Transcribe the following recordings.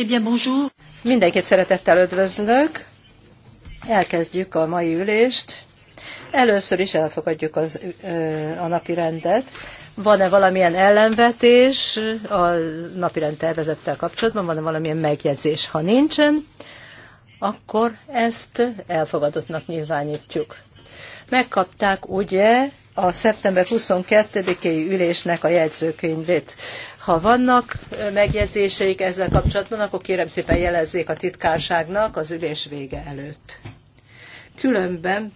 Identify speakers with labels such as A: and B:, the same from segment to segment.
A: Eh bien, bonjour. Mindenkit szeretettel üdvözlök. Elkezdjük a mai ülést. Először is elfogadjuk az, eh, a napi rendet. Van-e valamilyen ellenvetés a napirend tervezettel kapcsolatban? Van-e valamilyen megjegyzés? Ha nincsen, akkor ezt elfogadottnak nyilvánítjuk. Megkapták ugye a szeptember 22-i ülésnek a jegyzőkönyvét. Ha vannak megjegyzéseik ezzel kapcsolatban, akkor kérem szépen jelezzék a titkárságnak az ülés vége előtt. Különben,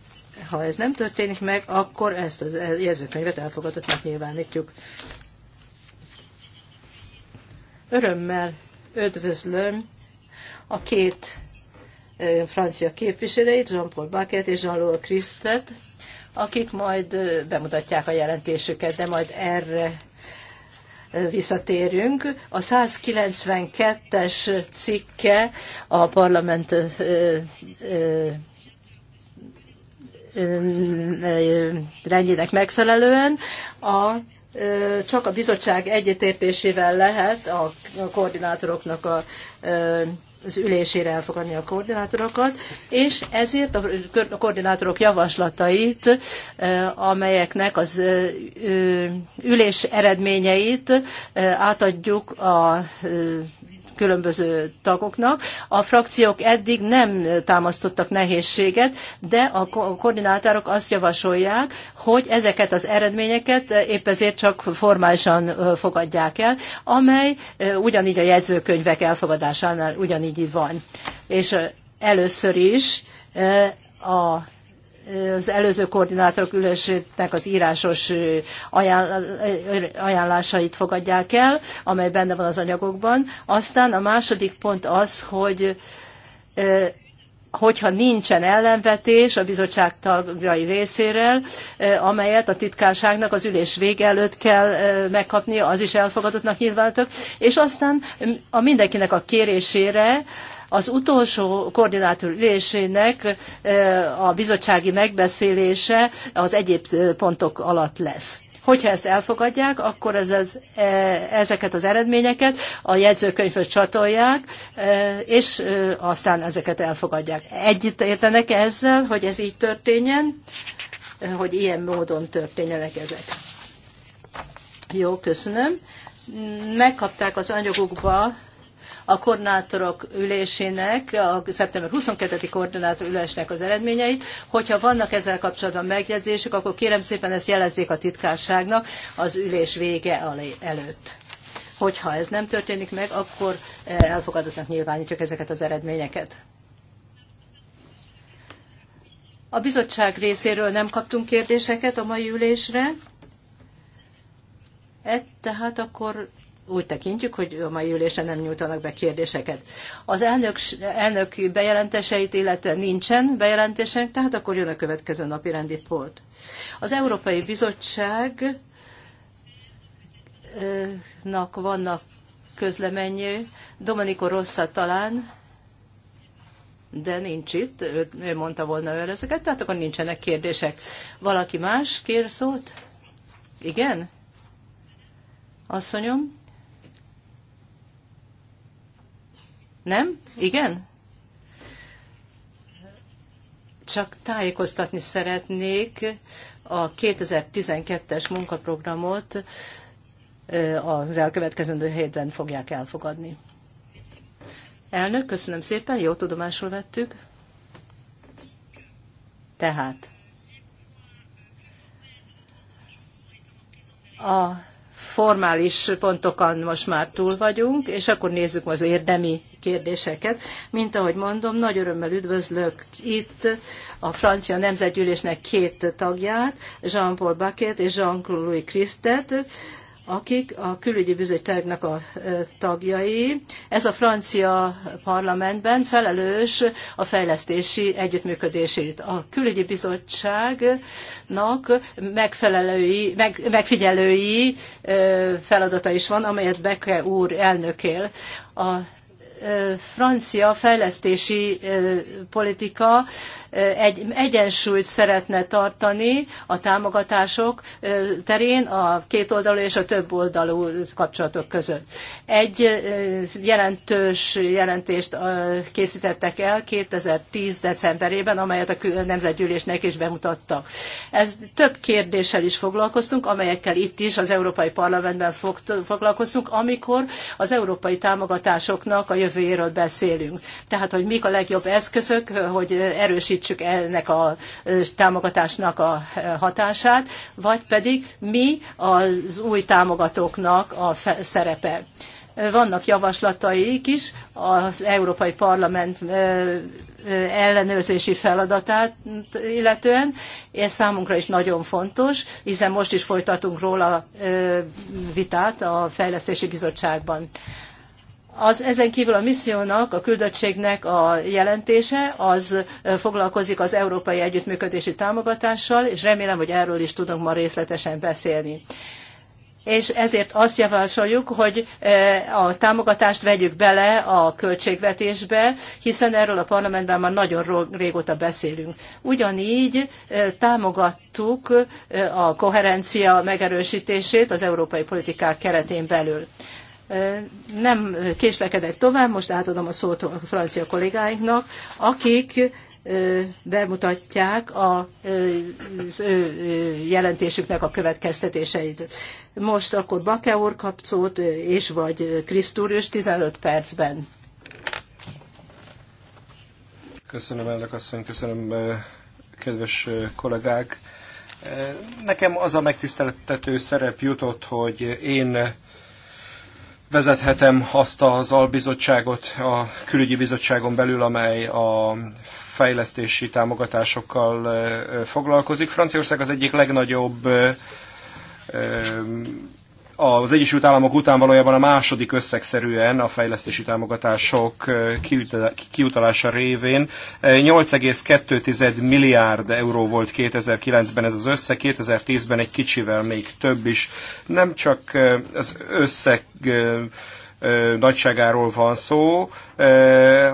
A: ha ez nem történik meg, akkor ezt a e- jegyzőkönyvet elfogadottnak nyilvánítjuk. Örömmel üdvözlöm a két francia képviselőit, Jean-Paul Baquet és Jean-Louis Christet, akik majd bemutatják a jelentésüket, de majd erre visszatérünk. A 192-es cikke a parlament rendjének megfelelően a csak a bizottság egyetértésével lehet a koordinátoroknak a az ülésére elfogadni a koordinátorokat, és ezért a koordinátorok javaslatait, amelyeknek az ülés eredményeit átadjuk a különböző tagoknak. A frakciók eddig nem támasztottak nehézséget, de a koordinátorok azt javasolják, hogy ezeket az eredményeket eh, épp ezért csak formálisan eh, fogadják el, amely eh, ugyanígy a jegyzőkönyvek elfogadásánál ugyanígy van. És először is a az előző koordinátorok ülésének az írásos ajánlásait fogadják el, amely benne van az anyagokban. Aztán a második pont az, hogy hogyha nincsen ellenvetés a bizottság tagjai részéről, amelyet a titkárságnak az ülés vége előtt kell megkapnia, az is elfogadottnak nyilvánítok, és aztán a mindenkinek a kérésére az utolsó koordinátor ülésének e, a bizottsági megbeszélése az egyéb e, pontok alatt lesz. Hogyha ezt elfogadják, akkor ez, ez, e, ezeket az eredményeket a jegyzőkönyvhöz csatolják, és aztán ezeket elfogadják. Együtt értenek -e ezzel, hogy ez így történjen, hogy ilyen módon történjenek ezek. Jó, köszönöm. Megkapták az anyagukba a koordinátorok ülésének, a szeptember 22-i koordinátor ülésnek az eredményeit. Hogyha vannak ezzel kapcsolatban megjegyzések, akkor kérem szépen ezt jelezzék a titkárságnak az ülés vége előtt. Hogyha ez nem történik meg, akkor eh, elfogadottnak nyilvánítjuk ezeket az eredményeket. A bizottság részéről nem kaptunk kérdéseket a mai ülésre. E, tehát akkor úgy tekintjük, hogy a mai ülésen nem nyújtanak be kérdéseket. Az elnök, elnök bejelentéseit, illetve nincsen bejelentések, tehát akkor jön a következő napi rendi pont. Az Európai Bizottságnak vannak közleményi, Domenico Rossa talán, de nincs itt, ő, ő mondta volna ő ezeket, tehát akkor nincsenek kérdések. Valaki más kér szót? Igen? Asszonyom? Nem? Igen? Csak tájékoztatni szeretnék a 2012-es munkaprogramot az elkövetkezendő hétben fogják elfogadni. Elnök, köszönöm szépen, jó tudomásul vettük. Tehát a formális pontokon most már túl vagyunk, és akkor nézzük az érdemi kérdéseket. Mint ahogy mondom, nagy örömmel üdvözlök itt a francia nemzetgyűlésnek két tagját, Jean-Paul Baquet és Jean-Claude Christet, akik a külügyi bizottságnak a tagjai. Ez a francia parlamentben felelős a fejlesztési együttműködését. A külügyi bizottságnak megfelelői, meg, megfigyelői feladata is van, amelyet Beke úr elnökél. A francia fejlesztési politika egy egyensúlyt szeretne tartani a támogatások terén a kétoldalú és a többoldalú kapcsolatok között. Egy jelentős jelentést készítettek el 2010. decemberében, amelyet a Nemzetgyűlésnek is bemutattak. Ez több kérdéssel is foglalkoztunk, amelyekkel itt is az Európai Parlamentben foglalkoztunk, amikor az európai támogatásoknak a jövőjéről beszélünk. Tehát, hogy mik a legjobb eszközök, hogy erősítsük veszítsük ennek a támogatásnak a hatását, vagy pedig mi az új támogatóknak a szerepe. Vannak javaslataik is az Európai Parlament ellenőrzési feladatát illetően. Ez számunkra is nagyon fontos, hiszen most is folytatunk róla vitát a Fejlesztési Bizottságban. Az, ezen kívül a missziónak, a küldöttségnek a jelentése, az foglalkozik az európai együttműködési támogatással, és remélem, hogy erről is tudunk ma részletesen beszélni. És ezért azt javasoljuk, hogy a támogatást vegyük bele a költségvetésbe, hiszen erről a parlamentben már nagyon régóta beszélünk. Ugyanígy támogattuk a koherencia megerősítését az európai politikák keretén belül nem késlekedek tovább, most átadom a szót a francia kollégáinknak, akik bemutatják az ő jelentésüknek a következtetéseit. Most akkor Bake úr kap szót, és vagy Krisztúr, 15 percben.
B: Köszönöm, elnök asszony, köszönöm, kedves kollégák. Nekem az a megtiszteltető szerep jutott, hogy én vezethetem azt az albizottságot a külügyi bizottságon belül, amely a fejlesztési támogatásokkal foglalkozik. Franciaország az egyik legnagyobb az Egyesült Államok után valójában a második összegszerűen a fejlesztési támogatások kiutalása révén. 8,2 milliárd euró volt 2009-ben ez az összeg, 2010-ben egy kicsivel még több is. Nem csak az összeg nagyságáról van szó,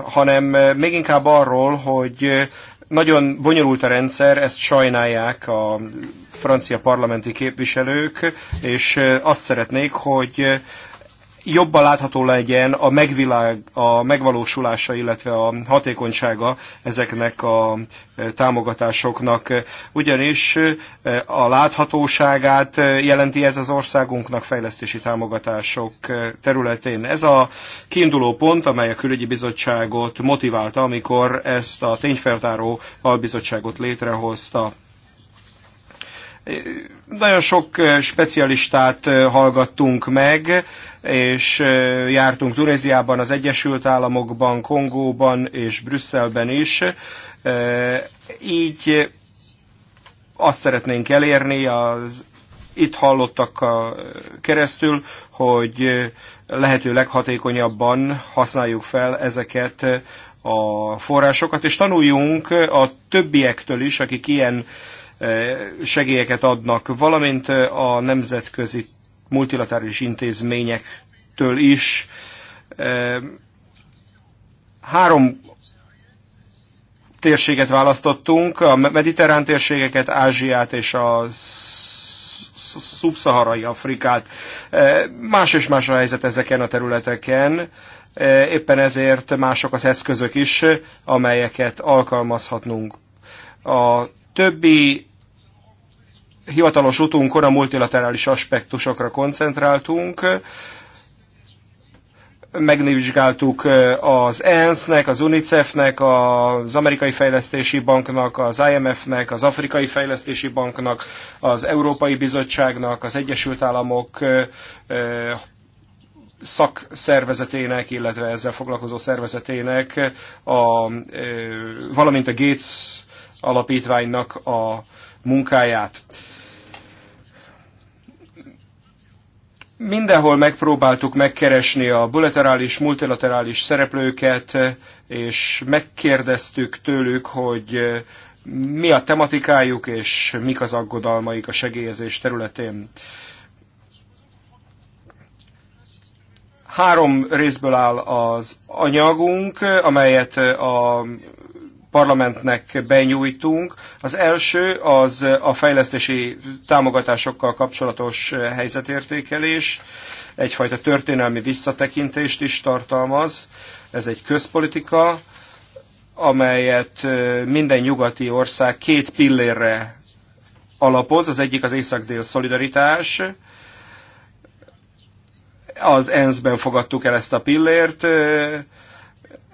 B: hanem még inkább arról, hogy nagyon bonyolult a rendszer, ezt sajnálják a francia parlamenti képviselők, és azt szeretnék, hogy jobban látható legyen a, megvilág, a megvalósulása, illetve a hatékonysága ezeknek a támogatásoknak. Ugyanis a láthatóságát jelenti ez az országunknak fejlesztési támogatások területén. Ez a kiinduló pont, amely a külügyi bizottságot motiválta, amikor ezt a tényfeltáró albizottságot létrehozta. Nagyon sok specialistát hallgattunk meg, és jártunk Tunéziában, az Egyesült Államokban, Kongóban és Brüsszelben is. Így azt szeretnénk elérni az itt hallottak a keresztül, hogy lehető leghatékonyabban használjuk fel ezeket a forrásokat, és tanuljunk a többiektől is, akik ilyen segélyeket adnak, valamint a nemzetközi multilaterális intézményektől is. Három térséget választottunk, a mediterrán térségeket, Ázsiát és a szubszaharai Afrikát. Más és más a helyzet ezeken a területeken, éppen ezért mások az eszközök is, amelyeket alkalmazhatnunk. A többi hivatalos utunkon a multilaterális aspektusokra koncentráltunk, megvizsgáltuk az ENSZ-nek, az UNICEF-nek, az Amerikai Fejlesztési Banknak, az IMF-nek, az Afrikai Fejlesztési Banknak, az Európai Bizottságnak, az Egyesült Államok szakszervezetének, illetve ezzel foglalkozó szervezetének, a, valamint a Gates alapítványnak a munkáját. Mindenhol megpróbáltuk megkeresni a bilaterális, multilaterális szereplőket, és megkérdeztük tőlük, hogy eh, mi a tematikájuk, és mik az aggodalmaik a segélyezés területén. Három részből áll az anyagunk, amelyet a parlamentnek benyújtunk. Az első az a fejlesztési támogatásokkal kapcsolatos helyzetértékelés, egyfajta történelmi visszatekintést is tartalmaz. Ez egy közpolitika, amelyet minden nyugati ország két pillérre alapoz. Az egyik az észak-dél szolidaritás, az ENSZ-ben fogadtuk el ezt a pillért,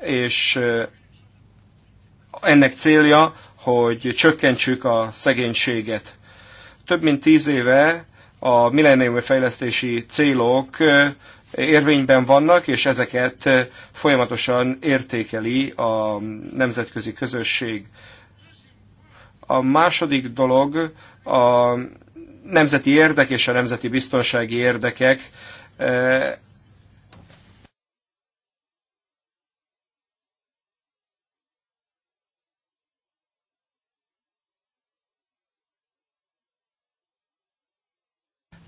B: és ennek célja, hogy csökkentsük a szegénységet. Több mint tíz éve a milleniumi fejlesztési célok érvényben vannak, és ezeket folyamatosan értékeli a nemzetközi közösség. A második dolog a nemzeti érdek és a nemzeti biztonsági érdekek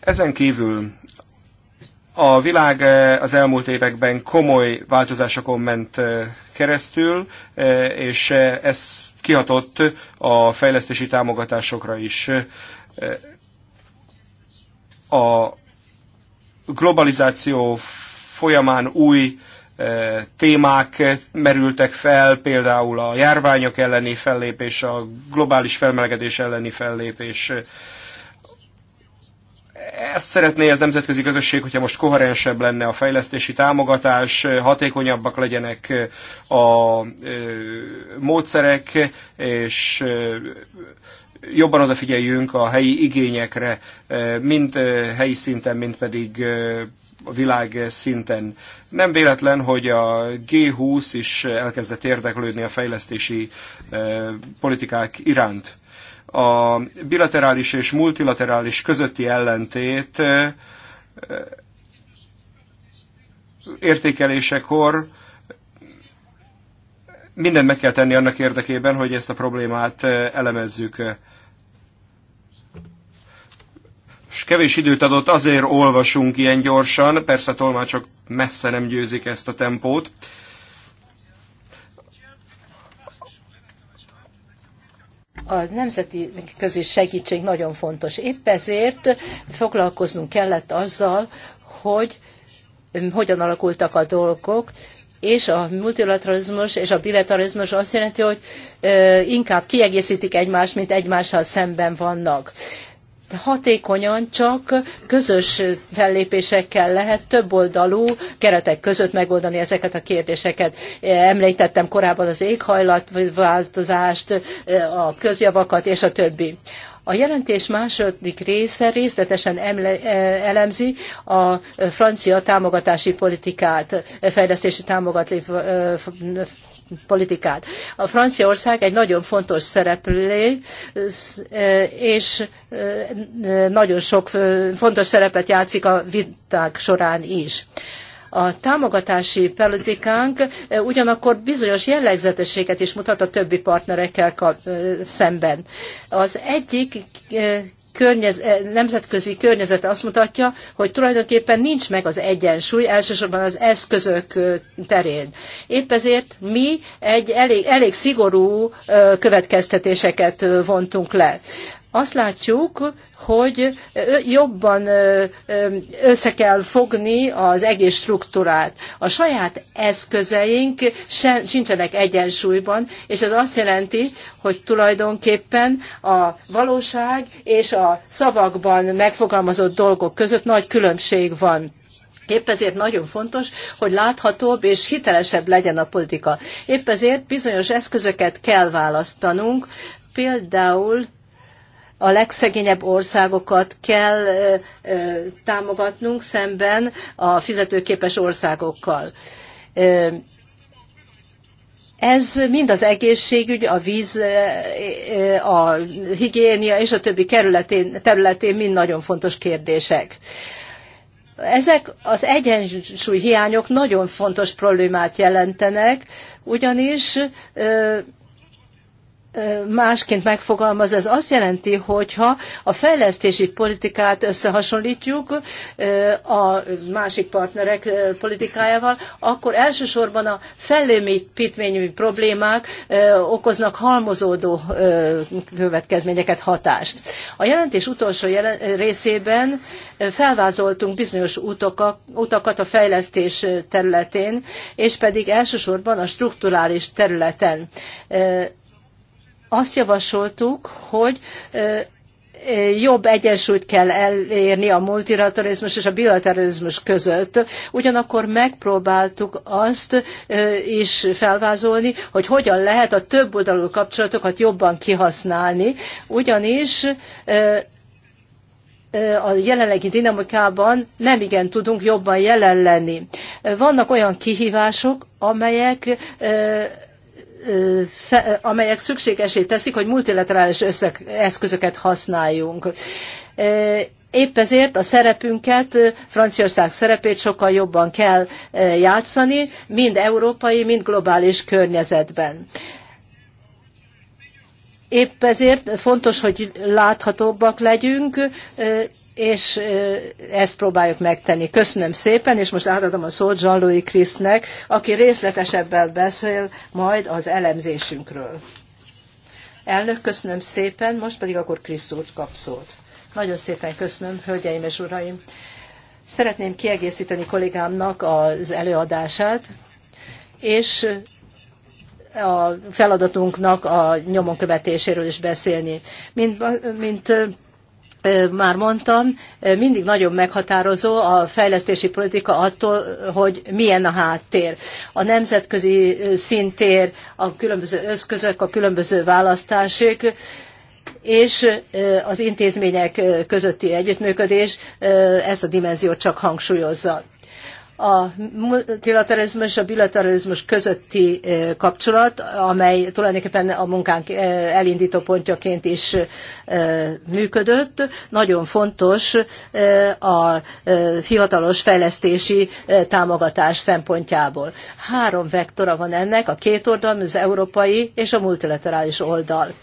B: Ezen kívül a világ eh, az elmúlt években komoly változásokon ment eh, keresztül, eh, és ez kihatott a fejlesztési támogatásokra is. A globalizáció folyamán új témák merültek fel, például a járványok elleni fellépés, a globális felmelegedés elleni fellépés, ezt szeretné az nemzetközi közösség, hogyha most koherensebb lenne a fejlesztési támogatás, hatékonyabbak legyenek a módszerek, és jobban odafigyeljünk a helyi igényekre, mind helyi szinten, mind pedig a világ szinten. Nem véletlen, hogy a G20 is elkezdett érdeklődni a fejlesztési politikák iránt a bilaterális és multilaterális közötti ellentét eh, értékelésekor mindent meg kell tenni annak érdekében, hogy ezt a problémát eh, elemezzük. És kevés időt adott, azért olvasunk ilyen gyorsan, persze a tolmácsok messze nem győzik ezt a tempót.
A: a nemzeti közös segítség nagyon fontos. Épp ezért foglalkoznunk kellett azzal, hogy hogyan alakultak a dolgok, és a multilateralizmus és a bilateralizmus azt jelenti, hogy inkább kiegészítik egymást, mint egymással szemben vannak hatékonyan csak közös fellépésekkel lehet több oldalú keretek között megoldani ezeket a kérdéseket. Említettem korábban az éghajlatváltozást, a közjavakat és a többi. A jelentés második része részletesen e, elemzi a francia támogatási politikát, fejlesztési támogatási e, politikát. A Franciaország egy nagyon fontos szereplő, és nagyon sok fontos szerepet játszik a viták során is. A támogatási politikánk ugyanakkor bizonyos jellegzetességet is mutat a többi partnerekkel szemben. Az egyik környez, eh, nemzetközi környezete azt mutatja, hogy tulajdonképpen nincs meg az egyensúly, elsősorban az eszközök terén. Épp ezért mi egy elég, elég szigorú következtetéseket vontunk le azt látjuk, hogy jobban össze kell fogni az egész struktúrát. A saját eszközeink sem, sincsenek egyensúlyban, és ez azt jelenti, hogy tulajdonképpen a valóság és a szavakban megfogalmazott dolgok között nagy különbség van. Épp ezért nagyon fontos, hogy láthatóbb és hitelesebb legyen a politika. Épp ezért bizonyos eszközöket kell választanunk, például a legszegényebb országokat kell támogatnunk szemben a fizetőképes országokkal. Ez mind az egészségügy, a víz, a higiénia és a többi területén, területén mind nagyon fontos kérdések. Ezek az egyensúly hiányok nagyon fontos problémát jelentenek, ugyanis másként megfogalmaz, ez azt jelenti, hogyha a fejlesztési politikát összehasonlítjuk a másik partnerek politikájával, akkor elsősorban a fellépítményű problémák okoznak halmozódó következményeket, hatást. A jelentés utolsó részében felvázoltunk bizonyos utakat a fejlesztés területén, és pedig elsősorban a strukturális területen azt javasoltuk, hogy jobb egyensúlyt kell elérni a multilateralizmus és a bilateralizmus között. Ugyanakkor megpróbáltuk azt is felvázolni, hogy hogyan lehet a több oldalú kapcsolatokat jobban kihasználni, ugyanis a jelenlegi dinamikában nem igen tudunk jobban jelen lenni. Vannak olyan kihívások, amelyek amelyek szükségesé teszik, hogy multilaterális eszközöket használjunk. Épp ezért a szerepünket, Franciaország szerepét sokkal jobban kell játszani, mind európai, mind globális környezetben. Épp ezért fontos, hogy láthatóbbak legyünk, és ezt próbáljuk megtenni. Köszönöm szépen, és most átadom a szót Jean-Louis Krisznek, aki részletesebben beszél majd az elemzésünkről. Elnök, köszönöm szépen, most pedig akkor Kriszt úr kap szót. Nagyon szépen köszönöm, hölgyeim és uraim. Szeretném kiegészíteni kollégámnak az előadását, és a feladatunknak a nyomon követéséről is beszélni. Mint, mint már mondtam, mindig nagyon meghatározó a fejlesztési politika attól, hogy milyen a háttér. A nemzetközi szintér, a különböző összközök, a különböző választások, és az intézmények közötti együttműködés ezt a dimenziót csak hangsúlyozza a multilaterizmus, a bilaterizmus közötti eh, kapcsolat, amely tulajdonképpen a munkánk eh, elindító pontjaként is eh, működött. Nagyon fontos a hivatalos fejlesztési támogatás szempontjából. Három vektora van ennek, a két oldal, az európai és a multilaterális oldal.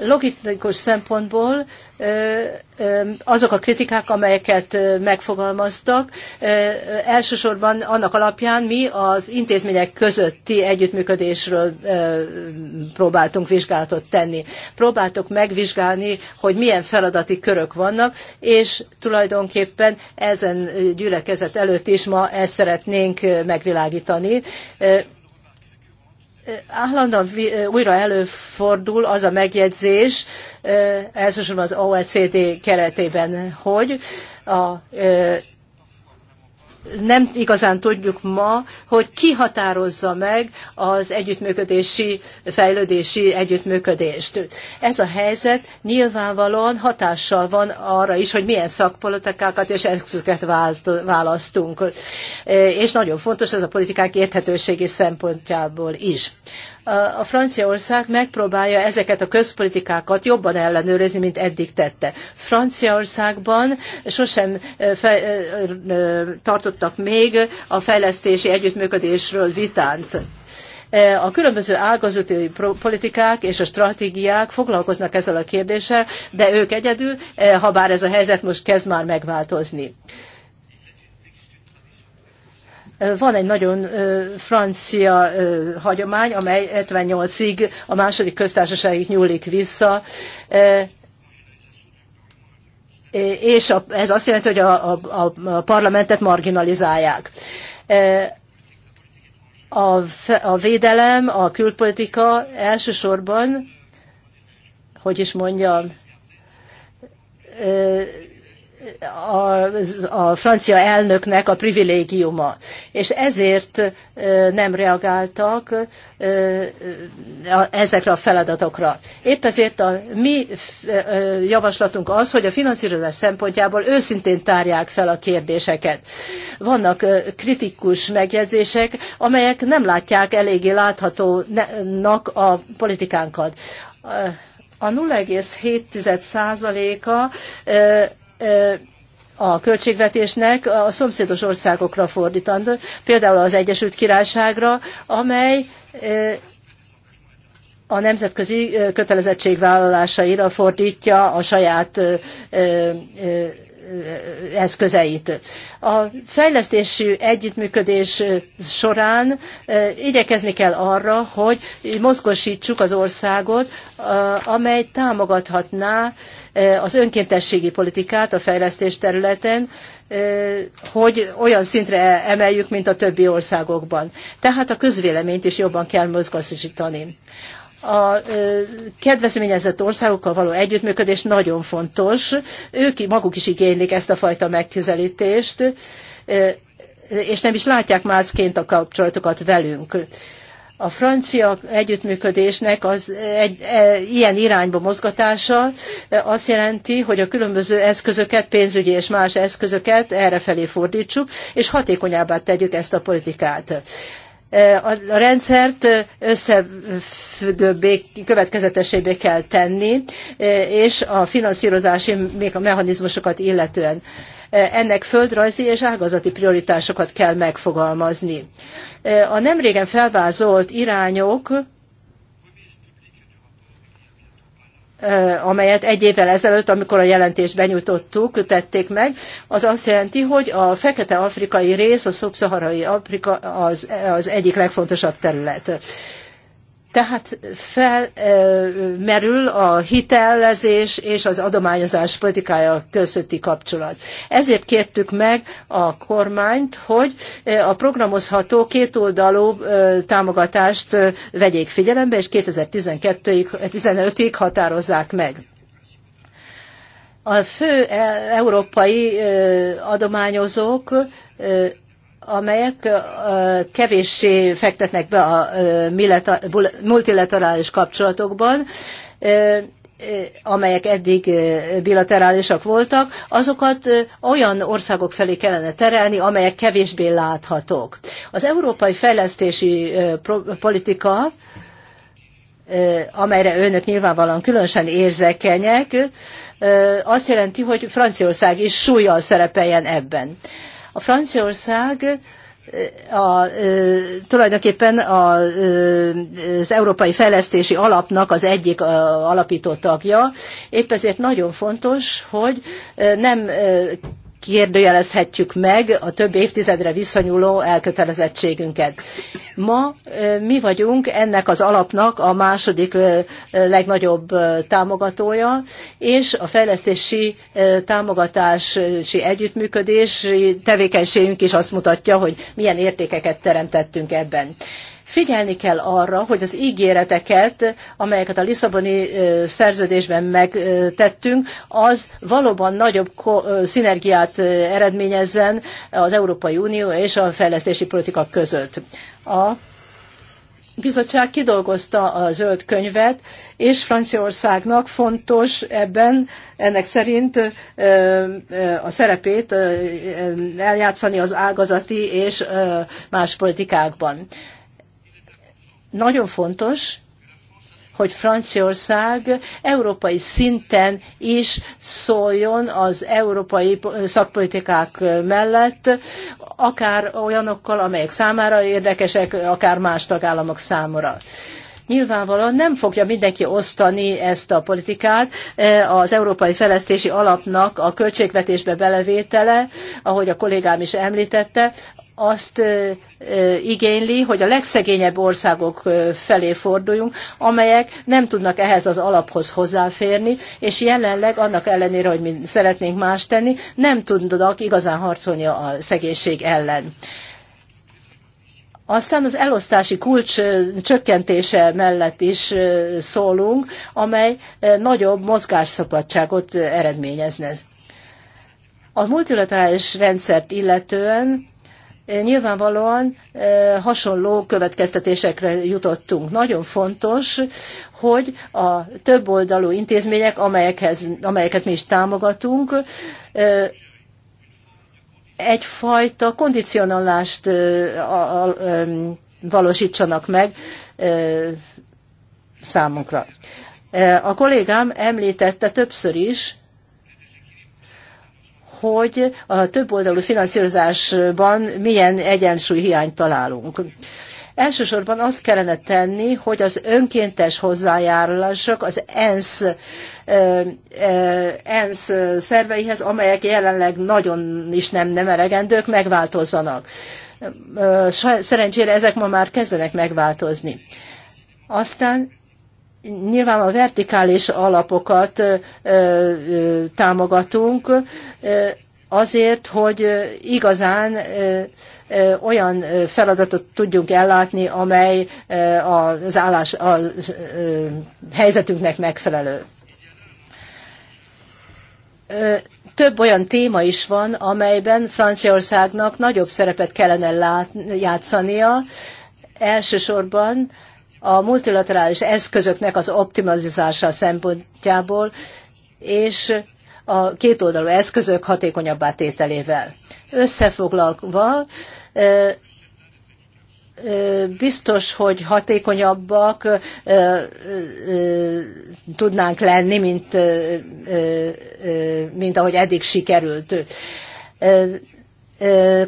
A: Logikus szempontból azok a kritikák, amelyeket megfogalmaztak, elsősorban annak alapján mi az intézmények közötti együttműködésről próbáltunk vizsgálatot tenni. Próbáltuk megvizsgálni, hogy milyen feladati körök vannak, és tulajdonképpen ezen gyülekezet előtt is ma ezt szeretnénk megvilágítani állandóan újra előfordul az a megjegyzés, elsősorban az OECD keretében, hogy a nem igazán tudjuk ma, hogy ki határozza meg az együttműködési, fejlődési együttműködést. Ez a helyzet nyilvánvalóan hatással van arra is, hogy milyen szakpolitikákat és eszközöket választunk. És nagyon fontos ez a politikák érthetőségi szempontjából is a Franciaország megpróbálja ezeket a közpolitikákat jobban ellenőrizni, mint eddig tette. Franciaországban sosem fe, tartottak még a fejlesztési együttműködésről vitánt e, a különböző ágazati politikák és a stratégiák foglalkoznak ezzel a kérdéssel, de ők egyedül, e, ha bár ez a helyzet most kezd már megváltozni. Van egy nagyon francia hagyomány, amely 78-ig a második köztársaságig nyúlik vissza, és ez azt jelenti, hogy a, a, a parlamentet marginalizálják a, a védelem, a külpolitika elsősorban, hogy is mondjam, a, a francia elnöknek a privilégiuma. És ezért nem reagáltak ezekre a feladatokra. Épp ezért a mi javaslatunk az, hogy a finanszírozás szempontjából őszintén tárják fel a kérdéseket. Vannak kritikus megjegyzések, amelyek nem látják eléggé láthatónak a politikánkat a 0,7%-a a költségvetésnek a szomszédos országokra fordítandó, például az Egyesült Királyságra, amely a nemzetközi kötelezettségvállalásaira fordítja a saját eszközeit. A fejlesztési együttműködés során igyekezni kell arra, hogy mozgosítsuk az országot, amely támogathatná az önkéntességi politikát a fejlesztés területen, hogy olyan szintre emeljük, mint a többi országokban. Tehát a közvéleményt is jobban kell mozgosítani a kedvezményezett országokkal való együttműködés nagyon fontos. Ők maguk is igénylik ezt a fajta megközelítést, és nem is látják másként a kapcsolatokat velünk. A francia együttműködésnek az egy, e, ilyen irányba mozgatása azt jelenti, hogy a különböző eszközöket, pénzügyi és más eszközöket errefelé fordítsuk, és hatékonyabbá tegyük ezt a politikát a rendszert összefüggőbbé, következetesébbé kell tenni, és a finanszírozási még a mechanizmusokat illetően. Ennek földrajzi és ágazati prioritásokat kell megfogalmazni. A nemrégen felvázolt irányok amelyet egy évvel ezelőtt, amikor a jelentést benyújtottuk, tették meg, az azt jelenti, hogy a fekete afrikai rész, a szubszaharai Afrika az, az egyik legfontosabb terület. Tehát felmerül a hitelezés és az adományozás politikája közötti kapcsolat. Ezért kértük meg a kormányt, hogy a programozható kétoldalú támogatást vegyék figyelembe, és 2015-ig határozzák meg. A fő e-, európai adományozók amelyek kevéssé fektetnek be a multilaterális kapcsolatokban, amelyek eddig bilaterálisak voltak, azokat olyan országok felé kellene terelni, amelyek kevésbé láthatók. Az európai fejlesztési politika, amelyre önök nyilvánvalóan különösen érzékenyek, azt jelenti, hogy Franciaország is súlyjal szerepeljen ebben. A Franciaország eh, a, eh, tulajdonképpen a, eh, az Európai Fejlesztési Alapnak az egyik alapító tagja. Épp ezért nagyon fontos, hogy nem kérdőjelezhetjük meg a több évtizedre viszonyuló elkötelezettségünket. Ma mi vagyunk ennek az alapnak a második legnagyobb támogatója, és a fejlesztési támogatási együttműködés tevékenységünk is azt mutatja, hogy milyen értékeket teremtettünk ebben. Figyelni kell arra, hogy az ígéreteket, amelyeket a Lisszaboni szerződésben megtettünk, az valóban nagyobb szinergiát eredményezzen az Európai Unió és a fejlesztési politika között. A bizottság kidolgozta a zöld könyvet, és Franciaországnak fontos ebben ennek szerint a szerepét eljátszani az ágazati és más politikákban. Nagyon fontos, hogy Franciaország európai szinten is szóljon az európai szakpolitikák mellett, akár olyanokkal, amelyek számára érdekesek, akár más tagállamok számára. Nyilvánvalóan nem fogja mindenki osztani ezt a politikát. Az Európai Fejlesztési Alapnak a költségvetésbe belevétele, ahogy a kollégám is említette, azt igényli, hogy a legszegényebb országok felé forduljunk, amelyek nem tudnak ehhez az alaphoz hozzáférni, és jelenleg annak ellenére, hogy mi szeretnénk más tenni, nem tudnak igazán harcolni a szegénység ellen. Aztán az elosztási kulcs csökkentése mellett is szólunk, amely nagyobb mozgásszabadságot eredményezne. A multilaterális rendszert illetően nyilvánvalóan eh, hasonló következtetésekre jutottunk. Nagyon fontos, hogy a több oldalú intézmények, amelyekhez, amelyeket mi is támogatunk, eh, egyfajta kondicionalást eh, valósítsanak meg számunkra. A kollégám említette többször is, hogy a többoldalú finanszírozásban milyen egyensúlyhiányt találunk. Elsősorban azt kellene tenni, hogy az önkéntes hozzájárulások az ENSZ, ENSZ szerveihez, amelyek jelenleg nagyon is nem, nem elegendők, megváltozzanak. Szerencsére ezek ma már kezdenek megváltozni. Aztán nyilván a vertikális alapokat támogatunk, azért, hogy igazán olyan feladatot tudjunk ellátni, amely az állás, a helyzetünknek megfelelő. Több olyan téma is van, amelyben Franciaországnak nagyobb szerepet kellene játszania, elsősorban a multilaterális eszközöknek az optimalizálása szempontjából, és a kétoldalú eszközök hatékonyabbá tételével. Összefoglalva, biztos, hogy hatékonyabbak tudnánk lenni, mint, mint ahogy eddig sikerült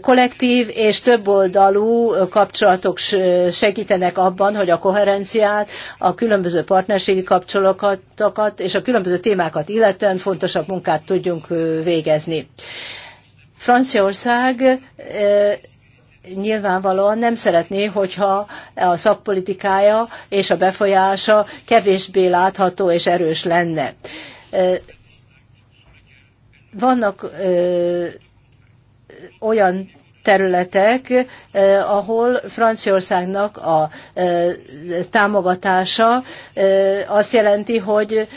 A: kollektív és többoldalú kapcsolatok segítenek abban, hogy a koherenciát, a különböző partnerségi kapcsolatokat és a különböző témákat illetően fontosabb munkát tudjunk végezni. Franciaország nyilvánvalóan nem szeretné, hogyha a szakpolitikája és a befolyása kevésbé látható és erős lenne. Vannak olyan területek, eh, ahol Franciaországnak a eh, támogatása eh, azt jelenti, hogy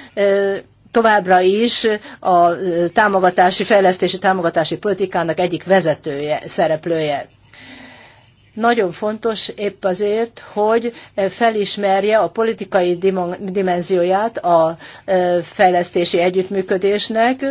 A: továbbra is a támogatási, fejlesztési támogatási politikának egyik vezetője, szereplője. Nagyon fontos épp azért, hogy felismerje a politikai dimenzióját a fejlesztési együttműködésnek,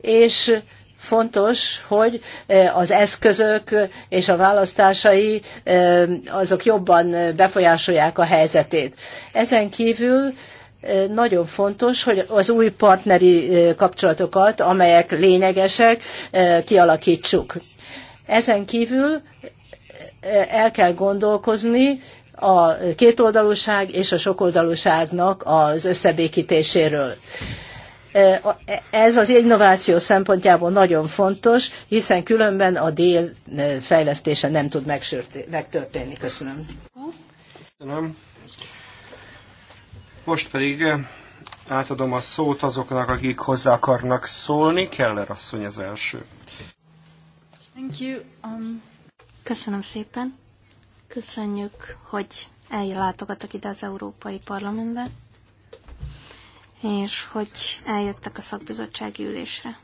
A: és fontos, hogy e, az eszközök és a választásai e, azok jobban befolyásolják a helyzetét. Ezen kívül e, nagyon fontos, hogy az új partneri kapcsolatokat, amelyek lényegesek, kialakítsuk. Ezen kívül el kell gondolkozni a kétoldalúság és a sokoldalúságnak az összebékítéséről. E, ez az innováció szempontjából nagyon fontos, hiszen különben a dél fejlesztése nem tud megtörténni. Köszönöm.
B: Köszönöm. Most pedig átadom a szót azoknak, akik hozzá akarnak szólni. Keller asszony az első.
C: Thank you. Um, köszönöm szépen. Köszönjük, hogy ellátogattak ide az Európai Parlamentbe és hogy eljöttek a szakbizottsági ülésre.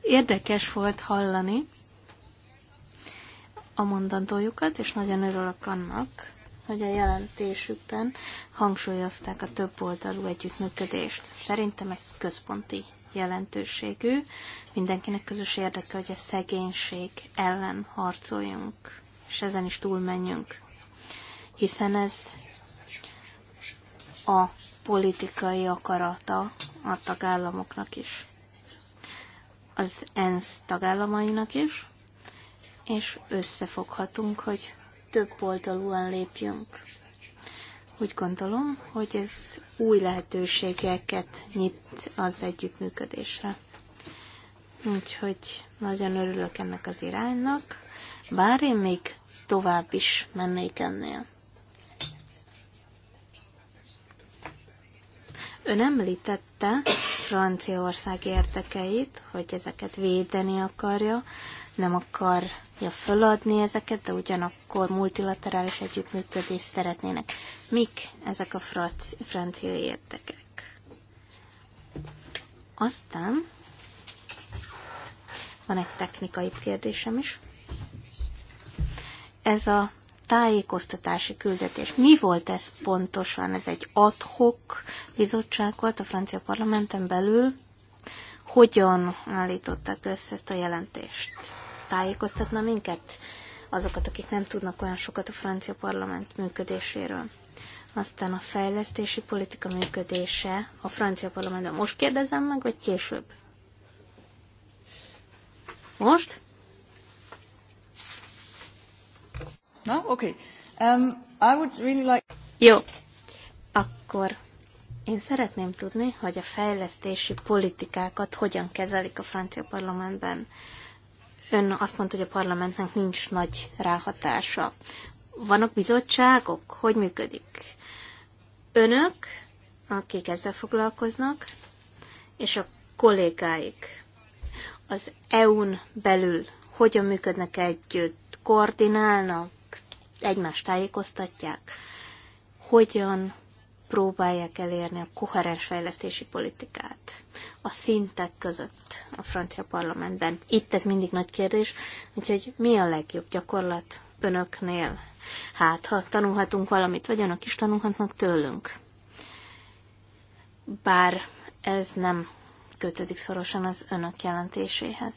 C: Érdekes volt hallani a mondandójukat, és nagyon örülök annak, hogy a jelentésükben hangsúlyozták a több oldalú együttműködést. Szerintem ez központi jelentőségű. Mindenkinek közös érdeke, hogy a szegénység ellen harcoljunk, és ezen is túlmenjünk. Hiszen ez a politikai akarata a tagállamoknak is, az ENSZ tagállamainak is, és összefoghatunk, hogy több oldalúan lépjünk. Úgy gondolom, hogy ez új lehetőségeket nyit az együttműködésre. Úgyhogy nagyon örülök ennek az iránynak, bár én még tovább is mennék ennél. Ön említette Franciaország érdekeit, hogy ezeket védeni akarja, nem akarja föladni ezeket, de ugyanakkor multilaterális együttműködést szeretnének. Mik ezek a francia érdekek? Aztán van egy technikai kérdésem is. Ez a tájékoztatási küldetés. Mi volt ez pontosan? Ez egy adhok bizottság volt a francia parlamenten belül. Hogyan állították össze ezt a jelentést? Tájékoztatna minket? Azokat, akik nem tudnak olyan sokat a francia parlament működéséről. Aztán a fejlesztési politika működése a francia parlamentben. Most kérdezem meg, vagy később? Most? No? Okay. Um, I would really like... Jó. Akkor én szeretném tudni, hogy a fejlesztési politikákat hogyan kezelik a francia parlamentben. Ön azt mondta, hogy a parlamentnek nincs nagy ráhatása. Vannak bizottságok? Hogy működik? Önök, akik ezzel foglalkoznak, és a kollégáik az EU-n belül hogyan működnek együtt, koordinálnak, egymást tájékoztatják, hogyan próbálják elérni a koherens fejlesztési politikát a szintek között a francia parlamentben. Itt ez mindig nagy kérdés, úgyhogy mi a legjobb gyakorlat önöknél? Hát, ha tanulhatunk valamit, vagy önök is tanulhatnak tőlünk. Bár ez nem kötődik szorosan az önök jelentéséhez.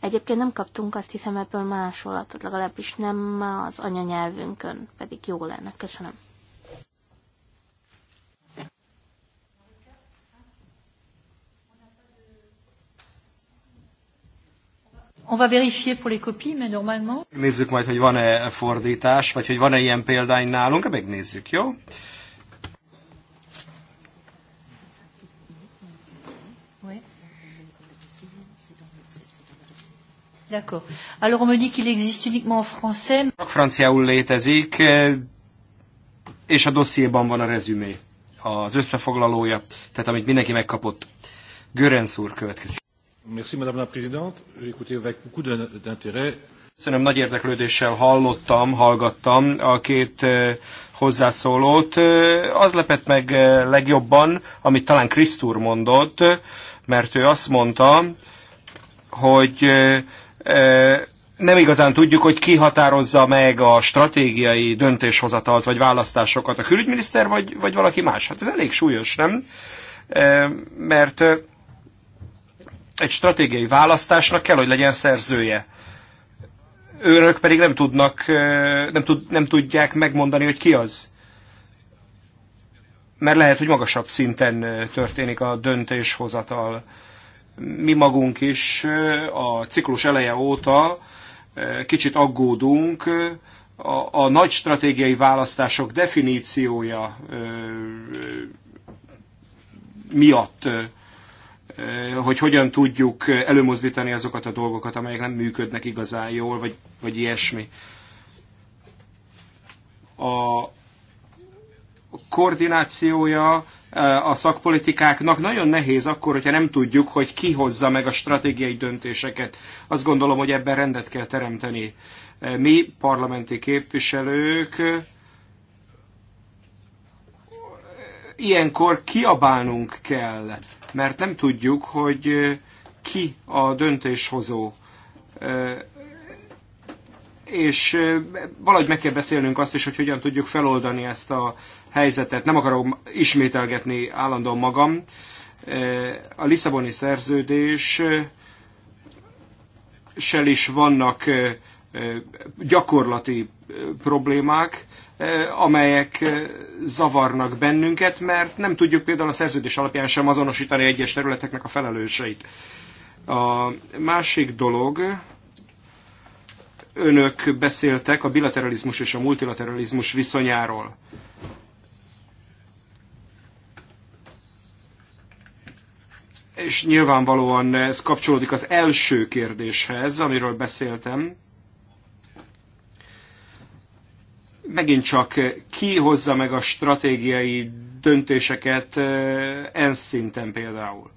C: Egyébként nem kaptunk azt hiszem ebből másolatot, legalábbis nem az anyanyelvünkön, pedig jó lenne. Köszönöm.
A: On va vérifier pour les copies, mais normalement...
B: Nézzük majd, hogy van-e fordítás, vagy hogy van-e ilyen példány nálunk, megnézzük, jó?
A: D'accord. Alors on me dit qu'il existe uniquement en français.
B: Franciául létezik, eh, és a dossziéban van a rezümé, az összefoglalója, tehát amit mindenki megkapott. Görenc úr következik. Merci, Madame la Présidente. J'ai
A: écouté avec beaucoup
B: d'intérêt. Szerintem nagy érdeklődéssel hallottam, hallgattam a két eh, hozzászólót. Eh, az lepett meg legjobban, amit talán Krisztúr mondott, mert ő azt mondta, hogy nem igazán tudjuk, hogy ki határozza meg a stratégiai döntéshozatalt vagy választásokat, a külügyminiszter vagy, vagy valaki más. Hát ez elég súlyos, nem? Mert egy stratégiai választásnak kell, hogy legyen szerzője. Őrök pedig nem tudnak, nem, tud, nem tudják megmondani, hogy ki az. Mert lehet, hogy magasabb szinten történik a döntéshozatal mi magunk is a ciklus eleje óta kicsit aggódunk, a, a nagy stratégiai választások definíciója miatt, hogy hogyan tudjuk előmozdítani azokat a dolgokat, amelyek nem működnek igazán jól, vagy, vagy ilyesmi. A koordinációja Eh, a szakpolitikáknak nagyon nehéz akkor, hogyha nem tudjuk, hogy ki hozza meg a stratégiai döntéseket. Azt gondolom, hogy ebben rendet kell teremteni. Eh, mi, parlamenti képviselők, eh, ilyenkor kiabálnunk kell, mert nem tudjuk, hogy ki a döntéshozó. És valahogy meg kell beszélnünk azt is, hogy hogyan tudjuk feloldani ezt a helyzetet. Nem akarom ismételgetni állandóan magam. E, a Lisszaboni szerződés e, sel is vannak e, gyakorlati problémák, amelyek zavarnak bennünket, mert nem tudjuk például a szerződés alapján sem azonosítani egyes területeknek a felelőseit. A másik dolog, önök beszéltek a bilateralizmus és a multilateralizmus viszonyáról. és nyilvánvalóan ez kapcsolódik az első kérdéshez, amiről beszéltem. Megint csak ki hozza meg a stratégiai döntéseket eh, ENSZ szinten például.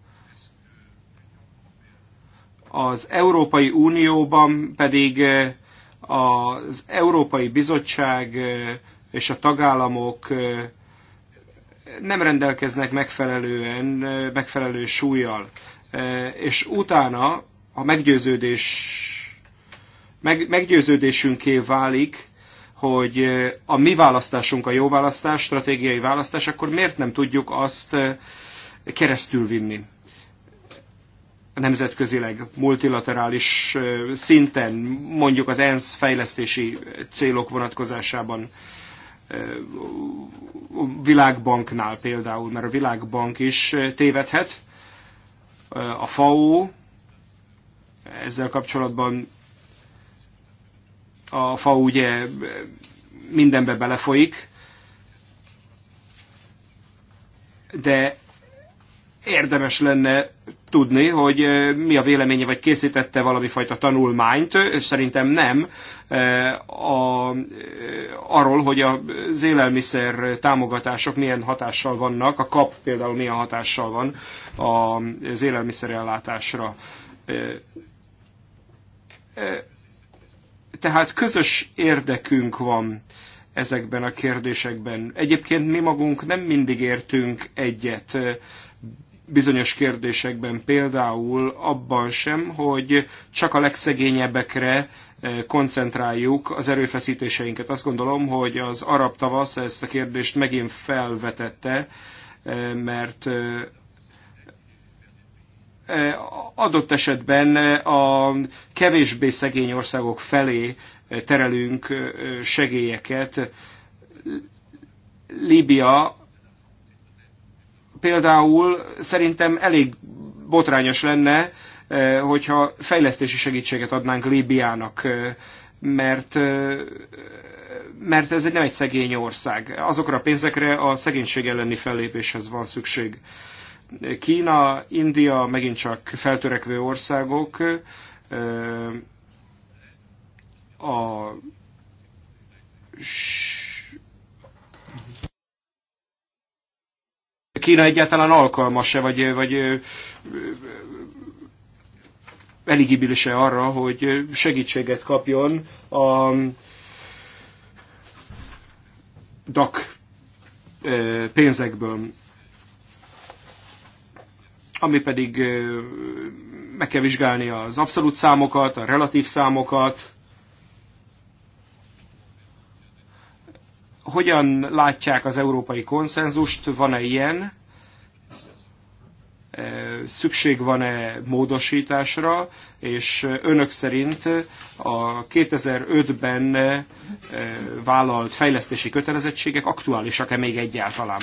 B: Az Európai Unióban pedig eh, az Európai Bizottság eh, és a tagállamok nem rendelkeznek megfelelően, megfelelő súlyjal. És utána, a meggyőződés, meg, meggyőződésünké válik, hogy a mi választásunk a jó választás, stratégiai választás, akkor miért nem tudjuk azt keresztül vinni? nemzetközileg, multilaterális szinten, mondjuk az ENSZ fejlesztési célok vonatkozásában világbanknál például, mert a világbank is tévedhet. A FAO ezzel kapcsolatban a FAO ugye mindenbe belefolyik, de érdemes lenne tudni, hogy mi a véleménye, vagy készítette valami fajta tanulmányt, és szerintem nem, a, arról, hogy az élelmiszer támogatások milyen hatással vannak, a kap például milyen hatással van az élelmiszerellátásra. Tehát közös érdekünk van ezekben a kérdésekben. Egyébként mi magunk nem mindig értünk egyet bizonyos kérdésekben, például abban sem, hogy csak a legszegényebbekre eh, koncentráljuk az erőfeszítéseinket. Azt gondolom, hogy az arab tavasz ezt a kérdést megint felvetette, eh, mert eh, adott esetben a kevésbé szegény országok felé terelünk segélyeket. Líbia például szerintem elég botrányos lenne, eh, hogyha fejlesztési segítséget adnánk Líbiának, eh, mert eh, mert ez egy, nem egy szegény ország. Azokra a pénzekre a szegénység elleni fellépéshez van szükség. Kína, India megint csak feltörekvő országok. A Kína egyáltalán alkalmas-e, vagy, vagy eligibilis-e arra, hogy segítséget kapjon a mm, DAC pénzekből. Ami pedig meg kell vizsgálni az abszolút számokat, a relatív számokat, Hogyan látják az európai konszenzust? Van-e ilyen? Szükség van-e módosításra? És önök szerint a 2005-ben vállalt fejlesztési kötelezettségek aktuálisak-e még egyáltalán?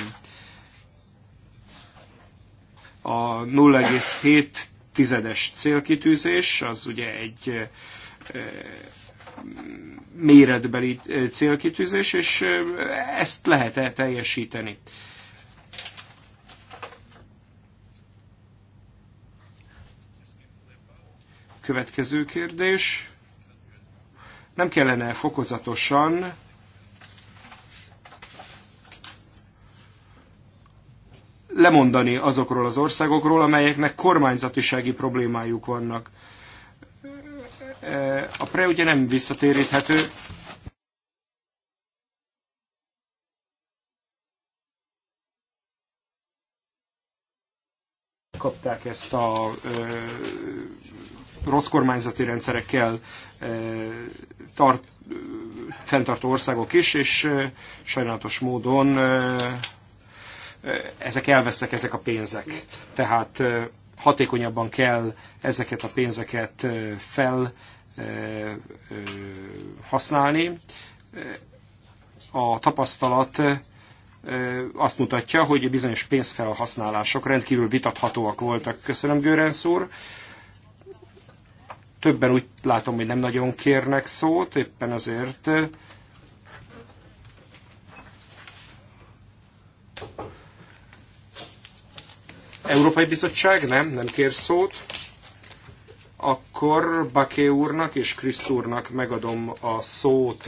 B: A 0,7 tizedes célkitűzés, az ugye egy méretbeli célkitűzés, és ezt lehet-e teljesíteni. Következő kérdés. Nem kellene fokozatosan lemondani azokról az országokról, amelyeknek kormányzatisági problémájuk vannak. A pre ugye nem visszatéríthető, kapták ezt a ö, rossz kormányzati rendszerekkel ö, tart, ö, fenntartó országok is, és ö, sajnálatos módon ö, ezek elvesztek, ezek a pénzek. Tehát ö, hatékonyabban kell ezeket a pénzeket fel használni. A tapasztalat azt mutatja, hogy bizonyos pénzfelhasználások rendkívül vitathatóak voltak. Köszönöm, Görensz úr. Többen úgy látom, hogy nem nagyon kérnek szót, éppen azért Európai Bizottság nem, nem kér szót. Akkor Baké úrnak és Kriszt úrnak megadom a szót.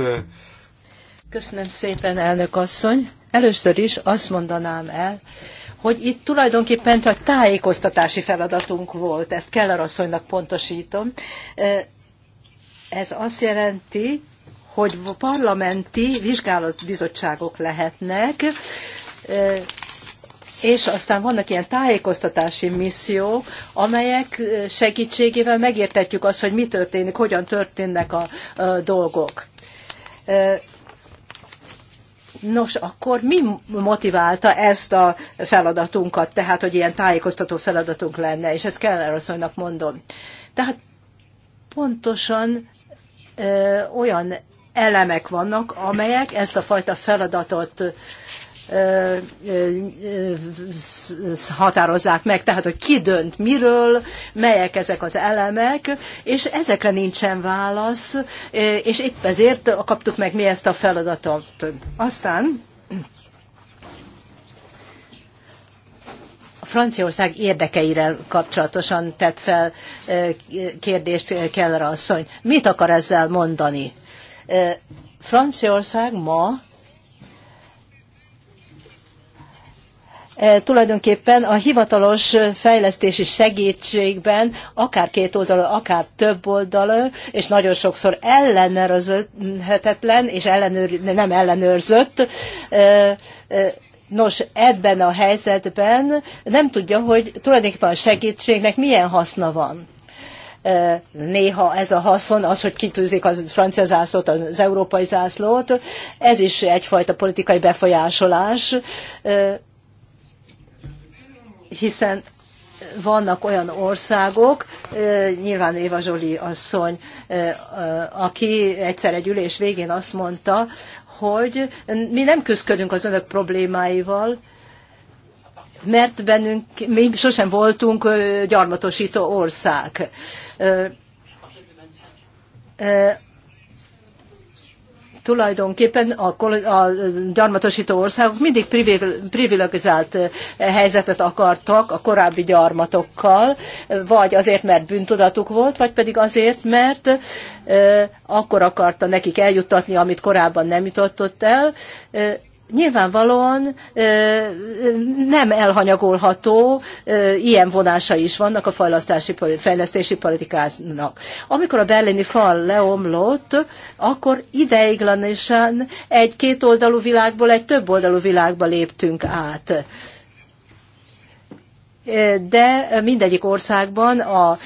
A: Köszönöm szépen, elnök asszony. Először is azt mondanám el, hogy itt tulajdonképpen csak tájékoztatási feladatunk volt, ezt Keller asszonynak pontosítom. Ez azt jelenti, hogy parlamenti vizsgálatbizottságok lehetnek, és aztán vannak ilyen tájékoztatási misszió, amelyek segítségével megértetjük azt, hogy mi történik, hogyan történnek a dolgok. Nos, akkor mi motiválta ezt a feladatunkat, tehát, hogy ilyen tájékoztató feladatunk lenne, és ezt Keller asszonynak mondom. Tehát pontosan ö, olyan elemek vannak, amelyek ezt a fajta feladatot határozzák meg, tehát hogy ki dönt miről, melyek ezek az elemek, és ezekre nincsen válasz, és épp ezért kaptuk meg mi ezt a feladatot. Aztán Franciaország érdekeire kapcsolatosan tett fel kérdést Keller asszony. Mit akar ezzel mondani? Franciaország ma Eh, tulajdonképpen a hivatalos eh, fejlesztési segítségben, akár két oldalú, akár több oldalú, és nagyon sokszor ellenőrzhetetlen, és ellenőr, nem ellenőrzött, eh, Nos, ebben a helyzetben nem tudja, hogy tulajdonképpen a segítségnek milyen haszna van néha ez a haszon, az, hogy kitűzik a francia zászlót, az európai zászlót, ez is egyfajta politikai befolyásolás, hiszen vannak olyan országok, nyilván Éva Zsoli asszony, aki egyszer egy ülés végén azt mondta, hogy mi nem küzdködünk az önök problémáival, mert bennünk, mi sosem voltunk gyarmatosító ország tulajdonképpen a, a gyarmatosító országok mindig privilegizált eh, helyzetet akartak a korábbi gyarmatokkal, vagy azért, mert bűntudatuk volt, vagy pedig azért, mert eh, akkor akarta nekik eljuttatni, amit korábban nem jutott el, eh, nyilvánvalóan nem elhanyagolható, ilyen vonása is vannak a fejlesztési, fejlesztési politikáznak. Amikor a berlini fal leomlott, akkor ideiglenesen egy kétoldalú világból egy több oldalú világba léptünk át de mindegyik országban a,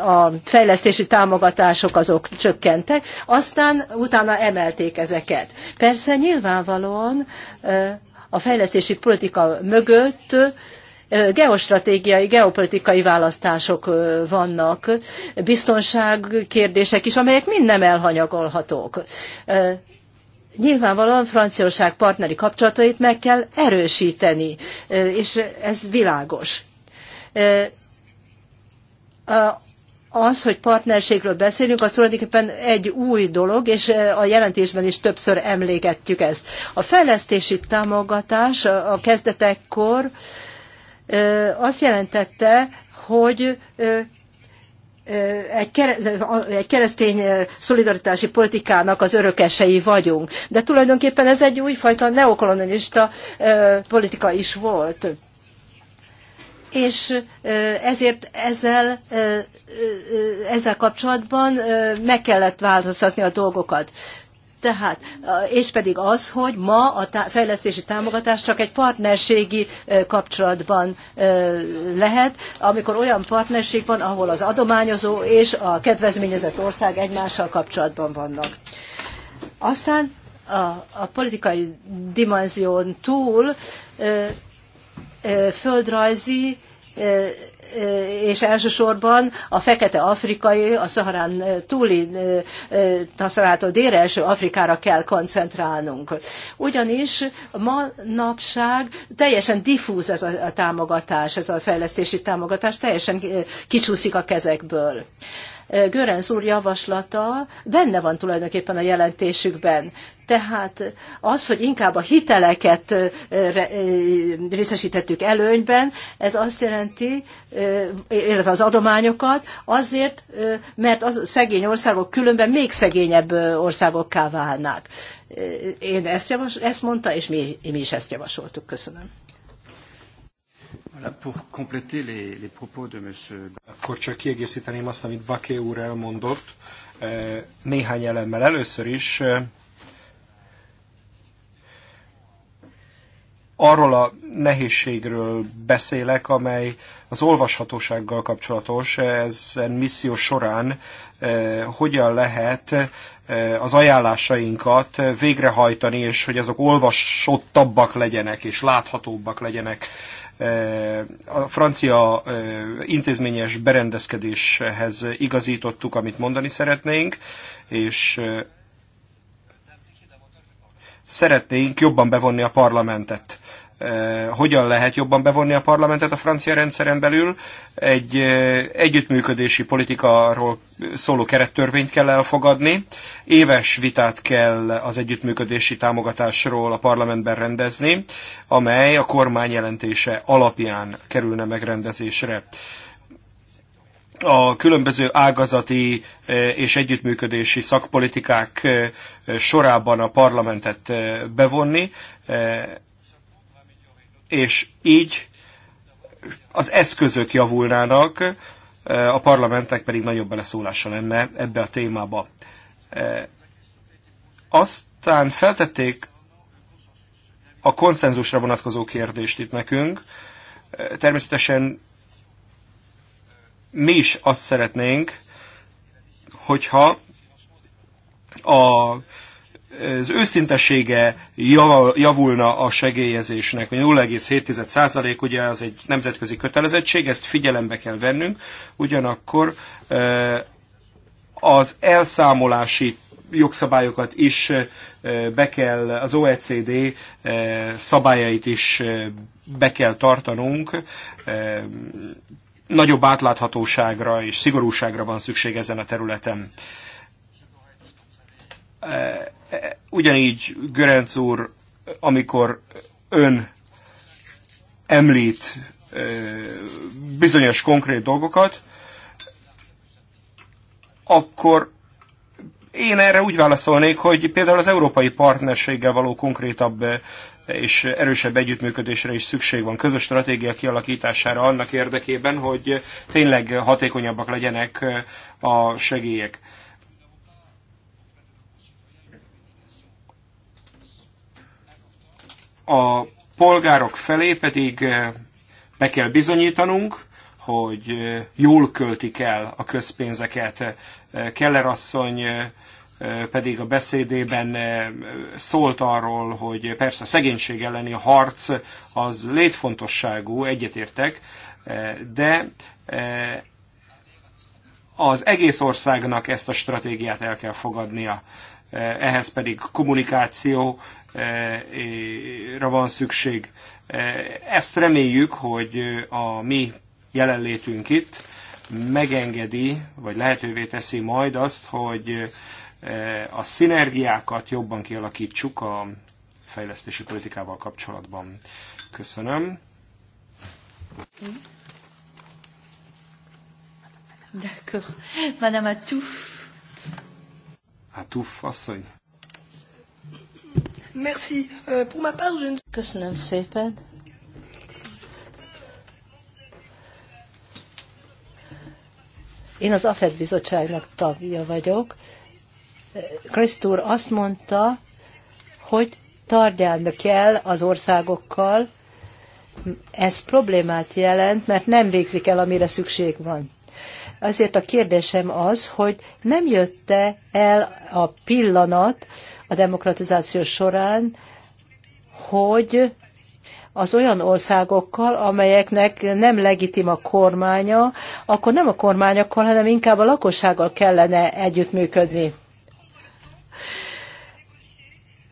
A: a fejlesztési támogatások azok csökkentek, aztán utána emelték ezeket. Persze nyilvánvalóan a fejlesztési politika mögött geostratégiai, geopolitikai választások vannak, biztonság kérdések is, amelyek mind nem elhanyagolhatók. Nyilvánvalóan Franciaország partneri kapcsolatait meg kell erősíteni, és ez világos. Az, hogy partnerségről beszélünk, az tulajdonképpen egy új dolog, és a jelentésben is többször emlékeztük ezt. A fejlesztési támogatás a kezdetekkor azt jelentette, hogy egy keresztény szolidaritási politikának az örökesei vagyunk. De tulajdonképpen ez egy újfajta neokolonialista politika is volt és ezért ezzel, ezzel kapcsolatban meg kellett változtatni a dolgokat. Tehát, és pedig az, hogy ma a fejlesztési támogatás csak egy partnerségi kapcsolatban lehet, amikor olyan partnerség van, ahol az adományozó és a kedvezményezett ország egymással kapcsolatban vannak. Aztán a, a politikai dimenzión túl földrajzi és elsősorban a fekete afrikai, a szaharán túli, szaharától délre első Afrikára kell koncentrálnunk. Ugyanis manapság teljesen diffúz ez a támogatás, ez a fejlesztési támogatás, teljesen kicsúszik a kezekből. Eh, Görenz úr javaslata benne van tulajdonképpen a jelentésükben. Tehát az, hogy inkább a hiteleket eh, eh, részesítettük előnyben, ez azt jelenti, illetve az adományokat, azért, mert az szegény országok különben még szegényebb országokká válnák. Én ezt, javas, ezt mondta, és mi, mi is ezt javasoltuk. Köszönöm.
B: Akkor csak kiegészíteném azt, amit Baké úr elmondott eh, néhány elemmel. Először is eh, arról a nehézségről beszélek, amely az olvashatósággal kapcsolatos, ezen misszió során eh, hogyan lehet az ajánlásainkat végrehajtani, és hogy azok olvasottabbak legyenek, és láthatóbbak legyenek a francia intézményes berendezkedéshez igazítottuk, amit mondani szeretnénk, és szeretnénk jobban bevonni a parlamentet Eh, hogyan lehet jobban bevonni a parlamentet a francia rendszeren belül. Egy eh, együttműködési politikáról szóló kerettörvényt kell elfogadni, éves vitát kell az együttműködési támogatásról a parlamentben rendezni, amely a kormány jelentése alapján kerülne megrendezésre a különböző ágazati eh, és együttműködési szakpolitikák sorában a parlamentet bevonni és így az eszközök javulnának, eh, a parlamentnek pedig nagyobb beleszólása lenne ebbe a témába. Eh, aztán feltették a konszenzusra vonatkozó kérdést itt nekünk. Eh, természetesen mi is azt szeretnénk, hogyha a az őszintessége javulna a segélyezésnek. 0,7% ugye az egy nemzetközi kötelezettség, ezt figyelembe kell vennünk, ugyanakkor az elszámolási jogszabályokat is be kell, az OECD szabályait is be kell tartanunk, nagyobb átláthatóságra és szigorúságra van szükség ezen a területen Ugyanígy Görenc úr, amikor ön említ bizonyos konkrét dolgokat, akkor én erre úgy válaszolnék, hogy például az európai partnerséggel való konkrétabb és erősebb együttműködésre is szükség van, közös stratégia kialakítására annak érdekében, hogy tényleg hatékonyabbak legyenek a segélyek. a polgárok felé pedig be eh, kell bizonyítanunk, hogy eh, jól költik el a közpénzeket. Eh, Keller asszony pedig a beszédében szólt arról, hogy persze a szegénység elleni harc az létfontosságú, egyetértek, de az egész országnak ezt a stratégiát el kell fogadnia. Ehhez pedig kommunikáció E, e, ra van szükség. E, ezt reméljük, hogy a mi jelenlétünk itt megengedi, vagy lehetővé teszi majd azt, hogy a szinergiákat jobban kialakítsuk a fejlesztési politikával kapcsolatban. Köszönöm.
A: D'accord. Madame Atouf.
B: Atouf asszony.
A: Merci. Euh, pour ma part, je... Köszönöm szépen. Én az AFED bizottságnak tagja vagyok. Krisztúr azt mondta, hogy tárgyalni kell az országokkal, ez problémát jelent, mert nem végzik el, amire szükség van. Azért a kérdésem az, hogy nem jött-e el a pillanat a demokratizáció során, hogy az olyan országokkal, amelyeknek nem legitim a kormánya, akkor nem a kormányokkal, hanem inkább a lakossággal kellene együttműködni.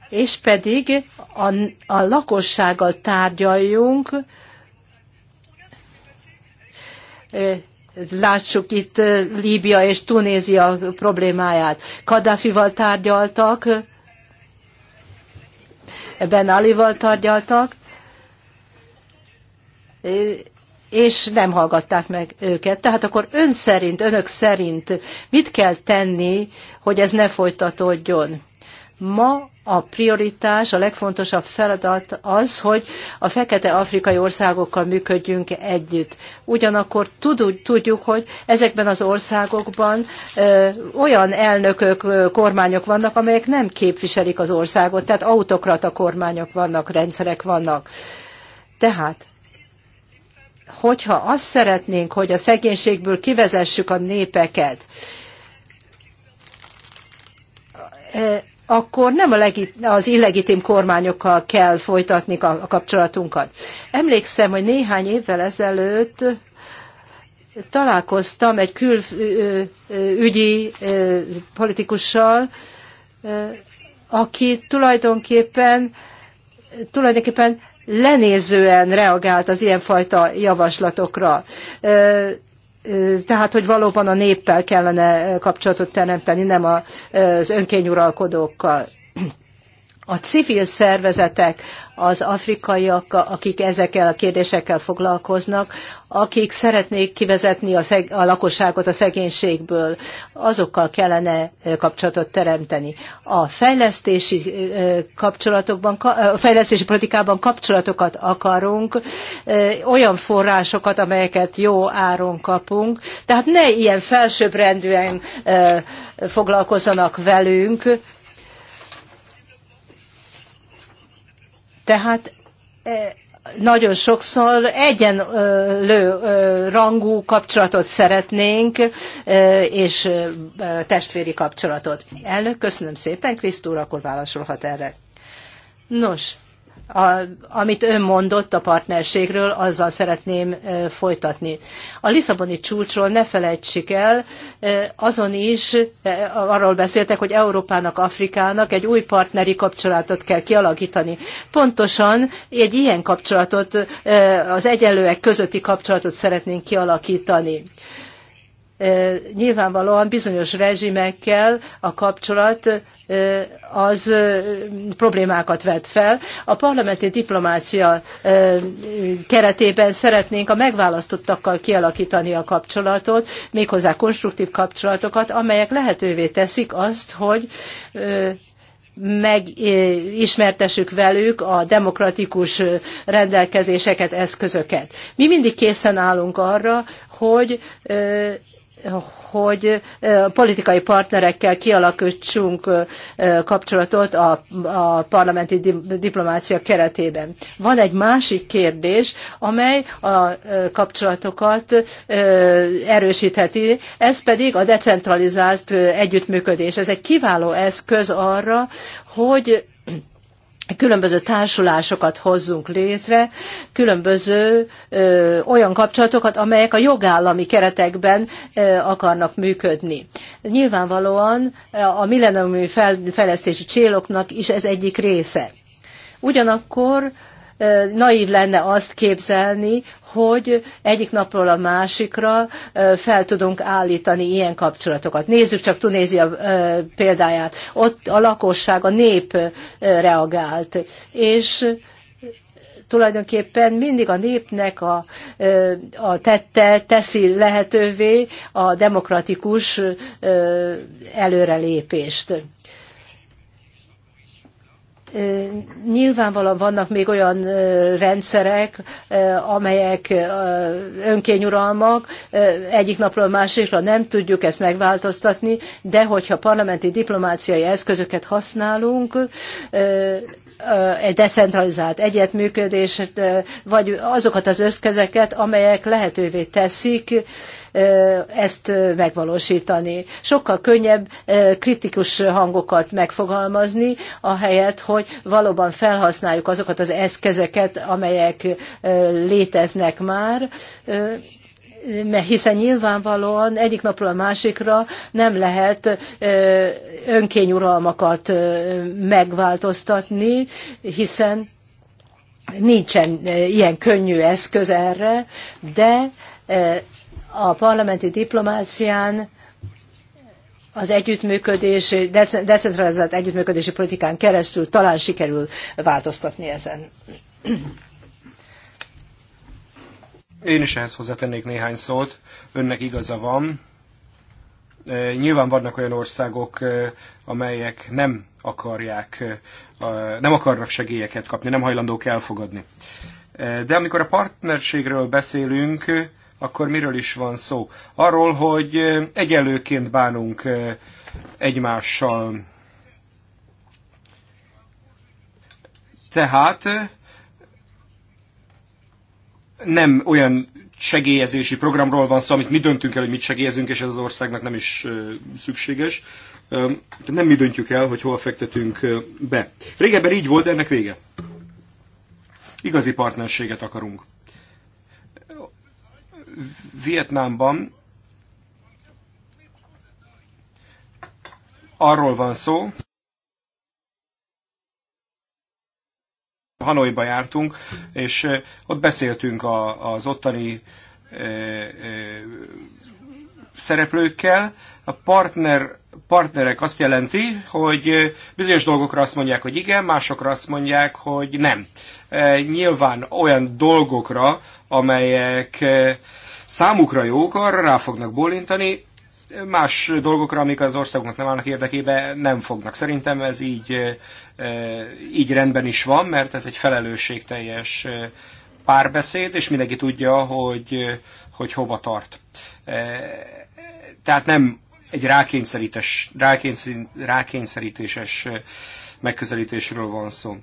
A: És pedig a, a lakossággal tárgyaljunk, Lássuk itt Líbia és Tunézia problémáját. Kaddáfival tárgyaltak, Ben Alival tárgyaltak, és nem hallgatták meg őket. Tehát akkor ön szerint, önök szerint mit kell tenni, hogy ez ne folytatódjon? Ma a prioritás, a legfontosabb feladat az, hogy a fekete-afrikai országokkal működjünk együtt. Ugyanakkor tudjuk, hogy ezekben az országokban olyan elnökök, kormányok vannak, amelyek nem képviselik az országot, tehát autokrata kormányok vannak, rendszerek vannak. Tehát hogyha azt szeretnénk, hogy a szegénységből kivezessük a népeket, akkor nem a legit, az illegitim kormányokkal kell folytatni a kapcsolatunkat. Emlékszem, hogy néhány évvel ezelőtt találkoztam egy külügyi politikussal, aki tulajdonképpen, tulajdonképpen lenézően reagált az ilyenfajta javaslatokra tehát, hogy valóban a néppel kellene kapcsolatot teremteni, nem az önkényuralkodókkal a civil szervezetek, az afrikaiak, akik ezekkel a kérdésekkel foglalkoznak, akik szeretnék kivezetni a, szeg- a lakosságot a szegénységből, azokkal kellene kapcsolatot teremteni. A fejlesztési kapcsolatokban, a fejlesztési politikában kapcsolatokat akarunk, olyan forrásokat, amelyeket jó áron kapunk, tehát ne ilyen felsőbbrendűen foglalkozzanak velünk, Tehát e, nagyon sokszor egyenlő e, rangú kapcsolatot szeretnénk, e, és testvéri kapcsolatot. Elnök, köszönöm szépen, Krisztúr, akkor válaszolhat erre. Nos, a, amit ön mondott a partnerségről, azzal szeretném folytatni. A Lisszaboni csúcsról ne felejtsük el, azon is arról beszéltek, hogy Európának, Afrikának egy új partneri kapcsolatot kell kialakítani. Pontosan egy ilyen kapcsolatot, az egyenlőek közötti kapcsolatot szeretnénk kialakítani nyilvánvalóan bizonyos rezsimekkel a kapcsolat az problémákat vet fel. A parlamenti diplomácia keretében szeretnénk a megválasztottakkal kialakítani a kapcsolatot, méghozzá konstruktív kapcsolatokat, amelyek lehetővé teszik azt, hogy megismertessük velük a demokratikus rendelkezéseket, eszközöket. Mi mindig készen állunk arra, hogy hogy eh, politikai partnerekkel kialakítsunk eh, kapcsolatot a, a parlamenti diplomácia keretében. Van egy másik kérdés, amely a eh, kapcsolatokat erősítheti, ez pedig a decentralizált együttműködés. Ez egy kiváló eszköz arra, hogy különböző társulásokat hozzunk létre, különböző ö, olyan kapcsolatokat, amelyek a jogállami keretekben ö, akarnak működni. Nyilvánvalóan a millenniumi fejlesztési céloknak is ez egyik része. Ugyanakkor ö, naív lenne azt képzelni, hogy egyik napról a másikra fel tudunk állítani ilyen kapcsolatokat. Nézzük csak Tunézia példáját. Ott a lakosság, a nép reagált, és tulajdonképpen mindig a népnek a, a tette teszi lehetővé a demokratikus előrelépést. Nyilvánvalóan vannak még olyan rendszerek, amelyek önkényuralmak, egyik napról a másikra nem tudjuk ezt megváltoztatni, de hogyha parlamenti diplomáciai eszközöket használunk, egy decentralizált egyetműködést, vagy azokat az összkezeket, amelyek lehetővé teszik ezt megvalósítani. Sokkal könnyebb kritikus hangokat megfogalmazni, ahelyett, hogy valóban felhasználjuk azokat az eszközeket, amelyek léteznek már, mert hiszen nyilvánvalóan egyik napról a másikra nem lehet önkényuralmakat megváltoztatni, hiszen nincsen ilyen könnyű eszköz erre, de a parlamenti diplomácián az együttműködés, decentralizált együttműködési politikán keresztül talán sikerül változtatni ezen.
B: Én is ehhez hozzátennék néhány szót. Önnek igaza van. E, nyilván vannak olyan országok, e, amelyek nem akarják, e, nem akarnak segélyeket kapni, nem hajlandók elfogadni. De amikor a partnerségről beszélünk, akkor miről is van szó? Arról, hogy egyelőként bánunk egymással. Tehát nem olyan segélyezési programról van szó, amit mi döntünk el, hogy mit segélyezünk, és ez az országnak nem is szükséges. Nem mi döntjük el, hogy hol fektetünk be. Régebben így volt, de ennek vége. Igazi partnerséget akarunk. Vietnámban arról van szó, Hanoiba jártunk, és ott beszéltünk az ottani szereplőkkel. A partner, partnerek azt jelenti, hogy bizonyos dolgokra azt mondják, hogy igen, másokra azt mondják, hogy nem. Nyilván olyan dolgokra, amelyek számukra jók, arra rá fognak bólintani, más dolgokra, amik az országunknak nem állnak érdekébe, nem fognak. Szerintem ez így, így rendben is van, mert ez egy felelősségteljes párbeszéd, és mindenki tudja, hogy, hogy hova tart. Tehát nem egy rákényszerítés, rákényszer, rákényszerítéses megközelítésről van szó.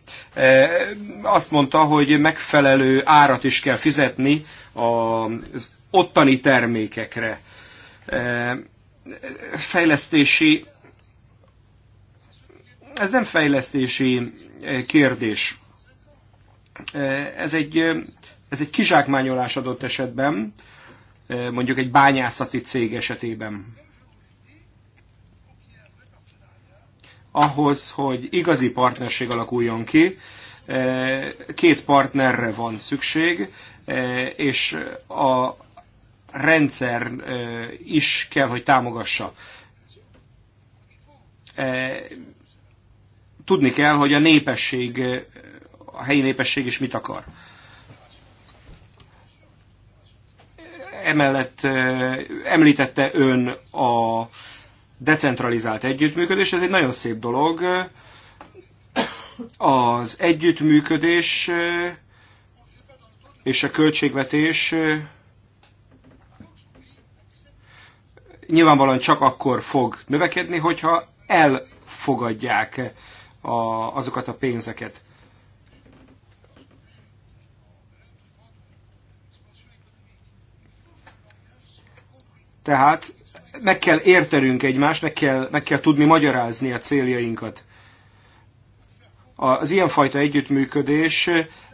B: Azt mondta, hogy megfelelő árat is kell fizetni az ottani termékekre fejlesztési, ez nem fejlesztési eh, kérdés. Eh, ez egy, eh, ez egy kizsákmányolás adott esetben, mondjuk egy bányászati cég esetében. Ahhoz, hogy igazi partnerség alakuljon ki, két partnerre van szükség, és a rendszer is kell, hogy támogassa. Tudni kell, hogy a népesség, a helyi népesség is mit akar. Emellett említette ön a decentralizált együttműködés, ez egy nagyon szép dolog. Az együttműködés és a költségvetés nyilvánvalóan csak akkor fog növekedni, hogyha elfogadják a, azokat a pénzeket. Tehát meg kell értenünk egymást, meg kell, meg kell tudni magyarázni a céljainkat. Az ilyenfajta együttműködés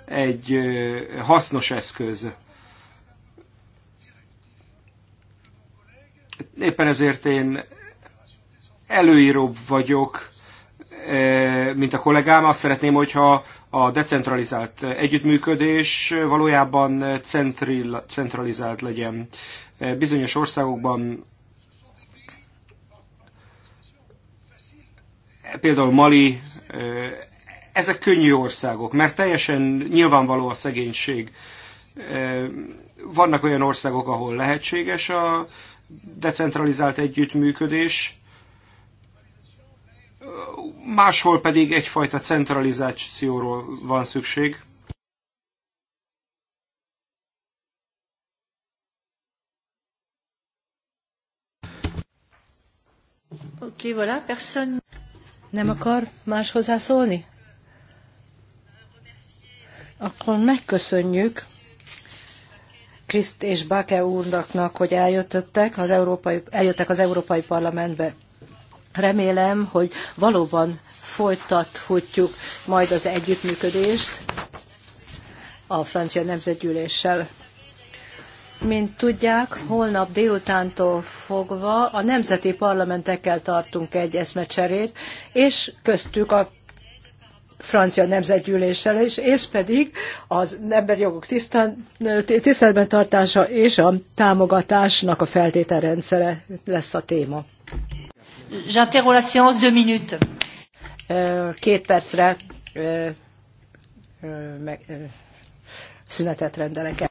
B: egy hasznos eszköz Éppen ezért én előíróbb vagyok, e, mint a kollégám. Azt szeretném, hogyha a decentralizált együttműködés valójában centril, centralizált legyen. E, bizonyos országokban például Mali, e, ezek könnyű országok, mert teljesen nyilvánvaló a szegénység. Vannak olyan országok, ahol lehetséges a decentralizált együttműködés, máshol pedig egyfajta centralizációról van szükség.
A: Okay, voilà, personne... Nem akar más hozzászólni? Akkor megköszönjük Kriszt és Bake úrnak, hogy eljöttek az európai, eljöttek az Európai Parlamentbe. Remélem, hogy valóban folytathatjuk majd az együttműködést a francia nemzetgyűléssel. Mint tudják, holnap délutántól fogva a nemzeti parlamentekkel tartunk egy eszmecserét, és köztük a francia nemzetgyűléssel is, és pedig az emberi jogok tiszteletben tartása és a támogatásnak a feltételrendszere lesz a téma. J'interroge la séance deux minutes. Két percre meg, szünetet rendelek el.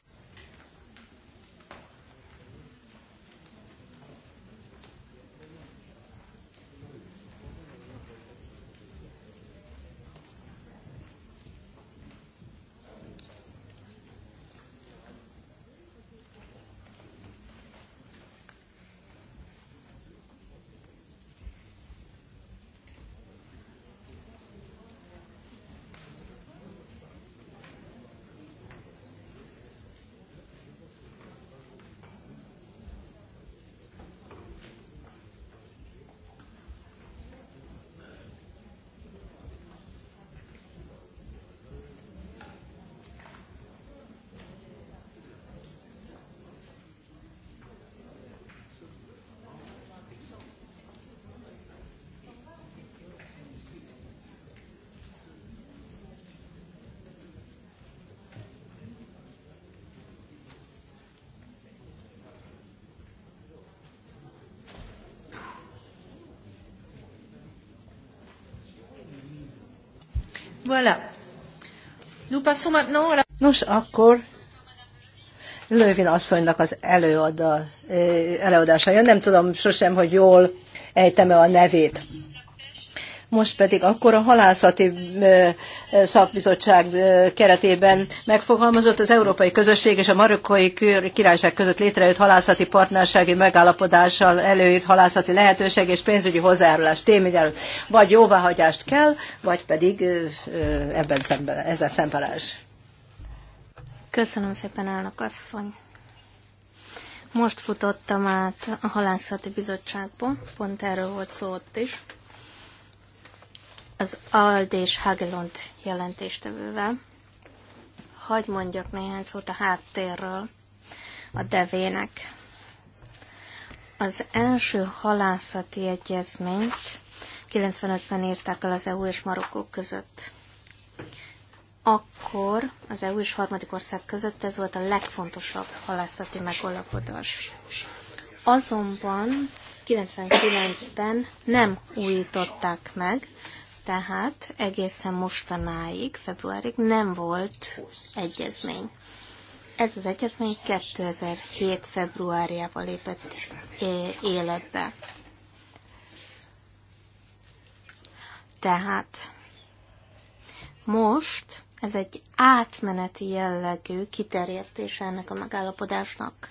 A: Voilà. Nous passons maintenant à la... Nos, akkor Lövin asszonynak az eh, előadása jön. Nem tudom sosem, hogy jól ejtem-e a nevét most pedig akkor a halászati szakbizottság keretében megfogalmazott az Európai Közösség és a Marokkói Királyság között létrejött halászati partnersági megállapodással előírt halászati lehetőség és pénzügyi hozzájárulás témidel. vagy jóváhagyást kell, vagy pedig ebben szemben, ezzel szembeles.
C: Köszönöm szépen, elnök asszony. Most futottam át a halászati bizottságba, pont erről volt szó ott is az Ald és Hagelund jelentéstevővel. Hagy mondjak néhány szót a háttérről a devének. Az első halászati egyezményt 95-ben írták el az EU és Marokkó között. Akkor az EU és harmadik ország között ez volt a legfontosabb halászati megalapodás. Azonban 99-ben nem újították meg, tehát egészen mostanáig, februárig nem volt egyezmény. Ez az egyezmény 2007. februárjában lépett életbe. Tehát most ez egy átmeneti jellegű kiterjesztése ennek a megállapodásnak.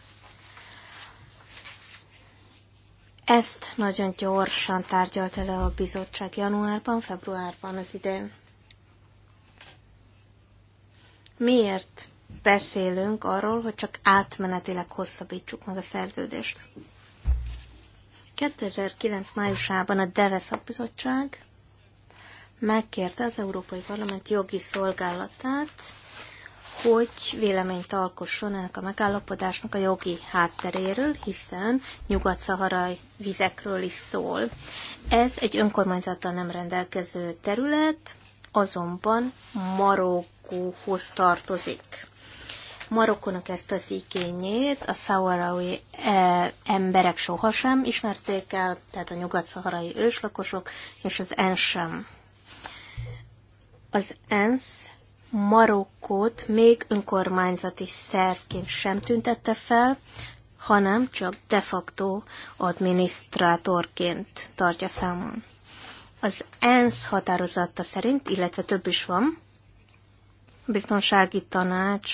C: Ezt nagyon gyorsan tárgyalt el a bizottság januárban, februárban az idén. Miért beszélünk arról, hogy csak átmenetileg hosszabbítsuk meg a szerződést? 2009. májusában a DEVE Bizottság megkérte az Európai Parlament jogi szolgálatát, hogy véleményt alkosson ennek a megállapodásnak a jogi hátteréről, hiszen nyugat-szaharai vizekről is szól. Ez egy önkormányzattal nem rendelkező terület, azonban Marokkóhoz tartozik. Marokkónak ezt az igényét a szaharai e, emberek sohasem ismerték el, tehát a nyugat-szaharai őslakosok és az ENSZ sem. Az ENSZ Marokkót még önkormányzati szervként sem tüntette fel, hanem csak de facto adminisztrátorként tartja számon. Az ENSZ határozata szerint, illetve több is van, a biztonsági tanács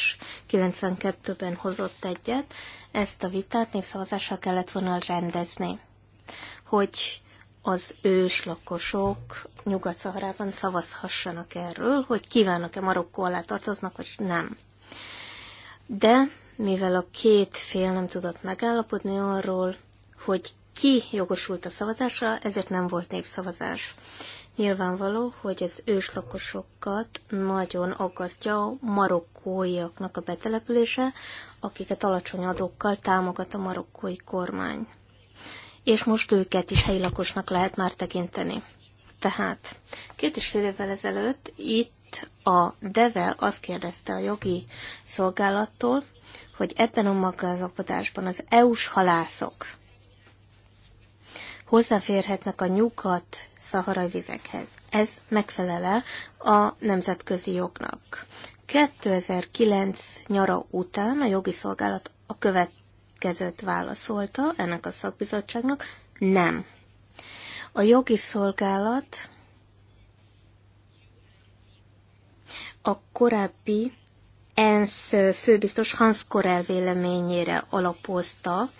C: 92-ben hozott egyet, ezt a vitát népszavazással kellett volna rendezni, hogy az őslakosok Nyugat-Szaharában szavazhassanak erről, hogy kívánnak-e Marokkó alá tartoznak, vagy nem. De mivel a két fél nem tudott megállapodni arról, hogy ki jogosult a szavazásra, ezért nem volt népszavazás. Nyilvánvaló, hogy az őslakosokat nagyon aggasztja a marokkóiaknak a betelepülése, akiket alacsony adókkal támogat a marokkói kormány. És most őket is helyi lakosnak lehet már tekinteni. Tehát két és fél évvel ezelőtt itt a DEVE azt kérdezte a jogi szolgálattól, hogy ebben a magazapodásban az EU-s halászok hozzáférhetnek a nyugat szaharai vizekhez. Ez megfelele a nemzetközi jognak. 2009 nyara után a jogi szolgálat a következőt válaszolta ennek a szakbizottságnak, nem. A jogi szolgálat a korábbi ENSZ főbiztos Hans Korel véleményére alapozta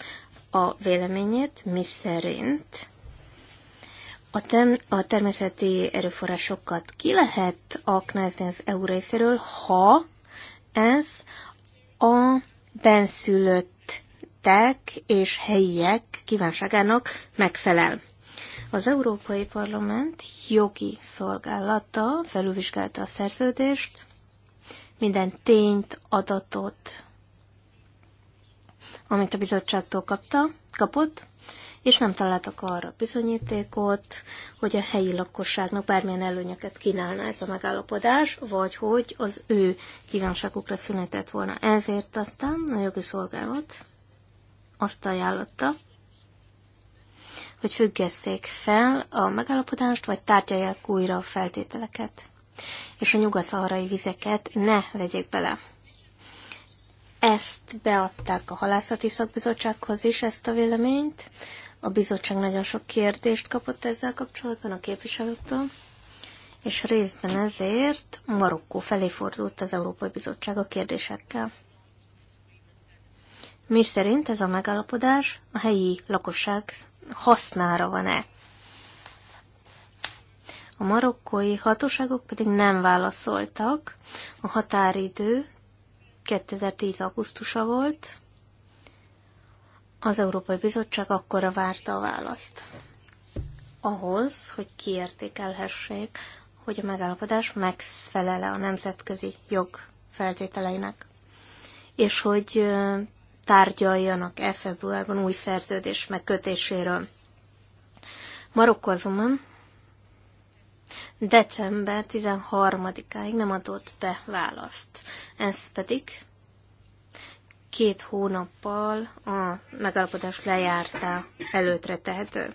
C: a véleményét, szerint a, tem- a természeti erőforrásokat ki lehet aknázni az EU részéről, ha ez a benszülöttek és helyiek kívánságának megfelel. Az Európai Parlament jogi szolgálata felülvizsgálta a szerződést, minden tényt, adatot, amit a bizottságtól kapta, kapott, és nem találtak arra bizonyítékot, hogy a helyi lakosságnak bármilyen előnyöket kínálna ez a megállapodás, vagy hogy az ő kívánságukra szünetett volna. Ezért aztán a jogi szolgálat azt ajánlotta, hogy függesszék fel a megállapodást, vagy tárgyalják újra a feltételeket, és a nyugaszaharai vizeket ne vegyék bele. Ezt beadták a halászati szakbizottsághoz is, ezt a véleményt. A bizottság nagyon sok kérdést kapott ezzel kapcsolatban a képviselőktől, és részben ezért Marokkó felé fordult az Európai Bizottság a kérdésekkel. Mi szerint ez a megállapodás a helyi lakosság hasznára van-e. A marokkói hatóságok pedig nem válaszoltak. A határidő 2010. augusztusa volt. Az Európai Bizottság akkora várta a választ. Ahhoz, hogy kiértékelhessék, hogy a megállapodás megfelele a nemzetközi jog feltételeinek, és hogy tárgyaljanak e februárban új szerződés megkötéséről. Marokko azonban december 13-áig nem adott be választ. Ez pedig két hónappal a megalapodás lejártá előtre tehető.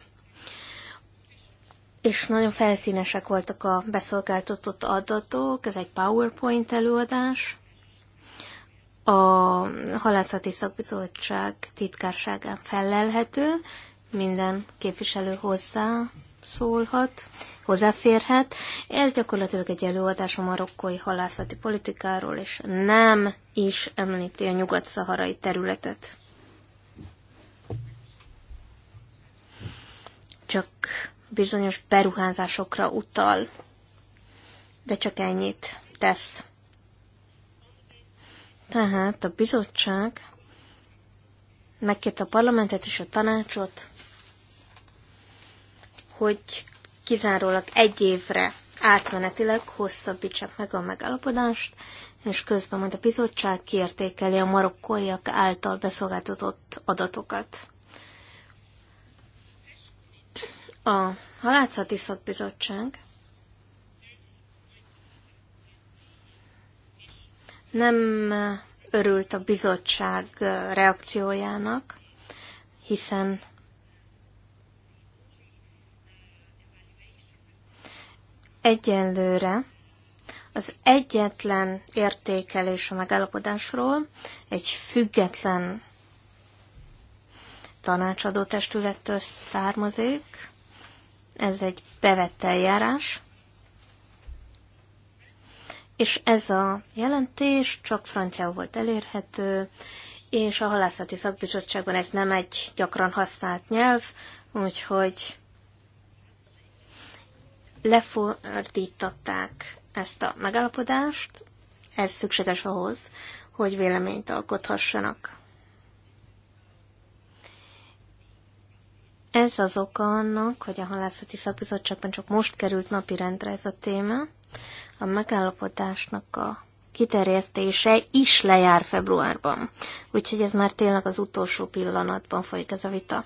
C: És nagyon felszínesek voltak a beszolgáltatott adatok, ez egy PowerPoint előadás, a halászati szakbizottság titkárságán felelhető, minden képviselő hozzá szólhat, hozzáférhet. Ez gyakorlatilag egy előadás a marokkói halászati politikáról, és nem is említi a nyugat-szaharai területet. Csak bizonyos beruházásokra utal, de csak ennyit tesz. Tehát a bizottság megkérte a parlamentet és a tanácsot, hogy kizárólag egy évre átmenetileg hosszabbítsák meg a megállapodást, és közben majd a bizottság kiértékeli a marokkóiak által beszolgáltatott adatokat. A Halászati Szakbizottság nem örült a bizottság reakciójának, hiszen egyenlőre az egyetlen értékelés a megállapodásról egy független tanácsadó testülettől származik, ez egy bevett eljárás, és ez a jelentés csak franciául volt elérhető, és a halászati szakbizottságban ez nem egy gyakran használt nyelv, úgyhogy lefordították ezt a megállapodást, ez szükséges ahhoz, hogy véleményt alkothassanak. Ez az oka annak, hogy a halászati szakbizottságban csak most került napirendre ez a téma, a megállapodásnak a kiterjesztése is lejár februárban. Úgyhogy ez már tényleg az utolsó pillanatban folyik ez a vita.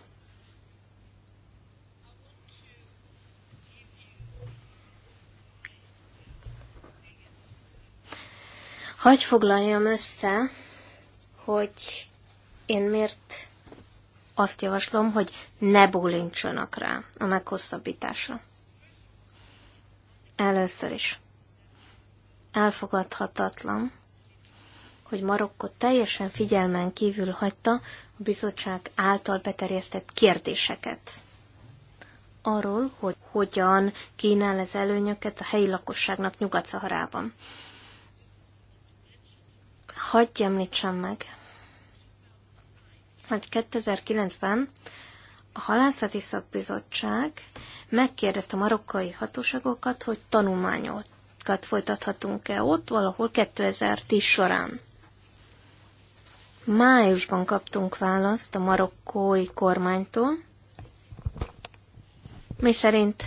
C: Hagy foglaljam össze, hogy én miért azt javaslom, hogy ne bólintsanak rá a meghosszabbításra. Először is elfogadhatatlan, hogy Marokko teljesen figyelmen kívül hagyta a bizottság által beterjesztett kérdéseket. Arról, hogy hogyan kínál ez előnyöket a helyi lakosságnak Nyugat-Szaharában. Hagyj említsem meg, hogy 2009-ben a halászati szakbizottság megkérdezte a marokkai hatóságokat, hogy tanulmányokat folytathatunk-e ott valahol 2010 során. Májusban kaptunk választ a marokkói kormánytól, mi szerint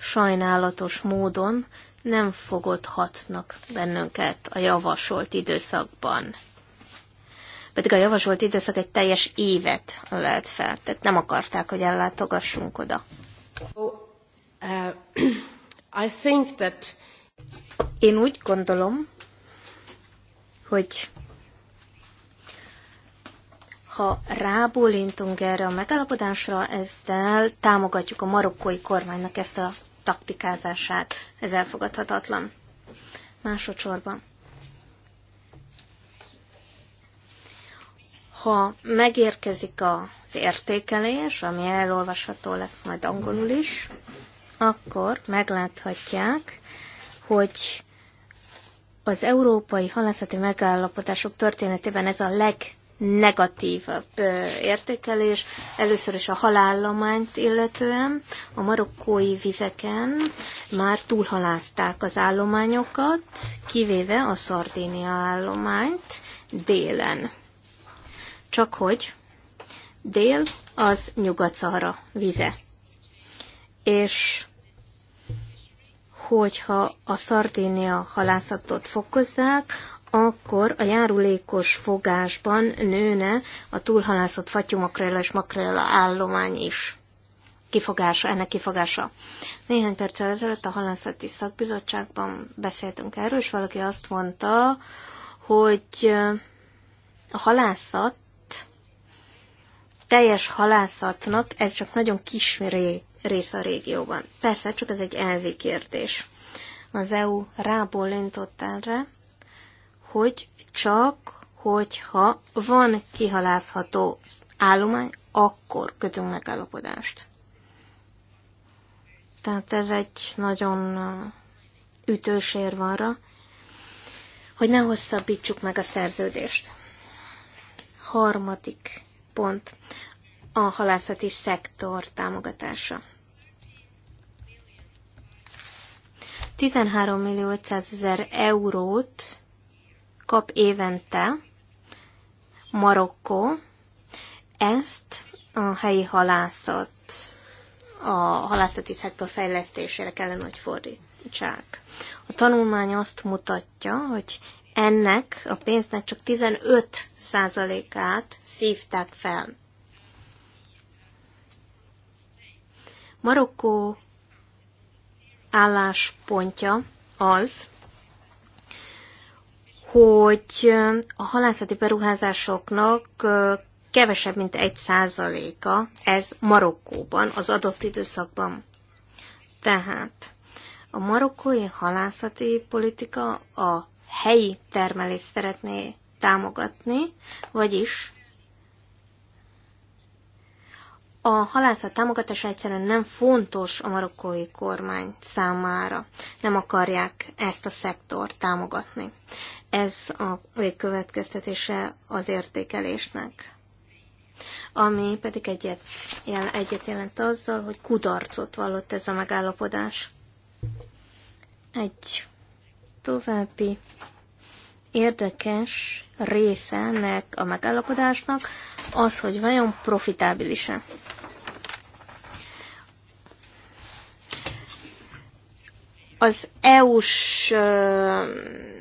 C: sajnálatos módon nem fogodhatnak bennünket a javasolt időszakban pedig a javasolt időszak egy teljes évet lehet fel. Tehát nem akarták, hogy ellátogassunk oda. Oh, uh, I think that... Én úgy gondolom, hogy ha rábólintunk erre a megállapodásra, ezzel támogatjuk a marokkói kormánynak ezt a taktikázását. Ez elfogadhatatlan. Másodszorban. ha megérkezik az értékelés, ami elolvasható lett majd angolul is, akkor megláthatják, hogy az európai halászati megállapodások történetében ez a legnegatívabb értékelés, először is a halállományt illetően, a marokkói vizeken már túlhalázták az állományokat, kivéve a Szardínia állományt délen. Csak hogy dél az Nyugat-Szahara vize. És hogyha a szardénia halászatot fokozzák, akkor a járulékos fogásban nőne a túlhalászott fatyumakrella és makrella állomány is. Kifogása, ennek kifogása. Néhány perccel ezelőtt a halászati szakbizottságban beszéltünk erről, és valaki azt mondta, hogy a halászat teljes halászatnak ez csak nagyon kis ré, rész a régióban. Persze, csak ez egy elvi kérdés. Az EU rábólintott erre, hogy csak hogyha van kihalászható állomány, akkor kötünk megállapodást. Tehát ez egy nagyon ütős érv arra, hogy ne hosszabbítsuk meg a szerződést. Harmadik pont a halászati szektor támogatása. 13 millió 500 ezer eurót kap évente Marokkó. Ezt a helyi halászat, a halászati szektor fejlesztésére kellene, hogy fordítsák. A tanulmány azt mutatja, hogy ennek a pénznek csak 15 százalékát szívták fel. Marokkó álláspontja az, hogy a halászati beruházásoknak kevesebb, mint egy százaléka, ez Marokkóban, az adott időszakban. Tehát a marokkói halászati politika a helyi termelést szeretné támogatni, vagyis a halászat támogatása egyszerűen nem fontos a marokkói kormány számára. Nem akarják ezt a szektort támogatni. Ez a következtetése az értékelésnek. Ami pedig egyet, egyet jelent azzal, hogy kudarcot vallott ez a megállapodás. Egy további érdekes része ennek a megállapodásnak az, hogy vajon profitábilis-e. Az EU-s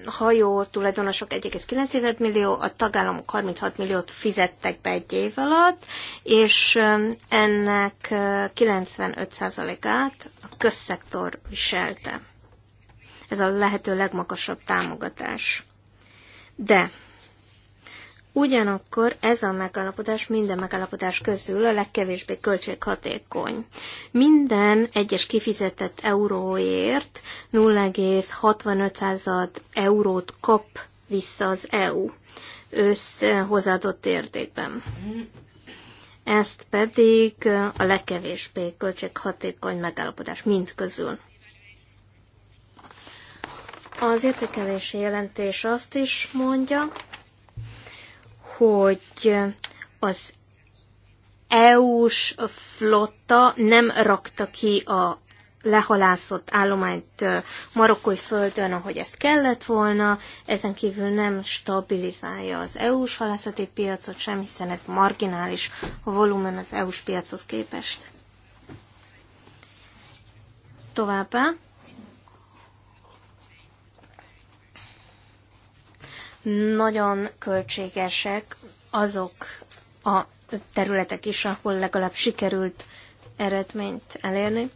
C: hajó tulajdonosok 1,9 millió, a tagállamok 36 milliót fizettek be egy év alatt, és ennek 95%-át a közszektor viselte. Ez a lehető legmagasabb támogatás. De Ugyanakkor ez a megalapodás minden megalapodás közül a legkevésbé költséghatékony. Minden egyes kifizetett euróért 0,65 eurót kap vissza az EU összhozadott értékben. Ezt pedig a legkevésbé költséghatékony megállapodás mind közül. Az értékelési jelentés azt is mondja, hogy az EU-s flotta nem rakta ki a lehalászott állományt marokkói földön, ahogy ezt kellett volna, ezen kívül nem stabilizálja az EU-s halászati piacot sem, hiszen ez marginális a volumen az EU-s piachoz képest. Továbbá nagyon költségesek azok a területek is, ahol legalább sikerült eredményt elérni.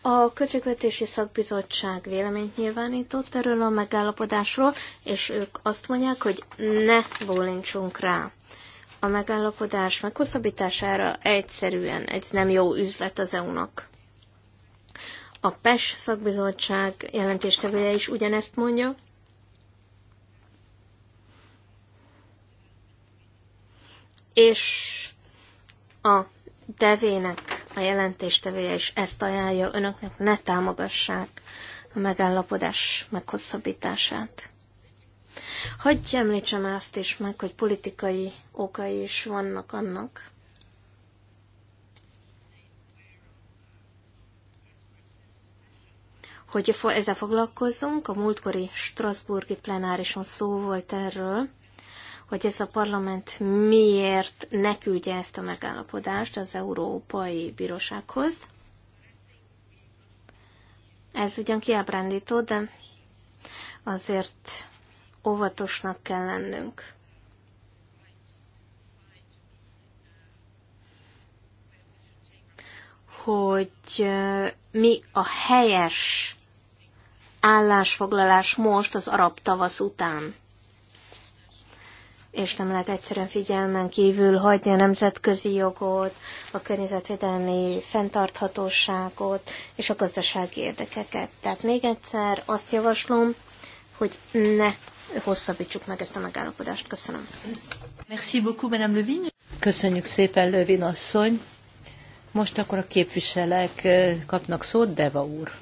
C: A Költségvetési Szakbizottság véleményt nyilvánított erről a megállapodásról, és ők azt mondják, hogy ne bólintsunk rá. A megállapodás meghosszabbítására egyszerűen egy nem jó üzlet az EU-nak. A PES szakbizottság jelentéstevője is ugyanezt mondja, és a devének a jelentéstevője is ezt ajánlja önöknek, ne támogassák a megállapodás meghosszabbítását. Hogy említsem azt is meg, hogy politikai okai is vannak annak, hogy ezzel foglalkozzunk. A múltkori Strasburgi plenárison szó volt erről, hogy ez a parlament miért ne küldje ezt a megállapodást az Európai Bírósághoz. Ez ugyan kiábrándító, de azért óvatosnak kell lennünk. hogy mi a helyes állásfoglalás most az arab tavasz után és nem lehet egyszerűen figyelmen kívül hagyni a nemzetközi jogot, a környezetvédelmi fenntarthatóságot és a gazdasági érdekeket. Tehát még egyszer azt javaslom, hogy ne hosszabbítsuk meg ezt a megállapodást. Köszönöm.
A: Merci beaucoup, Madame Levin.
C: Köszönjük szépen, Lövin asszony.
A: Most akkor a képviselek kapnak szót, Deva úr.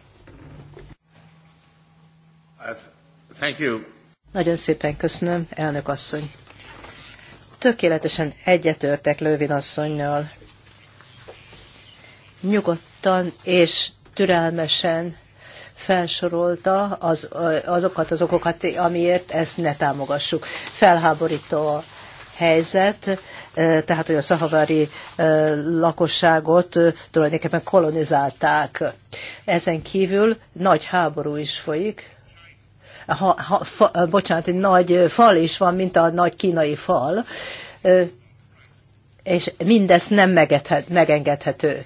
A: Thank you. Nagyon szépen köszönöm, elnök asszony tökéletesen egyetörtek Lövin asszonynal. Nyugodtan és türelmesen felsorolta az, azokat az okokat, amiért ezt ne támogassuk. Felháborító a helyzet, e, tehát hogy a szahavári e, lakosságot e, tulajdonképpen kolonizálták. Ezen kívül nagy háború is folyik, ha, ha, fa, bocsánat, egy nagy fal is van, mint a nagy kínai fal, és mindez nem megethet, megengedhető.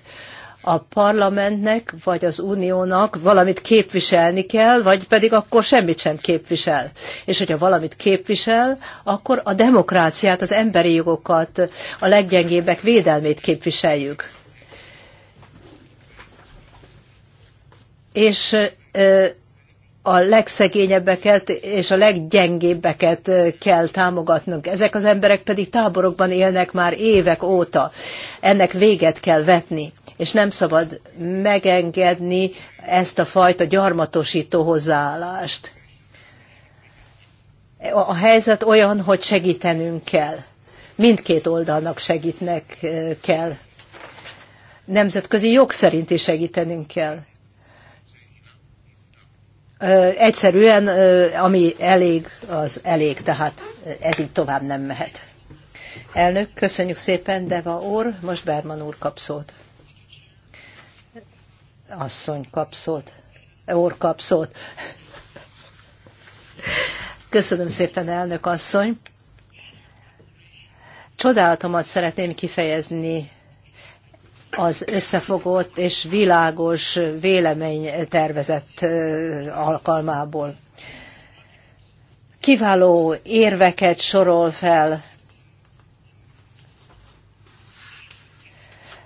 A: A parlamentnek vagy az uniónak valamit képviselni kell, vagy pedig akkor semmit sem képvisel. És hogyha valamit képvisel, akkor a demokráciát, az emberi jogokat, a leggyengébbek védelmét képviseljük. És a legszegényebbeket és a leggyengébbeket kell támogatnunk. Ezek az emberek pedig táborokban élnek már évek óta. Ennek véget kell vetni, és nem szabad megengedni ezt a fajta gyarmatosító hozzáállást. A helyzet olyan, hogy segítenünk kell. Mindkét oldalnak segítnek kell. Nemzetközi jog szerint is segítenünk kell egyszerűen, ami elég, az elég, tehát ez így tovább nem mehet. Elnök, köszönjük szépen, Deva úr, most Berman úr kap szót. Asszony kap szót. Úr kap szót. Köszönöm szépen, elnök asszony. Csodálatomat szeretném kifejezni az összefogott és világos véleménytervezet alkalmából. Kiváló érveket sorol fel,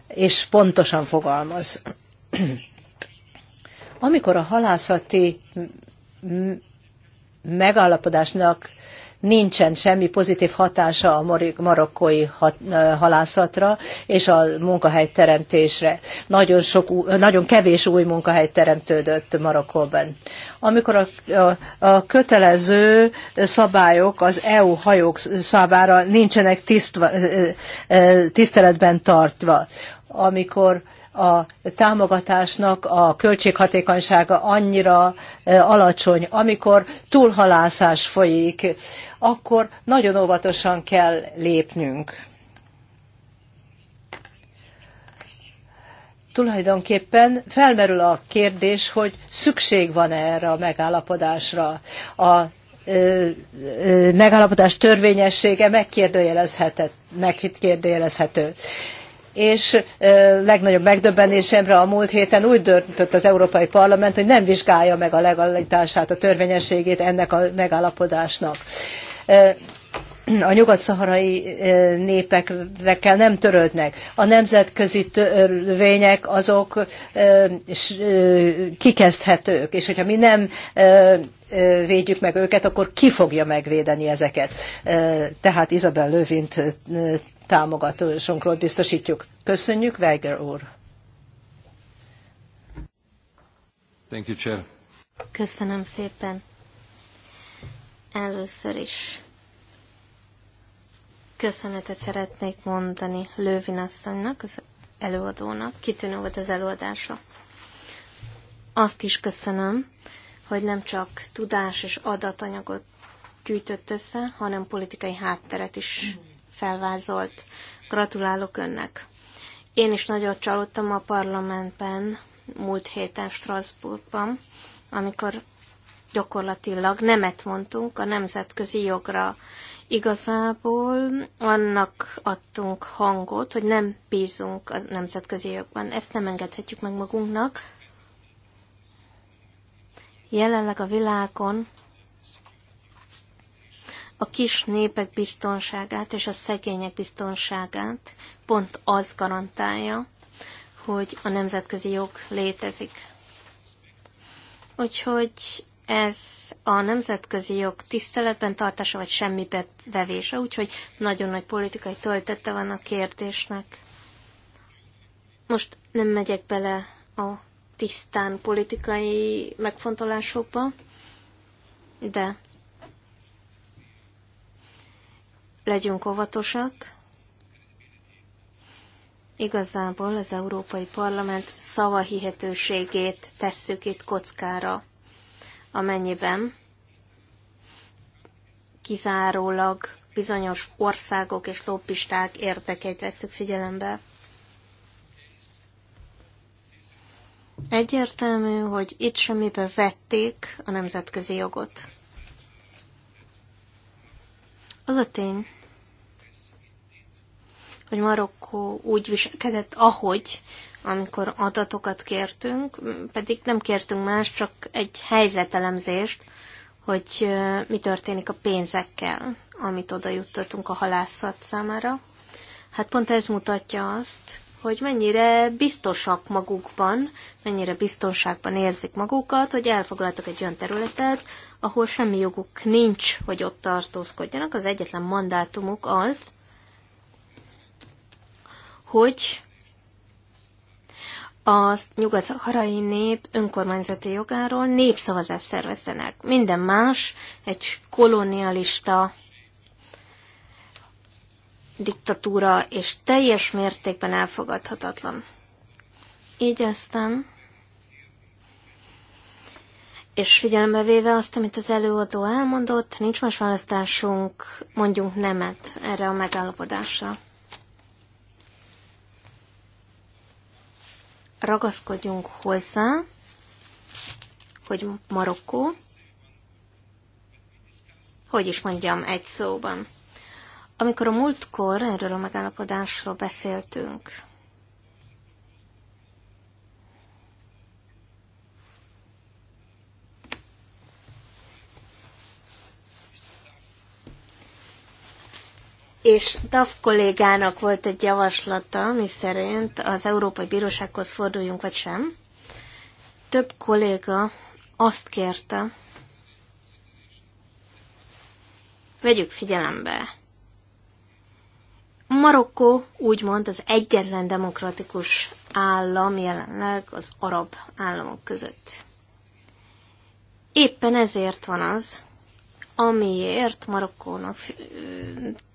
A: és pontosan fogalmaz. Amikor a halászati megállapodásnak nincsen semmi pozitív hatása a marokkói halászatra és a munkahelyteremtésre. Nagyon, sok, nagyon kevés új munkahely teremtődött Marokkóban. Amikor a, a, a kötelező szabályok az EU hajók számára nincsenek tisztva, tiszteletben tartva, amikor a támogatásnak a költséghatékonysága annyira e, alacsony, amikor túlhalászás folyik, akkor nagyon óvatosan kell lépnünk. tulajdonképpen felmerül a kérdés, hogy szükség van -e erre a megállapodásra. A ö, e, ö, e, megállapodás törvényessége megkérdőjelezhető és legnagyobb megdöbbenésemre a múlt héten úgy döntött az Európai Parlament, hogy nem vizsgálja meg a legalitását, a törvényességét ennek a megállapodásnak. A nyugat-szaharai népekkel nem törődnek. A nemzetközi törvények azok kikezdhetők, és hogyha mi nem védjük meg őket, akkor ki fogja megvédeni ezeket. Tehát Izabel Lövint támogatásunkról biztosítjuk. Köszönjük, Weiger úr!
C: Thank you, Chair. Köszönöm szépen. Először is köszönetet szeretnék mondani Lővin asszonynak, az előadónak. Kitűnő volt az előadása. Azt is köszönöm, hogy nem csak tudás és adatanyagot gyűjtött össze, hanem politikai hátteret is felvázolt. Gratulálok önnek. Én is nagyon csalódtam a parlamentben múlt héten Strasbourgban, amikor gyakorlatilag nemet mondtunk a nemzetközi jogra. Igazából annak adtunk hangot, hogy nem bízunk a nemzetközi jogban. Ezt nem engedhetjük meg magunknak. Jelenleg a világon a kis népek biztonságát és a szegények biztonságát pont az garantálja, hogy a nemzetközi jog létezik. Úgyhogy ez a nemzetközi jog tiszteletben tartása, vagy semmi bevése, úgyhogy nagyon nagy politikai töltete van a kérdésnek. Most nem megyek bele a tisztán politikai megfontolásokba, de Legyünk óvatosak. Igazából az Európai Parlament szavahihetőségét tesszük itt kockára, amennyiben kizárólag bizonyos országok és lobbisták érdekeit veszük figyelembe. Egyértelmű, hogy itt semmibe vették a nemzetközi jogot. Az a tény, hogy Marokkó úgy viselkedett, ahogy, amikor adatokat kértünk, pedig nem kértünk más, csak egy helyzetelemzést, hogy mi történik a pénzekkel, amit oda juttatunk a halászat számára. Hát pont ez mutatja azt, hogy mennyire biztosak magukban, mennyire biztonságban érzik magukat, hogy elfoglaltak egy olyan területet, ahol semmi joguk nincs, hogy ott tartózkodjanak. Az egyetlen mandátumuk az, hogy a nyugat-szaharai nép önkormányzati jogáról népszavazást szervezzenek. Minden más egy kolonialista diktatúra, és teljes mértékben elfogadhatatlan. Így aztán, és figyelembe véve azt, amit az előadó elmondott, nincs más választásunk, mondjunk nemet erre a megállapodásra. ragaszkodjunk hozzá, hogy Marokkó, hogy is mondjam egy szóban. Amikor a múltkor erről a megállapodásról beszéltünk, és DAF kollégának volt egy javaslata, mi szerint az Európai Bírósághoz forduljunk, vagy sem. Több kolléga azt kérte, vegyük figyelembe, Marokkó úgymond az egyetlen demokratikus állam jelenleg az arab államok között. Éppen ezért van az, amiért Marokkónak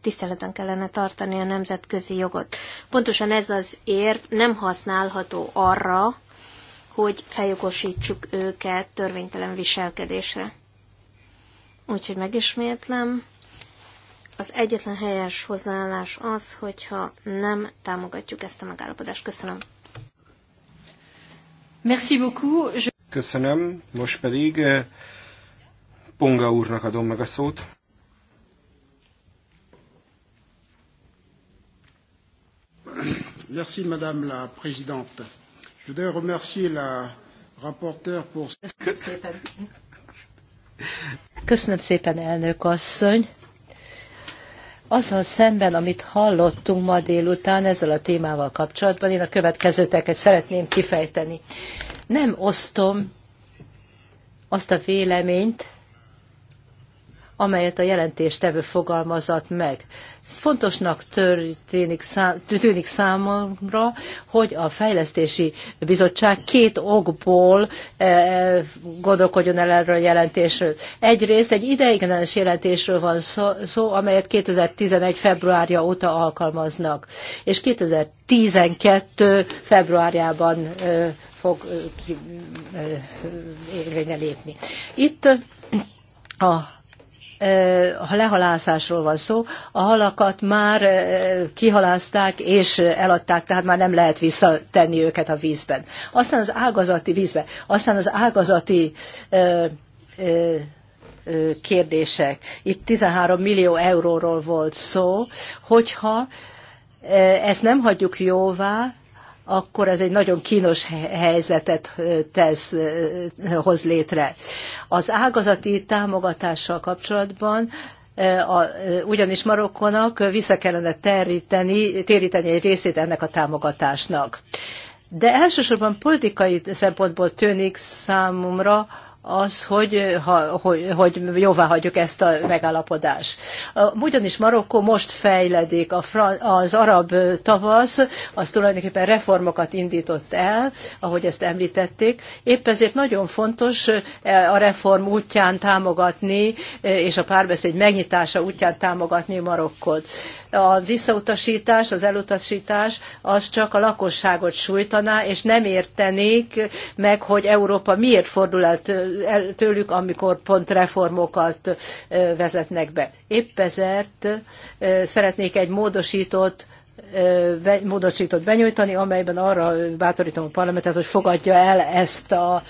C: tiszteleten kellene tartani a nemzetközi jogot. Pontosan ez az érv nem használható arra, hogy feljogosítsuk őket törvénytelen viselkedésre. Úgyhogy megismétlem, az egyetlen helyes hozzáállás az, hogyha nem támogatjuk ezt a megállapodást. Köszönöm.
A: Merci beaucoup.
B: Köszönöm. Most pedig eh, Ponga úrnak adom meg a szót.
C: Merci, Madame la Présidente. Je voudrais remercier la rapporteure pour... Köszönöm szépen.
A: Köszönöm szépen, elnök asszony. Azzal szemben, amit hallottunk ma délután ezzel a témával kapcsolatban, én a következőteket szeretném kifejteni. Nem osztom azt a véleményt, amelyet a jelentéstevő fogalmazat meg. Ez fontosnak történik szám, tűnik számomra, hogy a fejlesztési bizottság két okból e, gondolkodjon el erről a jelentésről. Egyrészt egy ideiglenes jelentésről van szó, szó, amelyet 2011. februárja óta alkalmaznak, és 2012. februárjában e, fog e, érvényre lépni. Itt a ha lehalászásról van szó, a halakat már kihalázták és eladták, tehát már nem lehet visszatenni őket a vízben. Aztán az ágazati vízbe, aztán az ágazati ö, ö, kérdések. Itt 13 millió euróról volt szó, hogyha ezt nem hagyjuk jóvá, akkor ez egy nagyon kínos helyzetet tesz, hoz létre. Az ágazati támogatással kapcsolatban a, ugyanis Marokkónak vissza kellene teríteni, téríteni egy részét ennek a támogatásnak. De elsősorban politikai szempontból tűnik számomra az, hogy, ha, hogy, hogy jóvá hagyjuk ezt a megállapodást. Ugyanis Marokkó most fejledik, a az arab tavasz, az tulajdonképpen reformokat indított el, ahogy ezt említették. Épp ezért nagyon fontos e, a reform útján támogatni, e, és a párbeszéd megnyitása útján támogatni Marokkot a visszautasítás, az elutasítás az csak a lakosságot sújtaná, és nem értenék meg, hogy Európa miért fordul el tőlük, amikor pont reformokat vezetnek be. Épp ezért szeretnék egy módosított módosított benyújtani, amelyben arra bátorítom a parlamentet, hogy fogadja el ezt a,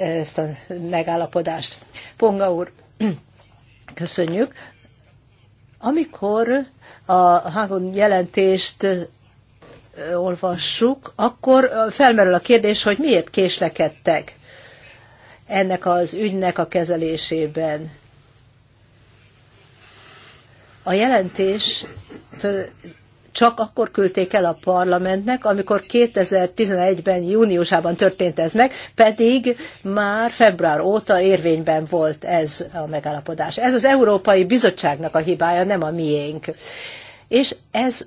A: ezt a megállapodást. Ponga úr, köszönjük. Amikor a hangon jelentést olvassuk, akkor felmerül a kérdés, hogy miért késlekedtek ennek az ügynek a kezelésében. A jelentést csak akkor küldték el a parlamentnek, amikor 2011-ben júniusában történt ez meg, pedig már február óta érvényben volt ez a megállapodás. Ez az Európai Bizottságnak a hibája, nem a miénk. És ez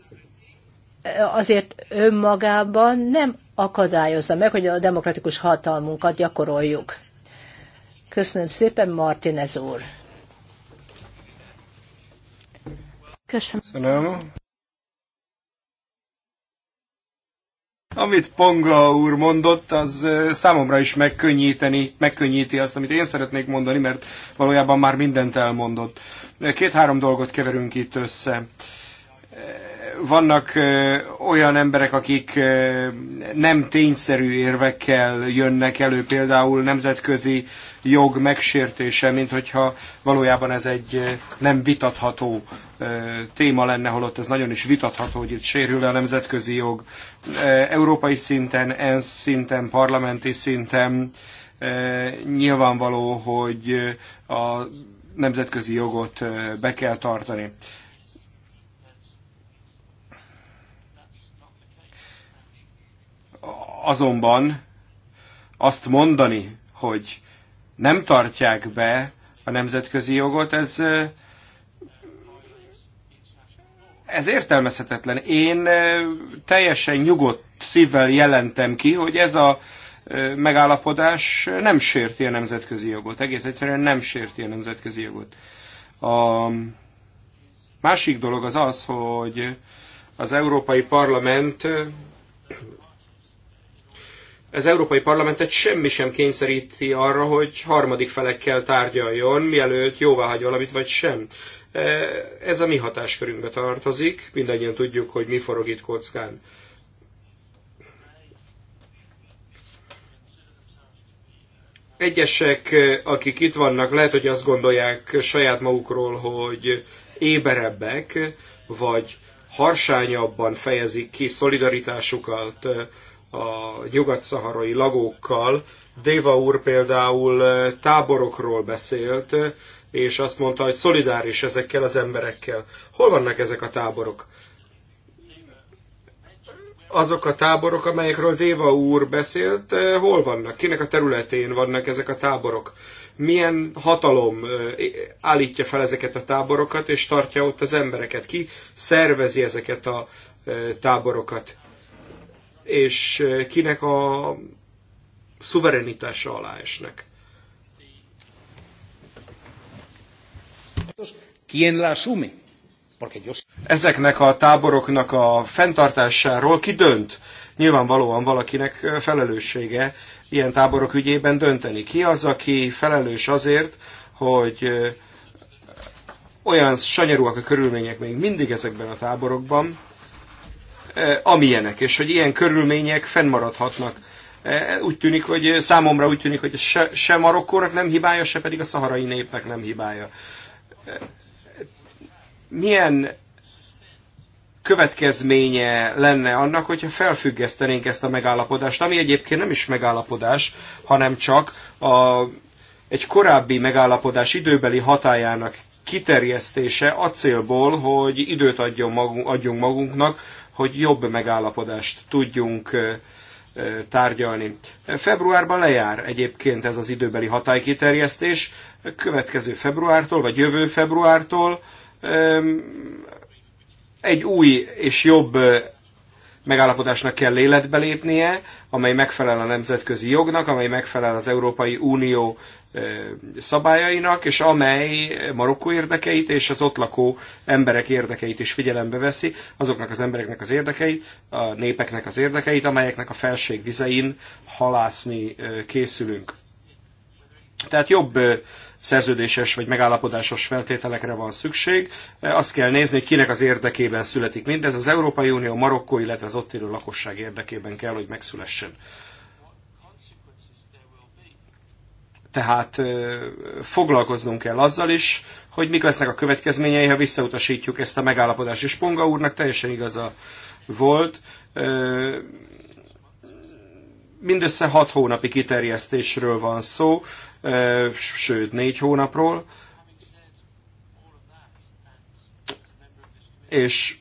A: azért önmagában nem akadályozza meg, hogy a demokratikus hatalmunkat gyakoroljuk. Köszönöm szépen, Martinez úr. Köszönöm. Köszönöm.
B: Amit Ponga úr mondott, az számomra is megkönnyíteni, megkönnyíti azt, amit én szeretnék mondani, mert valójában már mindent elmondott. Két-három dolgot keverünk itt össze vannak olyan emberek, akik nem tényszerű érvekkel jönnek elő, például nemzetközi jog megsértése, mint hogyha valójában ez egy nem vitatható téma lenne, holott ez nagyon is vitatható, hogy itt sérül a nemzetközi jog. Európai szinten, ENSZ szinten, parlamenti szinten nyilvánvaló, hogy a nemzetközi jogot be kell tartani. Azonban azt mondani, hogy nem tartják be a nemzetközi jogot, ez, ez értelmezhetetlen. Én teljesen nyugodt szívvel jelentem ki, hogy ez a megállapodás nem sérti a nemzetközi jogot. Egész egyszerűen nem sérti a nemzetközi jogot. A másik dolog az az, hogy az Európai Parlament az Európai Parlamentet semmi sem kényszeríti arra, hogy harmadik felekkel tárgyaljon, mielőtt jóvá hagy valamit, vagy sem. E, ez a mi hatáskörünkbe tartozik, mindannyian tudjuk, hogy mi forog itt kockán. Egyesek, akik itt vannak, lehet, hogy azt gondolják saját magukról, hogy éberebbek, vagy harsányabban fejezik ki szolidaritásukat, a nyugat-szaharai lagókkal. Déva úr például eh, táborokról beszélt, és azt mondta, hogy szolidáris ezekkel az emberekkel. Hol vannak ezek a táborok? Azok a táborok, amelyekről Déva úr beszélt, eh, hol vannak? Kinek a területén vannak ezek a táborok? Milyen hatalom eh, állítja fel ezeket a táborokat, és tartja ott az embereket? Ki szervezi ezeket a táborokat? és eh, kinek a szuverenitása alá esnek. Ezeknek a táboroknak a fenntartásáról ki dönt? Nyilvánvalóan valakinek eh, felelőssége ilyen táborok ügyében dönteni. Ki az, aki felelős azért, hogy eh, olyan sanyarúak a körülmények még mindig ezekben a táborokban, E, amilyenek, és hogy ilyen körülmények fennmaradhatnak. E, úgy tűnik, hogy számomra úgy tűnik, hogy se, se Marokkónak nem hibája, se pedig a szaharai népnek nem hibája. E, milyen következménye lenne annak, hogyha felfüggesztenénk ezt a megállapodást, ami egyébként nem is megállapodás, hanem csak a, egy korábbi megállapodás időbeli hatájának kiterjesztése a célból, hogy időt adjon magunk, adjunk magunknak hogy jobb megállapodást tudjunk tárgyalni. Februárban lejár egyébként ez az időbeli hatálykiterjesztés. Következő februártól, vagy jövő februártól egy új és jobb megállapodásnak kell életbe lépnie, amely megfelel a nemzetközi jognak, amely megfelel az Európai Unió szabályainak, és amely Marokkó érdekeit és az ott lakó emberek érdekeit is figyelembe veszi, azoknak az embereknek az érdekeit, a népeknek az érdekeit, amelyeknek a felség vizein halászni készülünk. Tehát jobb szerződéses vagy megállapodásos feltételekre van szükség. Azt kell nézni, hogy kinek az érdekében születik mindez. Az Európai Unió, Marokkó, illetve az ott élő lakosság érdekében kell, hogy megszülessen. Tehát foglalkoznunk kell azzal is, hogy mik lesznek a következményei, ha visszautasítjuk ezt a megállapodást. És Ponga úrnak teljesen igaza volt. Mindössze hat hónapi kiterjesztésről van szó, sőt négy hónapról. És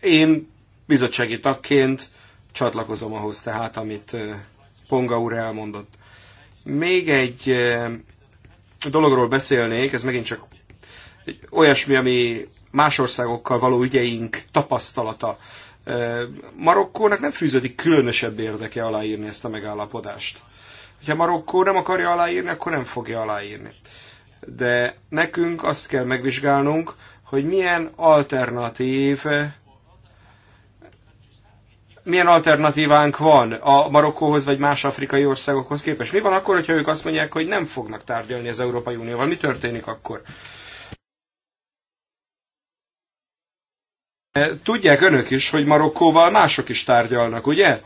B: én bizottsági tagként csatlakozom ahhoz tehát, amit Ponga úr elmondott. Még egy dologról beszélnék, ez megint csak olyasmi, ami más országokkal való ügyeink tapasztalata. Marokkónak nem fűződik különösebb érdeke aláírni ezt a megállapodást. Ha Marokkó nem akarja aláírni, akkor nem fogja aláírni. De nekünk azt kell megvizsgálnunk, hogy milyen alternatív milyen alternatívánk van a Marokkóhoz vagy más afrikai országokhoz képest? Mi van akkor, hogyha ők azt mondják, hogy nem fognak tárgyalni az Európai Unióval? Mi történik akkor? Tudják önök is, hogy Marokkóval mások is tárgyalnak, ugye?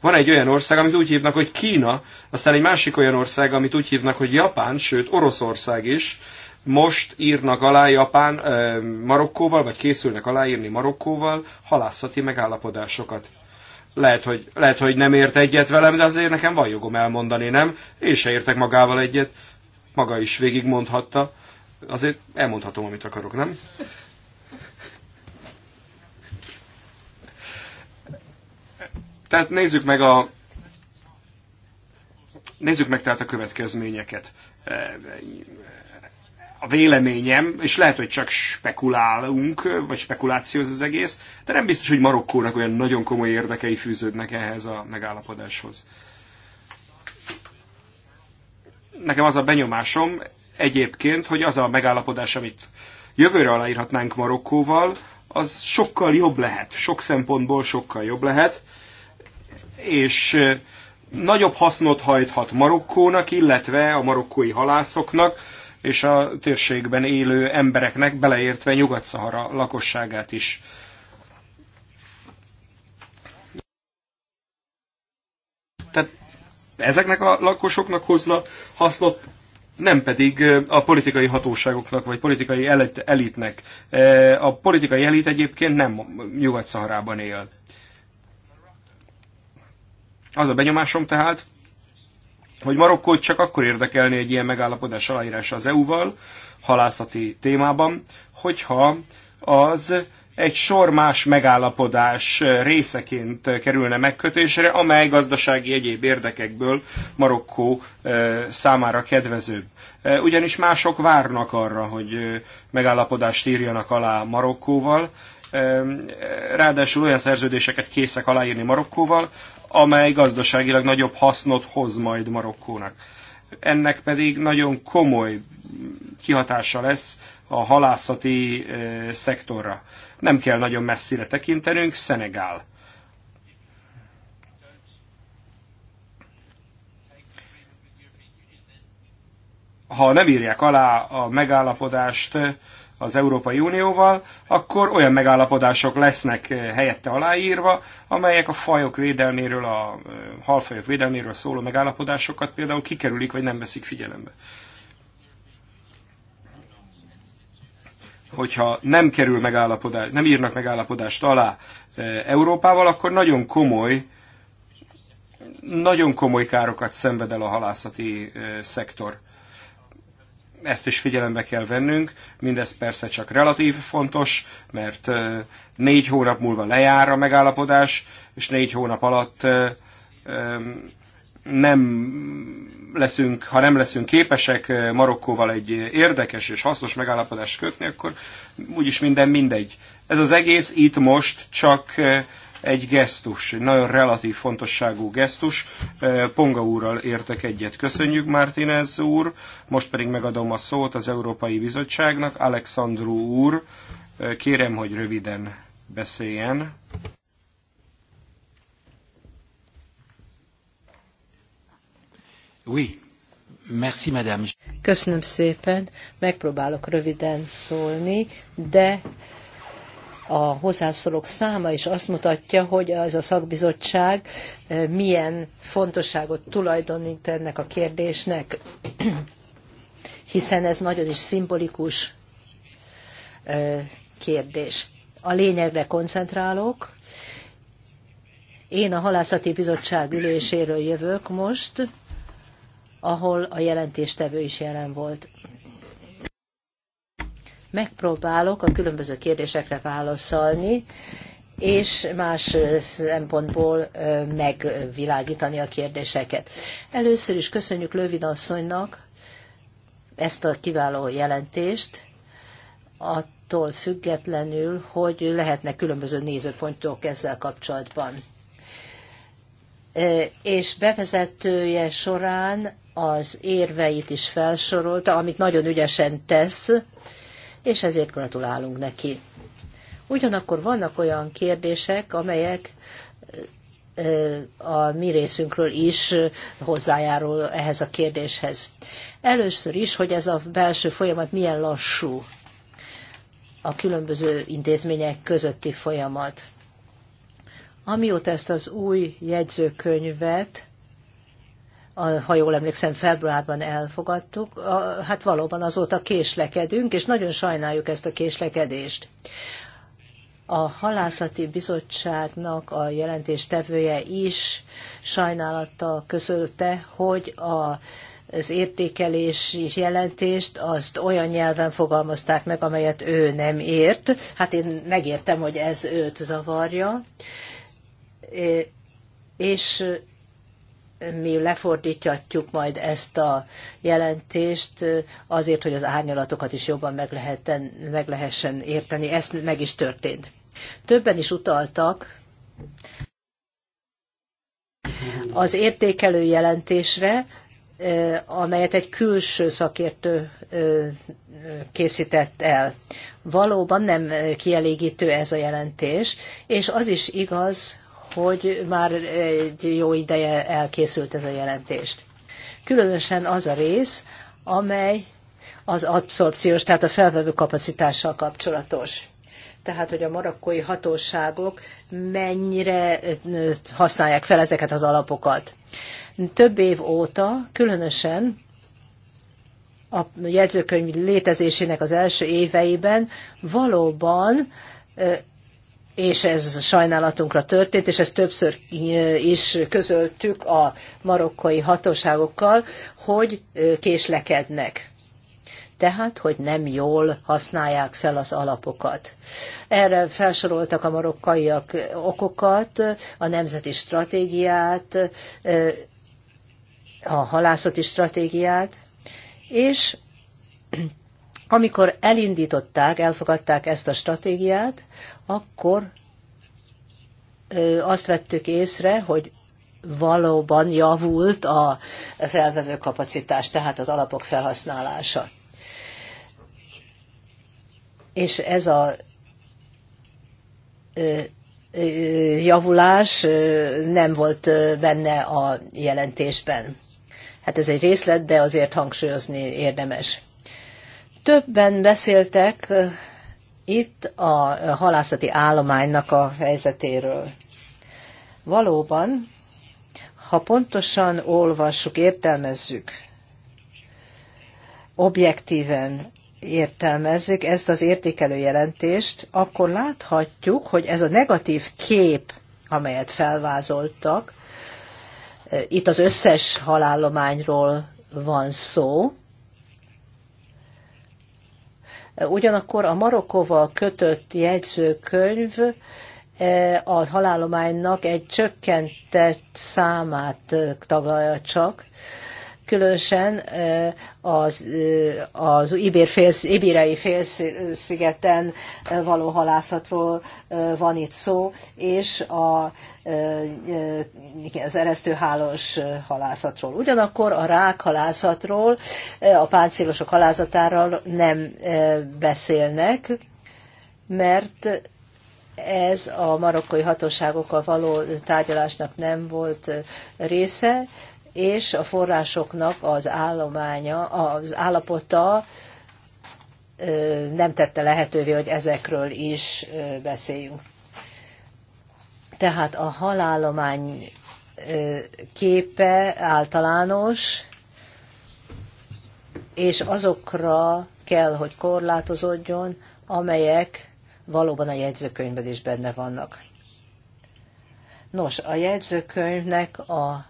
B: Van egy olyan ország, amit úgy hívnak, hogy Kína, aztán egy másik olyan ország, amit úgy hívnak, hogy Japán, sőt Oroszország is. Most írnak alá Japán Marokkóval, vagy készülnek aláírni Marokkóval halászati megállapodásokat lehet hogy, lehet, hogy nem ért egyet velem, de azért nekem van jogom elmondani, nem? Én se értek magával egyet, maga is végigmondhatta. Azért elmondhatom, amit akarok, nem? Tehát nézzük meg a nézzük meg tehát a következményeket a véleményem, és lehet, hogy csak spekulálunk, vagy spekuláció ez az egész, de nem biztos, hogy Marokkónak olyan nagyon komoly érdekei fűződnek ehhez a megállapodáshoz. Nekem az a benyomásom egyébként, hogy az a megállapodás, amit jövőre aláírhatnánk Marokkóval, az sokkal jobb lehet, sok szempontból sokkal jobb lehet, és nagyobb hasznot hajthat Marokkónak, illetve a marokkói halászoknak, és a térségben élő embereknek, beleértve Nyugat-Szahara lakosságát is. Tehát ezeknek a lakosoknak hozna hasznot, nem pedig a politikai hatóságoknak, vagy politikai elit, elitnek. A politikai elit egyébként nem Nyugat-Szaharában él. Az a benyomásom tehát, hogy Marokkót csak akkor érdekelni egy ilyen megállapodás aláírása az EU-val, halászati témában, hogyha az egy sor más megállapodás részeként kerülne megkötésre, amely gazdasági egyéb érdekekből Marokkó számára kedvezőbb. Ugyanis mások várnak arra, hogy megállapodást írjanak alá Marokkóval, ráadásul olyan szerződéseket készek aláírni Marokkóval, amely gazdaságilag nagyobb hasznot hoz majd Marokkónak. Ennek pedig nagyon komoly kihatása lesz a halászati e, szektorra. Nem kell nagyon messzire tekintenünk, Szenegál. Ha nem írják alá a megállapodást, az Európai Unióval, akkor olyan megállapodások lesznek eh, helyette aláírva, amelyek a fajok védelméről, a eh, halfajok védelméről szóló megállapodásokat például kikerülik, vagy nem veszik figyelembe. Hogyha nem kerül megállapodás, nem írnak megállapodást alá eh, Európával, akkor nagyon komoly nagyon komoly károkat szenved el a halászati szektor ezt is figyelembe kell vennünk, mindez persze csak relatív fontos, mert négy hónap múlva lejár a megállapodás, és négy hónap alatt nem leszünk, ha nem leszünk képesek Marokkóval egy érdekes és hasznos megállapodást kötni, akkor úgyis minden mindegy. Ez az egész itt most csak egy gesztus, egy nagyon relatív fontosságú gesztus. Eh, Ponga úrral értek egyet. Köszönjük, Martinez úr. Most pedig megadom a szót az Európai Bizottságnak. Alexandru úr, eh, kérem, hogy röviden beszéljen.
C: Oui. Merci, madame.
A: Köszönöm szépen. Megpróbálok röviden szólni, de a hozzászólók száma is azt mutatja, hogy az a szakbizottság eh, milyen fontosságot tulajdonít ennek a kérdésnek, hiszen ez nagyon is szimbolikus eh, kérdés. A lényegre koncentrálok. Én a halászati bizottság üléséről jövök most, ahol a jelentéstevő is jelen volt. Megpróbálok a különböző kérdésekre válaszolni, és más szempontból megvilágítani a kérdéseket. Először is köszönjük Lövin asszonynak ezt a kiváló jelentést, attól függetlenül, hogy lehetnek különböző nézőpontok ezzel kapcsolatban. És bevezetője során az érveit is felsorolta, amit nagyon ügyesen tesz, és ezért gratulálunk neki. Ugyanakkor vannak olyan kérdések, amelyek a mi részünkről is hozzájárul ehhez a kérdéshez. Először is, hogy ez a belső folyamat milyen lassú a különböző intézmények közötti folyamat. Amióta ezt az új jegyzőkönyvet ha jól emlékszem, februárban elfogadtuk, hát valóban azóta késlekedünk, és nagyon sajnáljuk ezt a késlekedést. A halászati bizottságnak a jelentéstevője is sajnálattal közölte, hogy a az értékelési jelentést azt olyan nyelven fogalmazták meg, amelyet ő nem ért. Hát én megértem, hogy ez őt zavarja. És mi lefordítjatjuk majd ezt a jelentést eh, azért, hogy az árnyalatokat is jobban meg, leheten, meg lehessen érteni. Ez meg is történt. Többen is utaltak az értékelő jelentésre, eh, amelyet egy külső szakértő eh, készített el. Valóban nem kielégítő ez a jelentés, és az is igaz, hogy már egy jó ideje elkészült ez a jelentés. Különösen az a rész, amely az abszorpciós, tehát a felvevő kapacitással kapcsolatos. Tehát, hogy a marokkói hatóságok mennyire használják fel ezeket az alapokat. Több év óta, különösen a jegyzőkönyv létezésének az első éveiben valóban és ez sajnálatunkra történt, és ezt többször is közöltük a marokkai hatóságokkal, hogy késlekednek. Tehát, hogy nem jól használják fel az alapokat. Erre felsoroltak a marokkaiak okokat, a nemzeti stratégiát, a halászati stratégiát, és amikor elindították, elfogadták ezt a stratégiát, akkor azt vettük észre, hogy valóban javult a felvevő kapacitás, tehát az alapok felhasználása. És ez a javulás nem volt benne a jelentésben. Hát ez egy részlet, de azért hangsúlyozni érdemes. Többen beszéltek itt a halászati állománynak a helyzetéről. Valóban, ha pontosan olvassuk, értelmezzük, objektíven értelmezzük ezt az értékelő jelentést, akkor láthatjuk, hogy ez a negatív kép, amelyet felvázoltak, itt az összes halállományról van szó, Ugyanakkor a Marokkóval kötött jegyzőkönyv e, a halálománynak egy csökkentett számát e, taglalja csak, különösen az, az Ibér félsz, Ibirei félszigeten való halászatról van itt szó, és a, az eresztőhálós halászatról. Ugyanakkor a rák halászatról, a páncélosok halászatáról nem beszélnek, mert ez a marokkai hatóságokkal való tárgyalásnak nem volt része, és a forrásoknak az állománya, az állapota nem tette lehetővé, hogy ezekről is beszéljünk. Tehát a halállomány képe általános, és azokra kell, hogy korlátozódjon, amelyek valóban a jegyzőkönyvben is benne vannak. Nos, a jegyzőkönyvnek a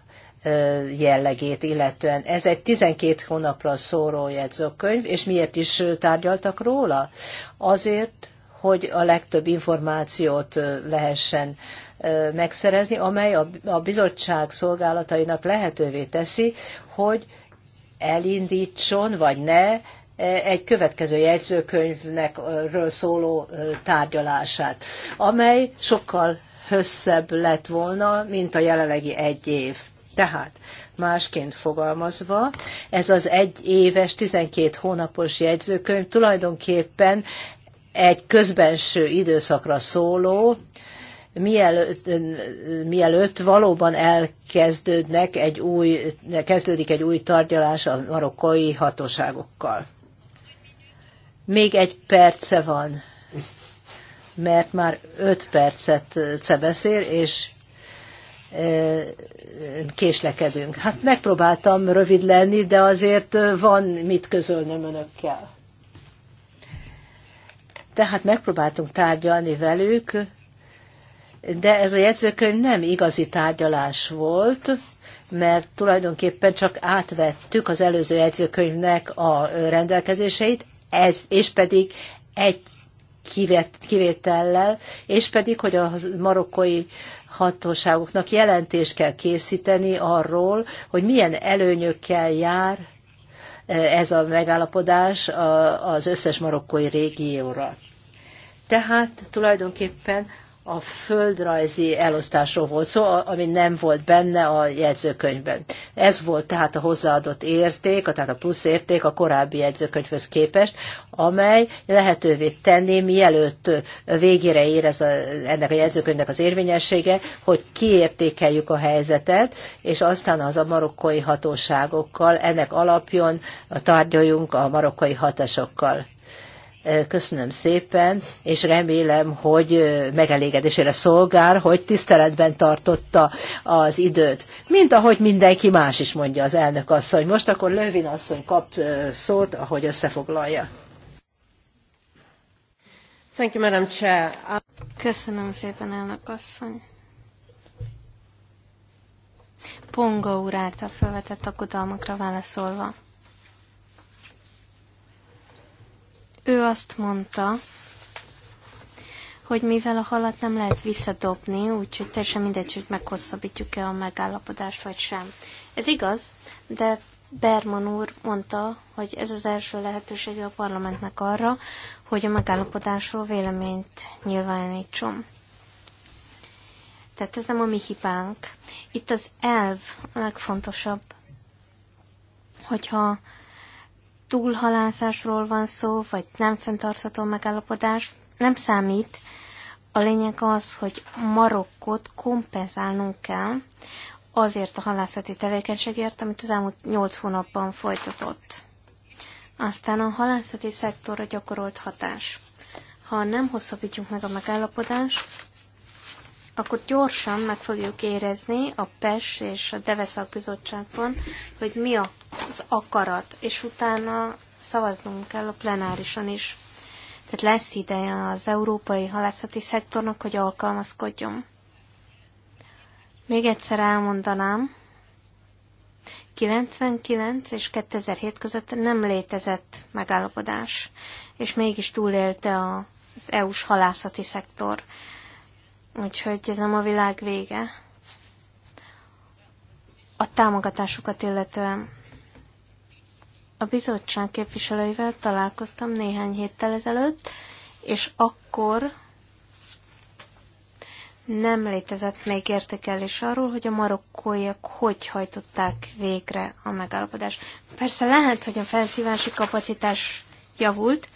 A: jellegét illetően. Ez egy 12 hónapra szóró jegyzőkönyv, és miért is tárgyaltak róla? Azért, hogy a legtöbb információt lehessen megszerezni, amely a bizottság szolgálatainak lehetővé teszi, hogy elindítson vagy ne egy következő jegyzőkönyvnekről szóló tárgyalását, amely sokkal hosszabb lett volna, mint a jelenlegi egy év. Tehát másként fogalmazva, ez az egy éves, 12 hónapos jegyzőkönyv tulajdonképpen egy közbenső időszakra szóló, mielőtt, mielőtt valóban elkezdődnek egy új, kezdődik egy új tárgyalás a marokkói hatóságokkal. Még egy perce van, mert már öt percet beszél, és késlekedünk. Hát megpróbáltam rövid lenni, de azért van mit közölnöm önökkel. Tehát megpróbáltunk tárgyalni velük, de ez a jegyzőkönyv nem igazi tárgyalás volt, mert tulajdonképpen csak átvettük az előző jegyzőkönyvnek a rendelkezéseit, ez, és pedig egy kivétellel, és pedig, hogy a marokkói hatóságoknak jelentést kell készíteni arról, hogy milyen előnyökkel jár e, ez a megállapodás az összes marokkói régióra. Tehát tulajdonképpen a földrajzi elosztásról volt szó, ami nem volt benne a jegyzőkönyvben. Ez volt tehát a hozzáadott érték, tehát a plusz érték a korábbi jegyzőkönyvhöz képest, amely lehetővé tenni, mielőtt végére ér ez a, ennek a jegyzőkönyvnek az érvényessége, hogy kiértékeljük a helyzetet, és aztán az a marokkói hatóságokkal, ennek alapjon tárgyaljunk a marokkói hatásokkal Köszönöm szépen, és remélem, hogy megelégedésére szolgál, hogy tiszteletben tartotta az időt. Mint ahogy mindenki más is mondja az elnök asszony. Most akkor Lövin asszony kap szót, ahogy összefoglalja.
C: Thank you, Madam Chair. Köszönöm szépen, elnök asszony. Ponga úr által felvetett aggodalmakra válaszolva. Ő azt mondta, hogy mivel a halat nem lehet visszadobni, úgyhogy teljesen mindegy, hogy meghosszabbítjuk-e a megállapodást, vagy sem. Ez igaz, de Berman úr mondta, hogy ez az első lehetősége a parlamentnek arra, hogy a megállapodásról véleményt nyilvánítson. Tehát ez nem a mi hibánk. Itt az elv a legfontosabb, hogyha túlhalászásról van szó, vagy nem fenntartható megállapodás, nem számít. A lényeg az, hogy Marokkot kompenzálnunk kell azért a halászati tevékenységért, amit az elmúlt 8 hónapban folytatott. Aztán a halászati szektorra gyakorolt hatás. Ha nem hosszabbítjuk meg a megállapodást, akkor gyorsan meg fogjuk érezni a PES és a Deveszak bizottságban, hogy mi az akarat, és utána szavaznunk kell a plenárison is. Tehát lesz ideje az európai halászati szektornak, hogy alkalmazkodjon. Még egyszer elmondanám, 99 és 2007 között nem létezett megállapodás, és mégis túlélte az EU-s halászati szektor. Úgyhogy ez nem a világ vége. A támogatásukat illetően a bizottság képviselőivel találkoztam néhány héttel ezelőtt, és akkor nem létezett még értékelés arról, hogy a marokkóiak hogy hajtották végre a megállapodást. Persze lehet, hogy a felszívási kapacitás javult,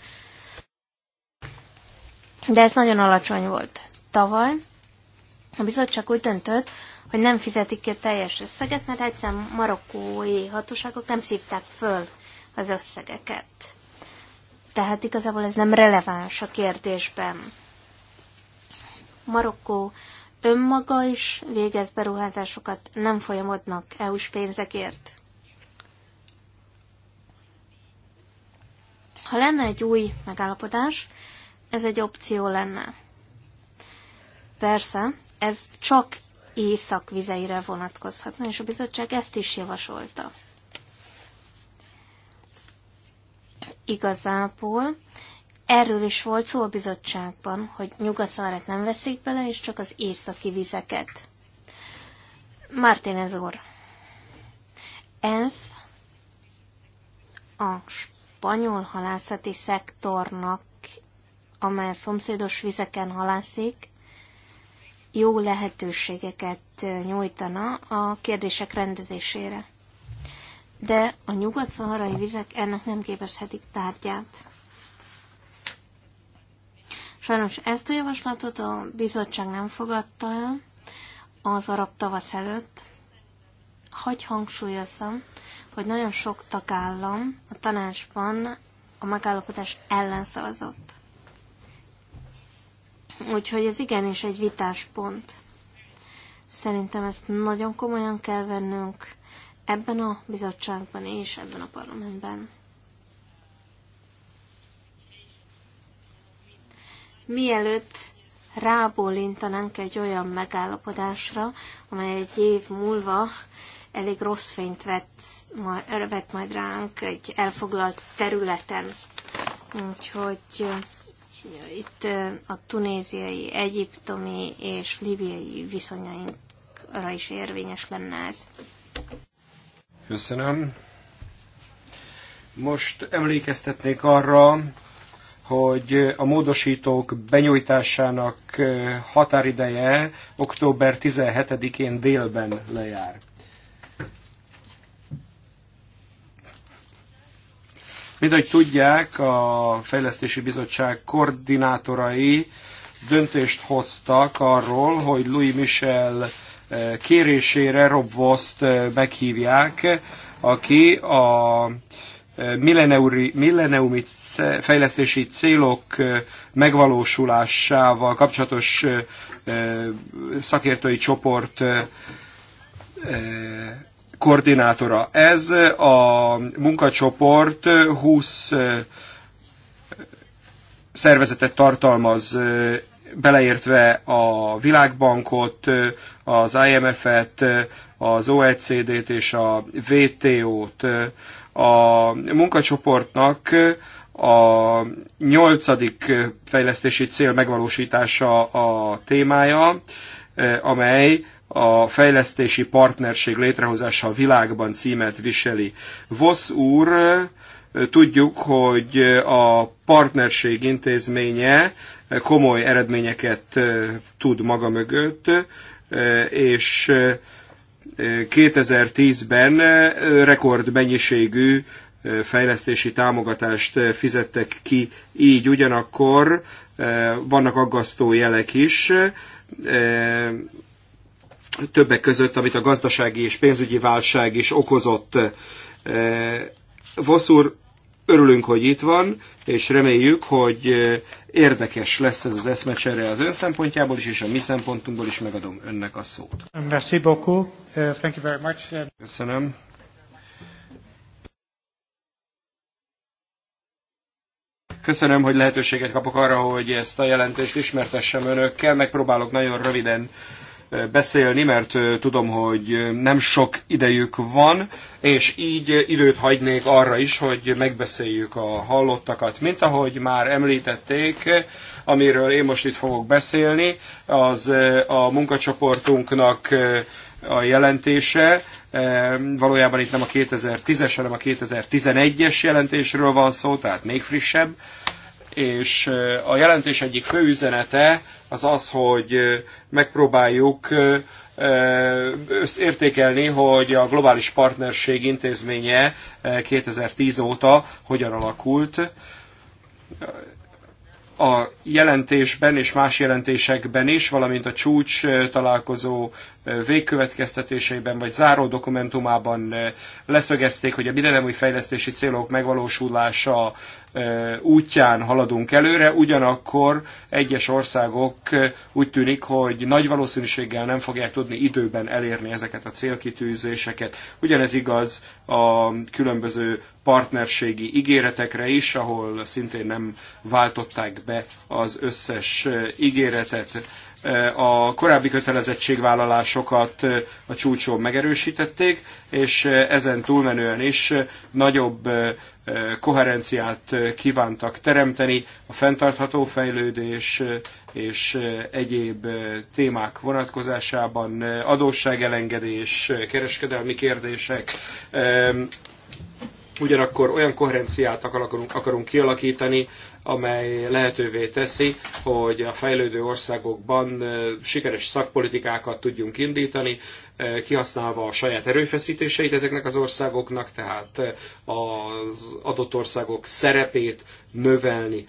C: de ez nagyon alacsony volt. Tavaly a bizottság úgy döntött, hogy nem fizetik ki a teljes összeget, mert egyszerűen marokkói hatóságok nem szívták föl az összegeket. Tehát igazából ez nem releváns a kérdésben. Marokkó önmaga is végez beruházásokat, nem folyamodnak EU-s pénzekért. Ha lenne egy új megállapodás, ez egy opció lenne. Persze, ez csak észak vizeire vonatkozhatna, és a bizottság ezt is javasolta. Igazából erről is volt szó a bizottságban, hogy nyugat nem veszik bele, és csak az északi vizeket. Martínez úr, ez a spanyol halászati szektornak, amely a szomszédos vizeken halászik, jó lehetőségeket nyújtana a kérdések rendezésére. De a nyugat-szaharai vizek ennek nem képezhetik tárgyát. Sajnos ezt a javaslatot a bizottság nem fogadta el az arab tavasz előtt. Hagy hangsúlyozom, hogy nagyon sok tagállam a tanácsban a megállapodás ellen szavazott. Úgyhogy ez igenis egy vitás pont. Szerintem ezt nagyon komolyan kell vennünk ebben a bizottságban és ebben a parlamentben. Mielőtt rábólintanánk egy olyan megállapodásra, amely egy év múlva elég rossz fényt vett, majd, vett majd ránk egy elfoglalt területen. Úgyhogy itt a tunéziai, egyiptomi és libiai viszonyainkra is érvényes lenne ez.
B: Köszönöm. Most emlékeztetnék arra, hogy a módosítók benyújtásának határideje október 17-én délben lejár. Mint ahogy tudják, a Fejlesztési Bizottság koordinátorai döntést hoztak arról, hogy Louis Michel eh, kérésére Rob Vost eh, meghívják, aki a eh, milleniumi fejlesztési célok megvalósulásával kapcsolatos szakértői csoport koordinátora. Ez a munkacsoport 20 szervezetet tartalmaz, beleértve a Világbankot, az IMF-et, az OECD-t és a WTO-t. A munkacsoportnak a nyolcadik fejlesztési cél megvalósítása a témája, amely a fejlesztési partnerség létrehozása a világban címet viseli. Vosz úr, tudjuk, hogy a partnerség intézménye komoly eredményeket tud maga mögött, és 2010-ben rekordmennyiségű fejlesztési támogatást fizettek ki, így ugyanakkor vannak aggasztó jelek is, többek között, amit a gazdasági és pénzügyi válság is okozott. E, Voszúr, örülünk, hogy itt van, és reméljük, hogy e, érdekes lesz ez az eszmecsere az ön szempontjából is, és a mi szempontunkból is megadom önnek a szót. Merci beaucoup.
C: Uh, thank you very much.
B: Köszönöm. Köszönöm, hogy lehetőséget kapok arra, hogy ezt a jelentést ismertessem önökkel. Megpróbálok nagyon röviden beszélni, mert tudom, hogy nem sok idejük van, és így időt hagynék arra is, hogy megbeszéljük a hallottakat. Mint ahogy már említették, amiről én most itt fogok beszélni, az a munkacsoportunknak a jelentése. Valójában itt nem a 2010-es, hanem a 2011-es jelentésről van szó, tehát még frissebb. És a jelentés egyik fő üzenete az az, hogy megpróbáljuk értékelni, hogy a globális partnerség intézménye 2010 óta hogyan alakult. A jelentésben és más jelentésekben is, valamint a csúcs találkozó végkövetkeztetéseiben vagy záró dokumentumában leszögezték, hogy a mindenemű fejlesztési célok megvalósulása útján haladunk előre, ugyanakkor egyes országok úgy tűnik, hogy nagy valószínűséggel nem fogják tudni időben elérni ezeket a célkitűzéseket. Ugyanez igaz a különböző partnerségi ígéretekre is, ahol szintén nem váltották be az összes ígéretet. A korábbi kötelezettségvállalásokat a csúcson megerősítették, és ezen túlmenően is nagyobb koherenciát eh, kívántak teremteni a fenntartható fejlődés eh, és eh, egyéb témák vonatkozásában, adósságelengedés, kereskedelmi kérdések, ugyanakkor olyan koherenciát akarunk, akarunk kialakítani, amely lehetővé teszi, hogy a fejlődő országokban sikeres szakpolitikákat tudjunk indítani, kihasználva a saját erőfeszítéseit ezeknek az országoknak, tehát az adott országok szerepét növelni,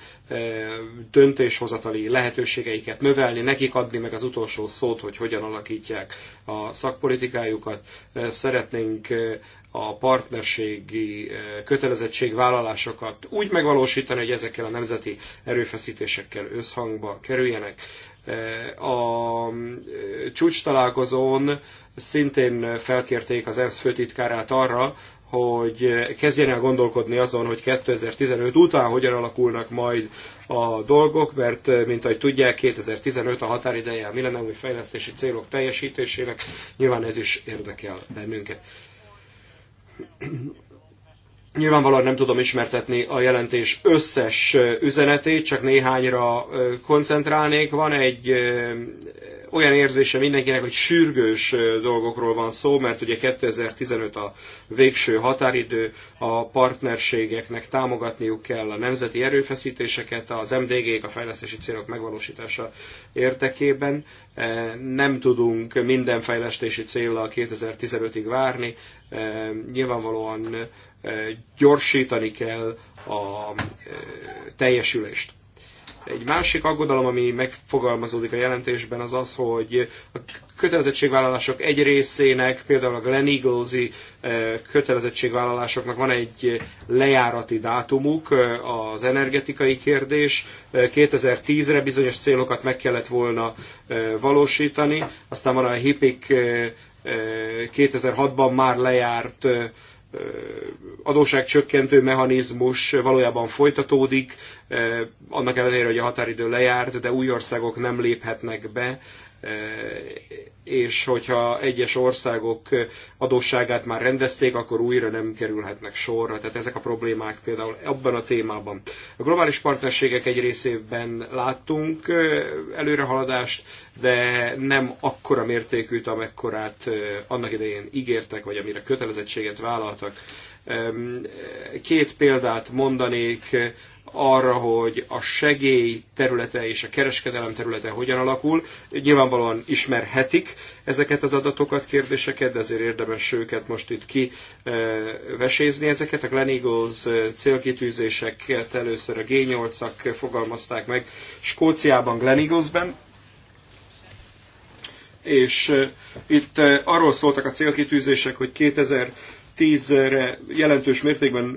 B: döntéshozatali lehetőségeiket növelni, nekik adni meg az utolsó szót, hogy hogyan alakítják a szakpolitikájukat. Szeretnénk a partnerségi eh, kötelezettségvállalásokat úgy megvalósítani, hogy ezekkel a nemzeti erőfeszítésekkel összhangba kerüljenek. Eh, a eh, csúcs találkozón szintén felkérték az ENSZ főtitkárát arra, hogy kezdjen el gondolkodni azon, hogy 2015 után hogyan alakulnak majd a dolgok, mert mint ahogy tudják, 2015 a határideje a millenniumi fejlesztési célok teljesítésének, nyilván ez is érdekel bennünket. Nyilvánvalóan nem tudom ismertetni a jelentés összes üzenetét, csak néhányra koncentrálnék. Van egy olyan érzése mindenkinek, hogy sürgős dolgokról van szó, mert ugye 2015 a végső határidő, a partnerségeknek támogatniuk kell a nemzeti erőfeszítéseket, az MDG-k, a fejlesztési célok megvalósítása értekében. E, nem tudunk minden fejlesztési célra 2015-ig várni, e, nyilvánvalóan e, gyorsítani kell a teljesülést. Egy másik aggodalom, ami megfogalmazódik a jelentésben, az az, hogy a kötelezettségvállalások egy részének, például a Glen eagles eh, kötelezettségvállalásoknak van egy lejárati dátumuk, eh, az energetikai kérdés. 2010-re eh, bizonyos célokat meg kellett volna valósítani, aztán van a HIPIC 2006-ban már lejárt adóságcsökkentő mechanizmus valójában folytatódik, eh, annak ellenére, hogy a határidő lejárt, de új országok nem léphetnek be és hogyha egyes országok adósságát már rendezték, akkor újra nem kerülhetnek sorra. Tehát ezek a problémák például abban a témában. A globális partnerségek egy részében láttunk előrehaladást, de nem akkora mértékűt, amekkorát annak idején ígértek, vagy amire kötelezettséget vállaltak. Két példát mondanék arra, hogy a segély területe és a kereskedelem területe hogyan alakul. Nyilvánvalóan ismerhetik ezeket az adatokat, kérdéseket, de azért érdemes őket most itt kivesézni. Eh, ezeket a Glen Eagles eh, célkitűzéseket először a G8-ak fogalmazták meg Skóciában, Glen Eaglesben, és eh, itt arról szóltak a célkitűzések, hogy 2010-re jelentős mértékben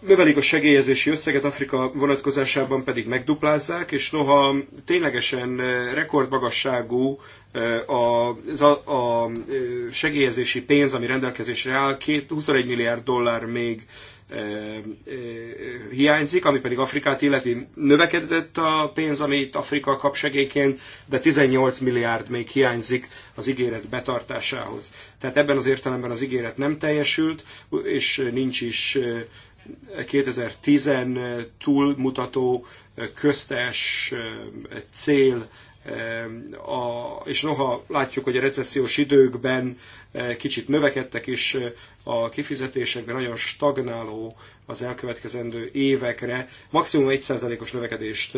B: növelik a segélyezési összeget, Afrika vonatkozásában pedig megduplázzák, és noha ténylegesen eh, rekordmagasságú eh, az a, a eh, segélyezési pénz, ami rendelkezésre áll, 21 milliárd dollár még hiányzik, ami pedig Afrikát illeti növekedett a pénz, amit Afrika kap segélyként, de 18 milliárd még hiányzik az ígéret betartásához. Tehát ebben az értelemben az ígéret nem teljesült, és nincs is 2010-en túlmutató köztes cél, a, és noha látjuk, hogy a recessziós időkben kicsit növekedtek is a kifizetésekben, nagyon stagnáló az elkövetkezendő évekre. Maximum 1%-os növekedést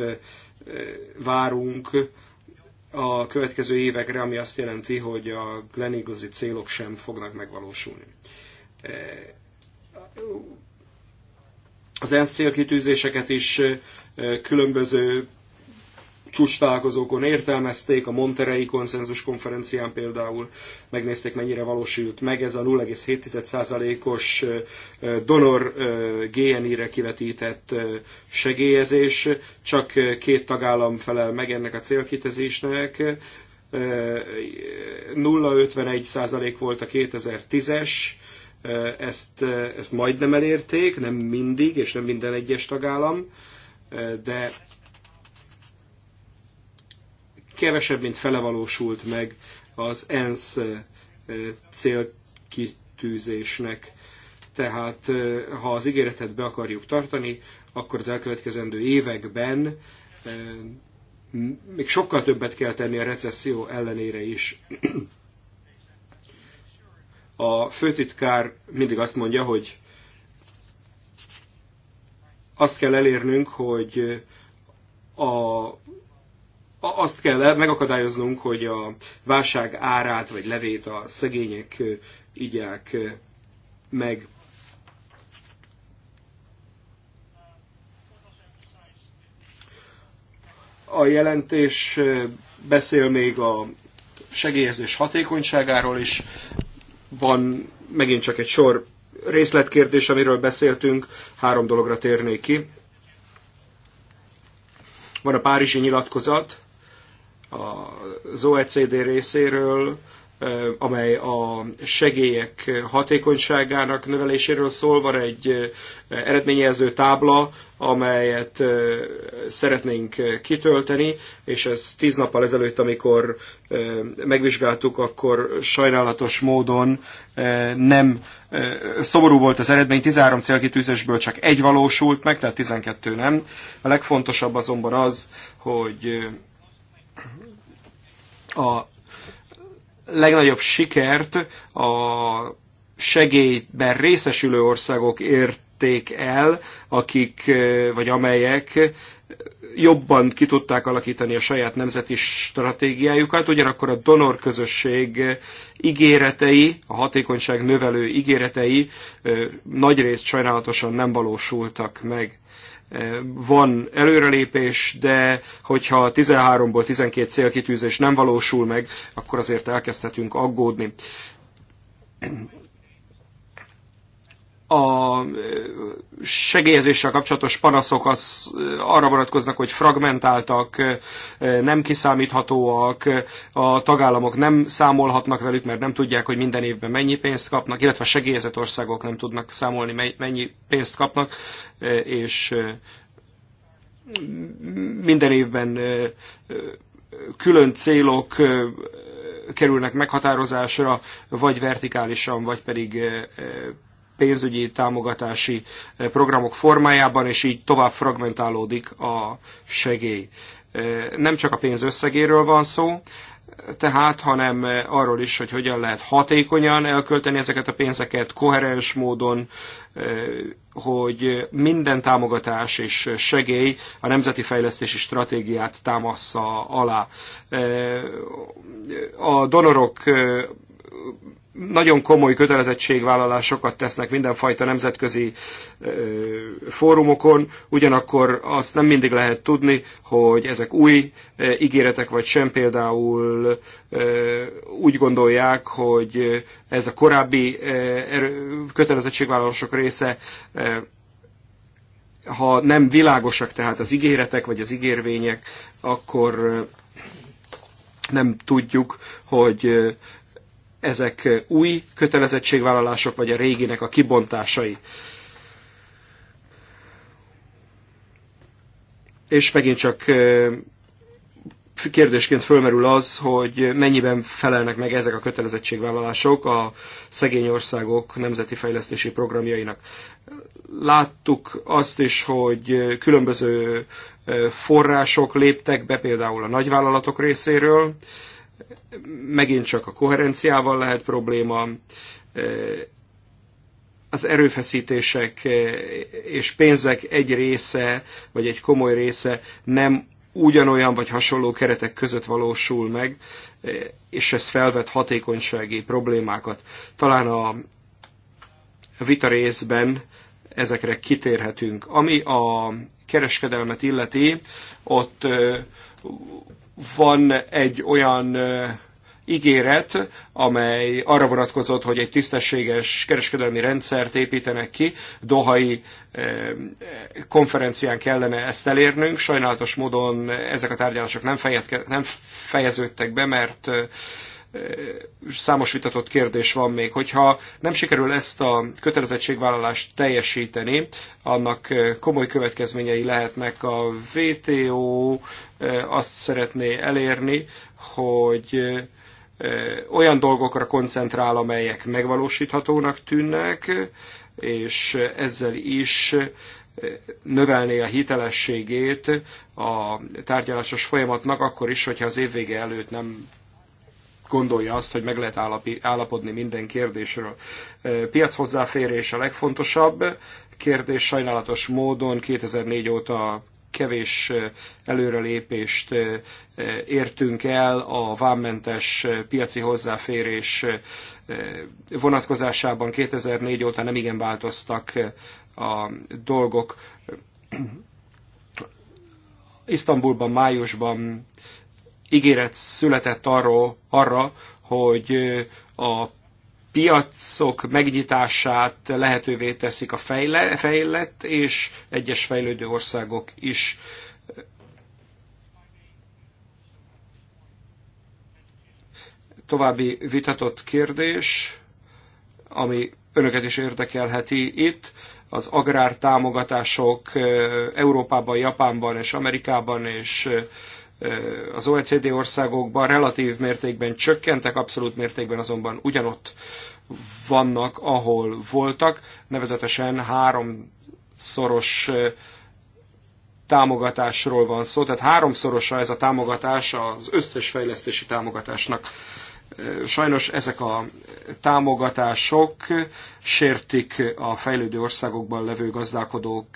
B: várunk a következő évekre, ami azt jelenti, hogy a gleneagles célok sem fognak megvalósulni az ENSZ célkitűzéseket is különböző csúcstalálkozókon értelmezték, a Monterey konszenzus konferencián például megnézték, mennyire valósult meg ez a 0,7%-os donor GNI-re kivetített segélyezés. Csak két tagállam felel meg ennek a célkitezésnek. 0,51% volt a 2010-es ezt, ezt majdnem elérték, nem mindig, és nem minden egyes tagállam, de kevesebb, mint fele valósult meg az ENSZ célkitűzésnek. Tehát ha az ígéretet be akarjuk tartani, akkor az elkövetkezendő években még sokkal többet kell tenni a recesszió ellenére is. A főtitkár mindig azt mondja, hogy azt kell elérnünk, hogy a, azt kell megakadályoznunk, hogy a válság árát vagy levét a szegények igyák meg. A jelentés beszél még a segélyezés hatékonyságáról is, van megint csak egy sor részletkérdés, amiről beszéltünk, három dologra térnék ki. Van a Párizsi nyilatkozat az OECD részéről, amely a segélyek hatékonyságának növeléséről szól, van egy eredményjelző tábla, amelyet szeretnénk kitölteni, és ez tíz nappal ezelőtt, amikor megvizsgáltuk, akkor sajnálatos módon nem szomorú volt az eredmény, 13 célkitűzésből csak egy valósult meg, tehát 12 nem. A legfontosabb azonban az, hogy a legnagyobb sikert a segélyben részesülő országok érték el, akik, vagy amelyek jobban ki tudták alakítani a saját nemzeti stratégiájukat, ugyanakkor a donor közösség ígéretei, a hatékonyság növelő ígéretei nagyrészt sajnálatosan nem valósultak meg van előrelépés, de hogyha 13-ból 12 célkitűzés nem valósul meg, akkor azért elkezdhetünk aggódni a segélyezéssel kapcsolatos panaszok az arra vonatkoznak, hogy fragmentáltak, nem kiszámíthatóak, a tagállamok nem számolhatnak velük, mert nem tudják, hogy minden évben mennyi pénzt kapnak, illetve a segélyezett országok nem tudnak számolni, mennyi pénzt kapnak, és minden évben külön célok kerülnek meghatározásra, vagy vertikálisan, vagy pedig pénzügyi támogatási eh, programok formájában, és így tovább fragmentálódik a segély. Eh, nem csak a pénz összegéről van szó, tehát, hanem eh, arról is, hogy hogyan lehet hatékonyan elkölteni ezeket a pénzeket, koherens módon, hogy minden támogatás és segély a nemzeti fejlesztési stratégiát támassza alá. A donorok nagyon komoly kötelezettségvállalásokat tesznek mindenfajta nemzetközi fórumokon, ugyanakkor azt nem mindig lehet tudni, hogy ezek új ígéretek vagy sem, például úgy gondolják, hogy ez a korábbi kötelezettségvállalások része ha nem világosak tehát az ígéretek vagy az ígérvények, akkor nem tudjuk, hogy ezek új kötelezettségvállalások, vagy a réginek a kibontásai. És megint csak kérdésként fölmerül az, hogy mennyiben felelnek meg ezek a kötelezettségvállalások a szegény országok nemzeti fejlesztési programjainak. Láttuk azt is, hogy különböző források léptek be, például a nagyvállalatok részéről, megint csak a koherenciával lehet probléma, az erőfeszítések és pénzek egy része, vagy egy komoly része nem ugyanolyan vagy hasonló keretek között valósul meg, és ez felvet hatékonysági problémákat. Talán a vita részben ezekre kitérhetünk. Ami a kereskedelmet illeti, ott van egy olyan ígéret, amely arra vonatkozott, hogy egy tisztességes kereskedelmi rendszert építenek ki. Dohai konferencián kellene ezt elérnünk. Sajnálatos módon ezek a tárgyalások nem, fejed, nem fejeződtek be, mert számos vitatott kérdés van még. Hogyha nem sikerül ezt a kötelezettségvállalást teljesíteni, annak komoly következményei lehetnek. A VTO azt szeretné elérni, hogy olyan dolgokra koncentrál, amelyek megvalósíthatónak tűnnek, és ezzel is növelné a hitelességét a tárgyalásos folyamatnak, akkor is, hogyha az évvége előtt nem gondolja azt, hogy meg lehet állapodni minden kérdésről. Piac hozzáférés a legfontosabb kérdés, sajnálatos módon 2004 óta kevés előrelépést értünk el a vámmentes piaci hozzáférés vonatkozásában. 2004 óta nem igen változtak a dolgok. Isztambulban májusban ígéret született arról, arra, hogy a piacok megnyitását lehetővé teszik a fejle, fejlett és egyes fejlődő országok is. További vitatott kérdés, ami önöket is érdekelheti itt, az agrártámogatások Európában, Japánban és Amerikában és az OECD országokban relatív mértékben csökkentek, abszolút mértékben azonban ugyanott vannak, ahol voltak, nevezetesen háromszoros támogatásról van szó, tehát háromszorosa ez a támogatás az összes fejlesztési támogatásnak. Sajnos ezek a támogatások sértik a fejlődő országokban levő gazdálkodók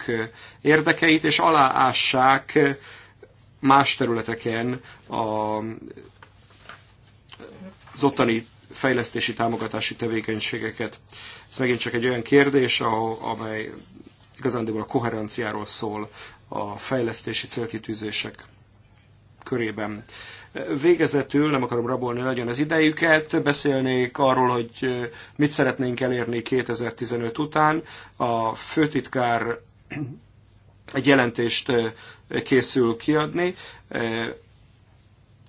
B: érdekeit, és aláássák más területeken a, az ottani fejlesztési támogatási tevékenységeket. Ez megint csak egy olyan kérdés, amely igazándiból a koherenciáról szól a fejlesztési célkitűzések körében. Végezetül, nem akarom rabolni nagyon az idejüket, beszélnék arról, hogy mit szeretnénk elérni 2015 után. A főtitkár egy jelentést készül kiadni.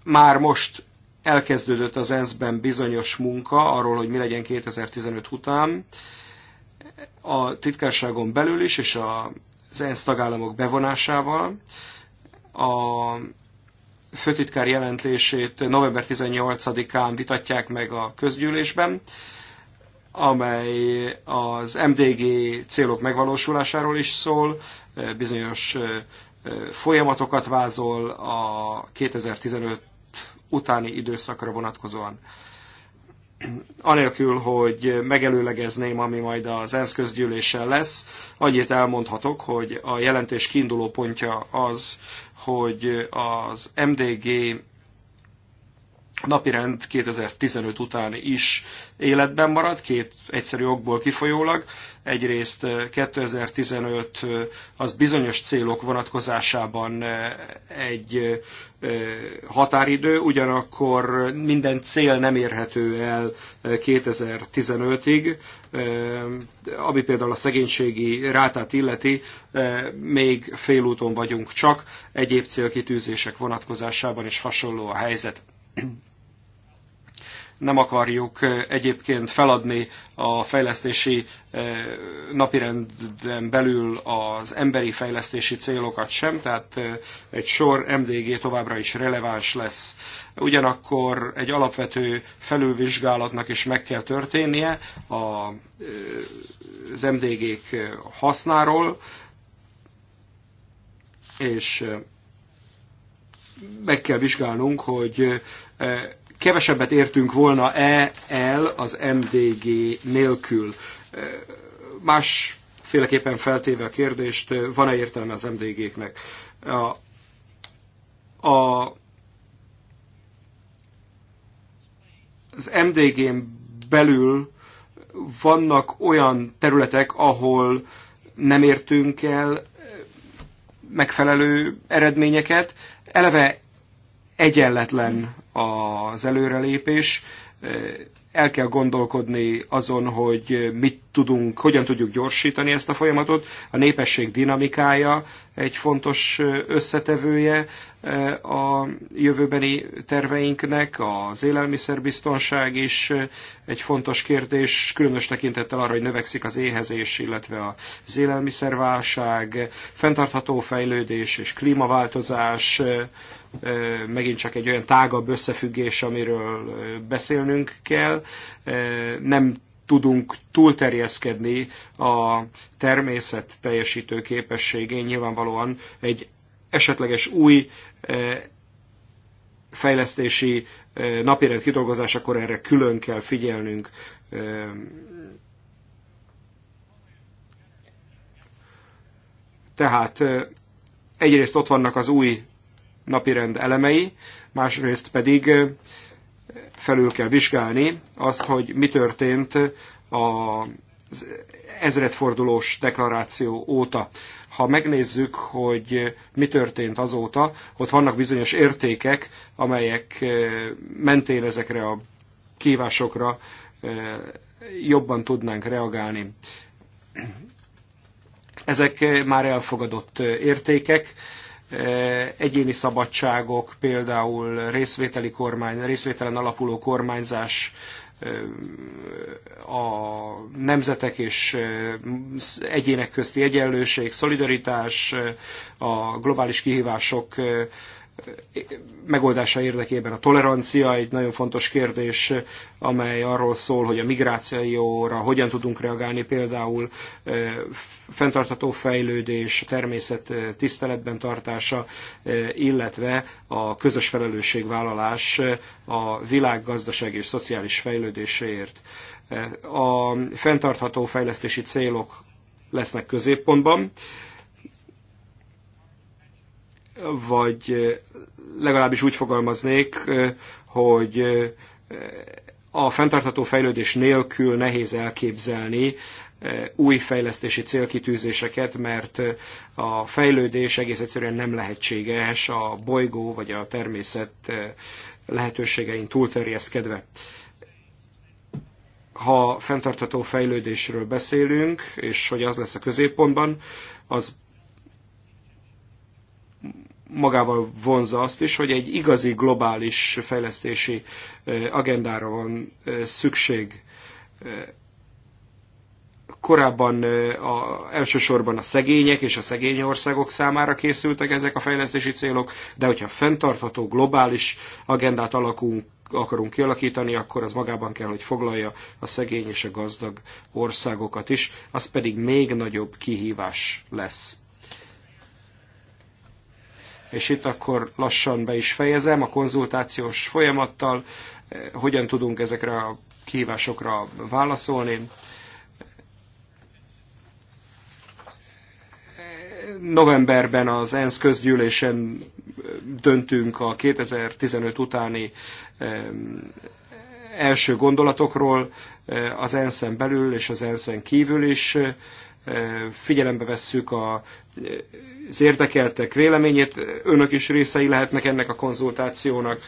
B: Már most elkezdődött az ENSZ-ben bizonyos munka arról, hogy mi legyen 2015 után a titkárságon belül is, és az ENSZ tagállamok bevonásával. A főtitkár jelentését november 18-án vitatják meg a közgyűlésben, amely az MDG célok megvalósulásáról is szól, bizonyos folyamatokat vázol a 2015 utáni időszakra vonatkozóan. Anélkül, hogy megelőlegezném, ami majd az ENSZ közgyűlésen lesz, annyit elmondhatok, hogy a jelentés kiinduló pontja az, hogy az MDG napirend 2015 után is életben marad, két egyszerű okból kifolyólag. Egyrészt 2015 eh, eh, az bizonyos célok vonatkozásában eh, egy határidő, ugyanakkor minden cél nem érhető el 2015-ig, ami például a szegénységi rátát illeti, még félúton vagyunk csak, egyéb célkitűzések vonatkozásában is hasonló a helyzet nem akarjuk egyébként feladni a fejlesztési napirenden belül az emberi fejlesztési célokat sem, tehát egy sor MDG továbbra is releváns lesz. Ugyanakkor egy alapvető felülvizsgálatnak is meg kell történnie az MDG-k hasznáról, és meg kell vizsgálnunk, hogy kevesebbet értünk volna e el az MDG nélkül. Másféleképpen feltéve a kérdést, van-e értelme az MDG-knek? A, a, az MDG-n belül vannak olyan területek, ahol nem értünk el megfelelő eredményeket. Eleve egyenletlen az előrelépés. El kell gondolkodni azon, hogy mit tudunk, hogyan tudjuk gyorsítani ezt a folyamatot. A népesség dinamikája egy fontos összetevője eh, a jövőbeni terveinknek, az élelmiszerbiztonság is eh, egy fontos kérdés, különös tekintettel arra, hogy növekszik az éhezés, illetve az élelmiszerválság, fenntartható fejlődés és klímaváltozás, eh, megint csak egy olyan tágabb összefüggés, amiről beszélnünk kell. Nem tudunk túlterjeszkedni a természet teljesítő képességén. Nyilvánvalóan egy esetleges új fejlesztési napirend kidolgozásakor erre külön kell figyelnünk. Tehát egyrészt ott vannak az új napirend elemei, másrészt pedig felül kell vizsgálni azt, hogy mi történt az ezredfordulós deklaráció óta. Ha megnézzük, hogy mi történt azóta, ott vannak bizonyos értékek, amelyek mentén ezekre a kívásokra jobban tudnánk reagálni. Ezek már elfogadott értékek, Eh, egyéni szabadságok, például részvételi kormány, részvételen alapuló kormányzás, eh, a nemzetek és eh, egyének közti egyenlőség, szolidaritás, a globális kihívások megoldása érdekében a tolerancia egy nagyon fontos kérdés, amely arról szól, hogy a migrációra hogyan tudunk reagálni, például eh, fenntartható fejlődés, természet eh, tiszteletben tartása, eh, illetve a közös felelősségvállalás a világ gazdasági és szociális fejlődéséért. A fenntartható fejlesztési célok lesznek középpontban vagy legalábbis úgy fogalmaznék, hogy a fenntartható fejlődés nélkül nehéz elképzelni új fejlesztési célkitűzéseket, mert a fejlődés egész egyszerűen nem lehetséges a bolygó vagy a természet lehetőségein túlterjeszkedve. Ha fenntartható fejlődésről beszélünk, és hogy az lesz a középpontban, az magával vonza azt is, hogy egy igazi globális fejlesztési agendára van szükség. Korábban a, elsősorban a szegények és a szegény országok számára készültek ezek a fejlesztési célok, de hogyha fenntartható globális agendát alakunk, akarunk kialakítani, akkor az magában kell, hogy foglalja a szegény és a gazdag országokat is, az pedig még nagyobb kihívás lesz és itt akkor lassan be is fejezem a konzultációs folyamattal, eh, hogyan tudunk ezekre a kívásokra válaszolni. Eh, novemberben az ENSZ közgyűlésen eh, döntünk a 2015 utáni első gondolatokról az ENSZ-en belül és az ENSZ-en kívül is figyelembe vesszük a, az érdekeltek véleményét, önök is részei lehetnek ennek a konzultációnak,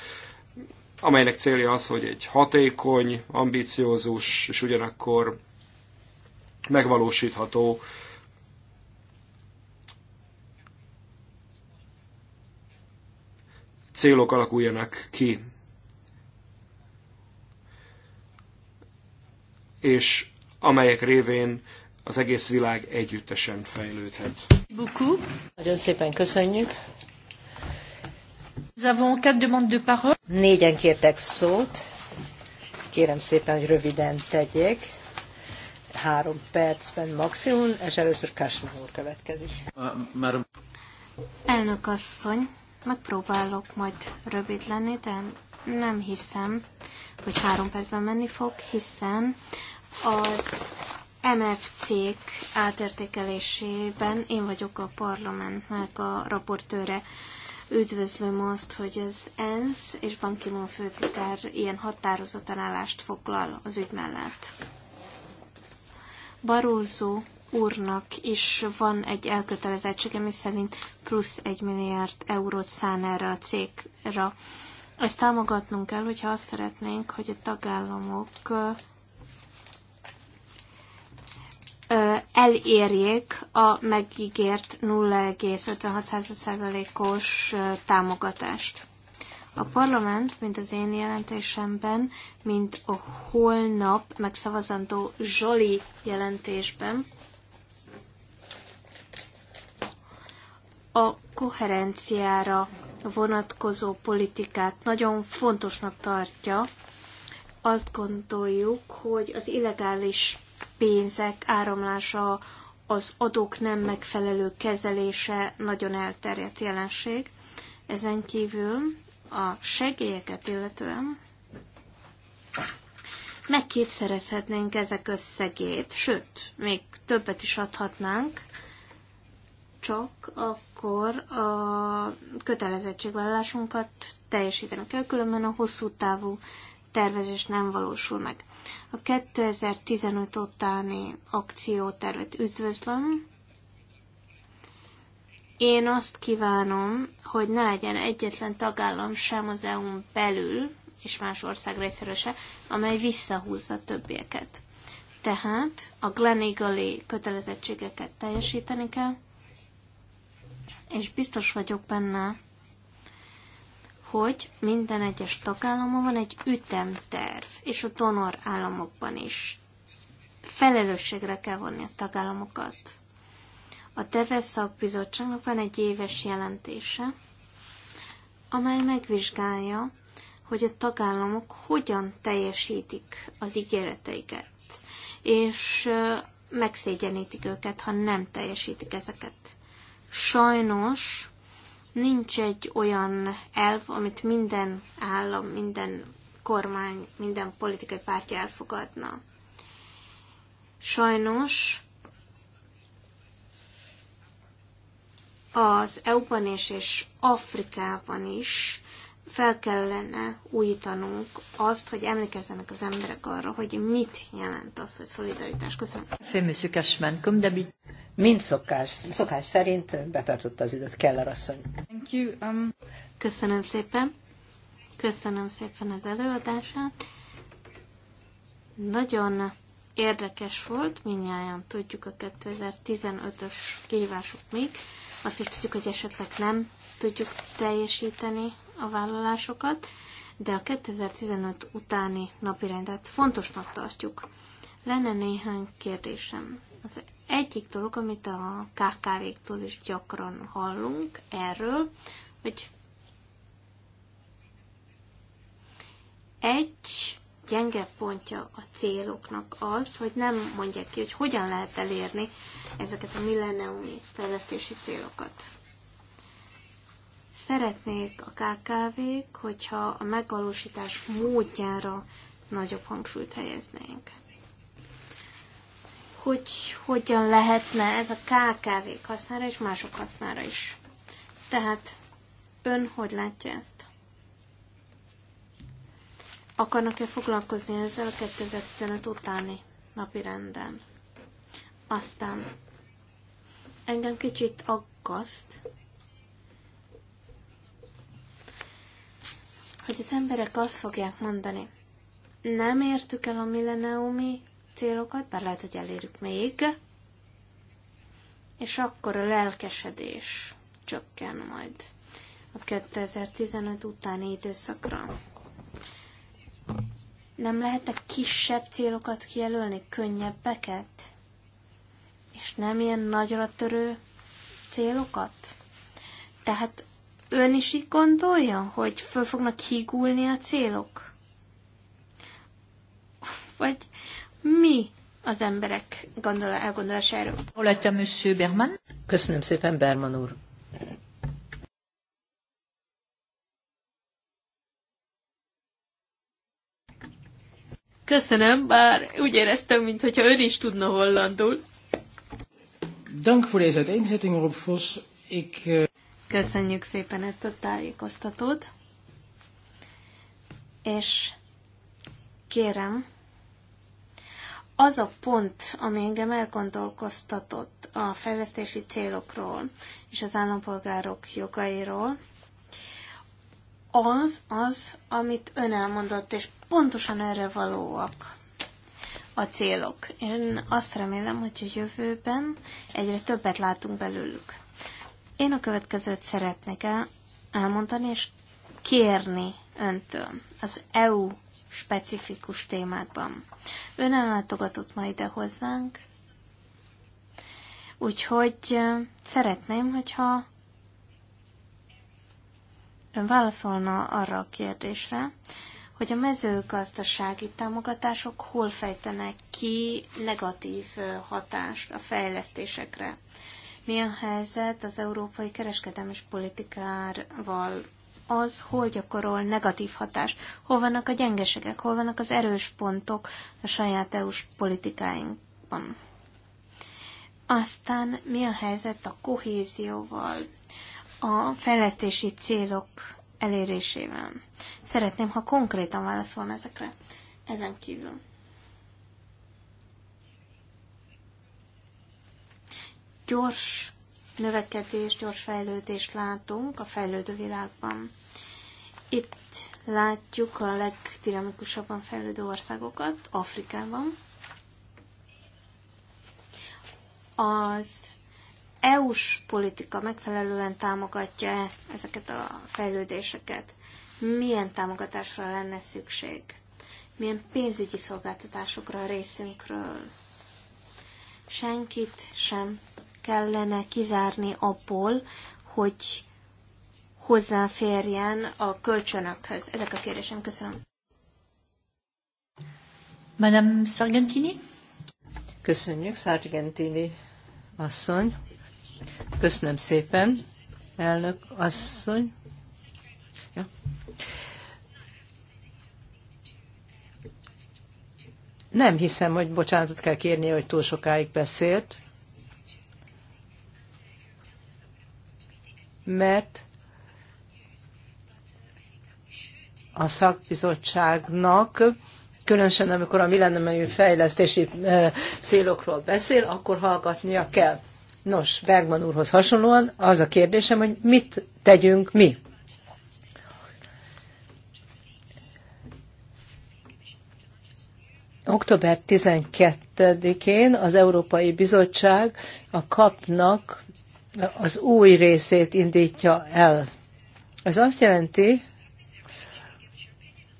B: amelynek célja az, hogy egy hatékony, ambiciózus és ugyanakkor megvalósítható célok alakuljanak ki. És amelyek révén az egész világ együttesen fejlődhet.
A: Nagyon szépen köszönjük. Négyen kértek szót. Kérem szépen, hogy röviden tegyék. Három percben maximum, és először Kásna úr következik.
C: Elnök asszony, megpróbálok majd rövid lenni, de nem hiszem, hogy három percben menni fog, hiszen az MFC-k átértékelésében én vagyok a parlamentnek a raportőre. Üdvözlöm azt, hogy az ENSZ és Ban ki főtitkár ilyen határozottan állást foglal az ügy mellett. Barózó úrnak is van egy elkötelezettsége, szerint plusz egy milliárd eurót szán erre a cégre. Ezt támogatnunk kell, hogyha azt szeretnénk, hogy a tagállamok elérjék a megígért 0,56%-os támogatást. A parlament, mint az én jelentésemben, mint a holnap megszavazandó Zsoli jelentésben, a koherenciára vonatkozó politikát nagyon fontosnak tartja. Azt gondoljuk, hogy az illegális pénzek áramlása, az adók nem megfelelő kezelése nagyon elterjedt jelenség. Ezen kívül a segélyeket illetően megkétszerezhetnénk ezek összegét, sőt, még többet is adhatnánk, csak akkor a kötelezettségvállalásunkat teljesítenek kell, különben a hosszú távú tervezés nem valósul meg. A 2015 utáni akciótervet üdvözlöm. Én azt kívánom, hogy ne legyen egyetlen tagállam sem az EU-n belül, és más ország részéről se, amely visszahúzza többieket. Tehát a Glenigali kötelezettségeket teljesíteni kell, és biztos vagyok benne, hogy minden egyes tagállamon van egy ütemterv, és a donor államokban is. Felelősségre kell vonni a tagállamokat. A Deves szakbizottságnak van egy éves jelentése, amely megvizsgálja, hogy a tagállamok hogyan teljesítik az ígéreteiket, és megszégyenítik őket, ha nem teljesítik ezeket. Sajnos Nincs egy olyan elv, amit minden állam, minden kormány, minden politikai pártja elfogadna. Sajnos az EU-ban és, és Afrikában is fel kellene újítanunk azt, hogy emlékezzenek az emberek arra, hogy mit jelent az, hogy szolidaritás.
A: Köszönöm. Mint szokás, szokás szerint betartotta az időt Keller asszony.
C: Thank you, um... Köszönöm szépen. Köszönöm szépen az előadását. Nagyon érdekes volt, minnyáján tudjuk a 2015-ös kihívások még. Azt is tudjuk, hogy esetleg nem tudjuk teljesíteni a vállalásokat, de a 2015 utáni napirendet fontosnak tartjuk. Lenne néhány kérdésem. Az egyik dolog, amit a KKV-któl is gyakran hallunk erről, hogy egy gyenge pontja a céloknak az, hogy nem mondják ki, hogy hogyan lehet elérni ezeket a millenniumi fejlesztési célokat. Szeretnék a KKV-k, hogyha a megvalósítás módjára nagyobb hangsúlyt helyeznénk. Hogy hogyan lehetne ez a KKV-k hasznára és mások hasznára is. Tehát ön hogy látja ezt? Akarnak-e foglalkozni ezzel a 2015 utáni napi renden? Aztán engem kicsit aggaszt, hogy az emberek azt fogják mondani, nem értük el a milleniumi célokat, bár lehet, hogy elérjük még, és akkor a lelkesedés csökken majd a 2015 utáni időszakra. Nem a kisebb célokat kijelölni, könnyebbeket? És nem ilyen nagyra törő célokat? Tehát Ön is így gondolja, hogy föl fognak hígulni a célok? Vagy mi az emberek gondol, elgondolásáról? Hol
A: Monsieur Berman? Köszönöm szépen, Berman úr.
C: Köszönöm, bár úgy éreztem, mintha ön is tudna hollandul. Dank voor deze uiteenzetting, Rob Vos. Ik, uh... Köszönjük szépen ezt a tájékoztatót. És kérem, az a pont, ami engem elgondolkoztatott a fejlesztési célokról és az állampolgárok jogairól, az az, amit ön elmondott, és pontosan erre valóak a célok. Én azt remélem, hogy a jövőben egyre többet látunk belőlük. Én a következőt szeretnék el, elmondani, és kérni öntől az EU specifikus témákban. Ön ellátogatott ma ide hozzánk, úgyhogy szeretném, hogyha ön válaszolna arra a kérdésre, hogy a mezőgazdasági támogatások hol fejtenek ki negatív hatást a fejlesztésekre. Mi a helyzet az európai kereskedelmi politikával? Az, hol gyakorol negatív hatás? Hol vannak a gyengeségek? Hol vannak az erős pontok a saját EU-s politikáinkban? Aztán mi a helyzet a kohézióval, a fejlesztési célok elérésével? Szeretném, ha konkrétan válaszolna ezekre ezen kívül. gyors növekedést, gyors fejlődést látunk a fejlődő világban. Itt látjuk a legdinamikusabban fejlődő országokat, Afrikában. Az EU-s politika megfelelően támogatja ezeket a fejlődéseket? Milyen támogatásra lenne szükség? Milyen pénzügyi szolgáltatásokra a részünkről? Senkit sem kellene kizárni abból, hogy hozzáférjen a kölcsönökhöz? Ezek a kérdésem. Köszönöm.
A: Madame Sargentini? Köszönjük, Sargentini asszony. Köszönöm szépen, elnök asszony. Ja. Nem hiszem, hogy bocsánatot kell kérnie, hogy túl sokáig beszélt. mert a szakbizottságnak, különösen amikor a millenniumi fejlesztési célokról beszél, akkor hallgatnia kell. Nos, Bergman úrhoz hasonlóan az a kérdésem, hogy mit tegyünk mi? Október 12-én az Európai Bizottság a kapnak az új részét indítja el. Ez azt jelenti,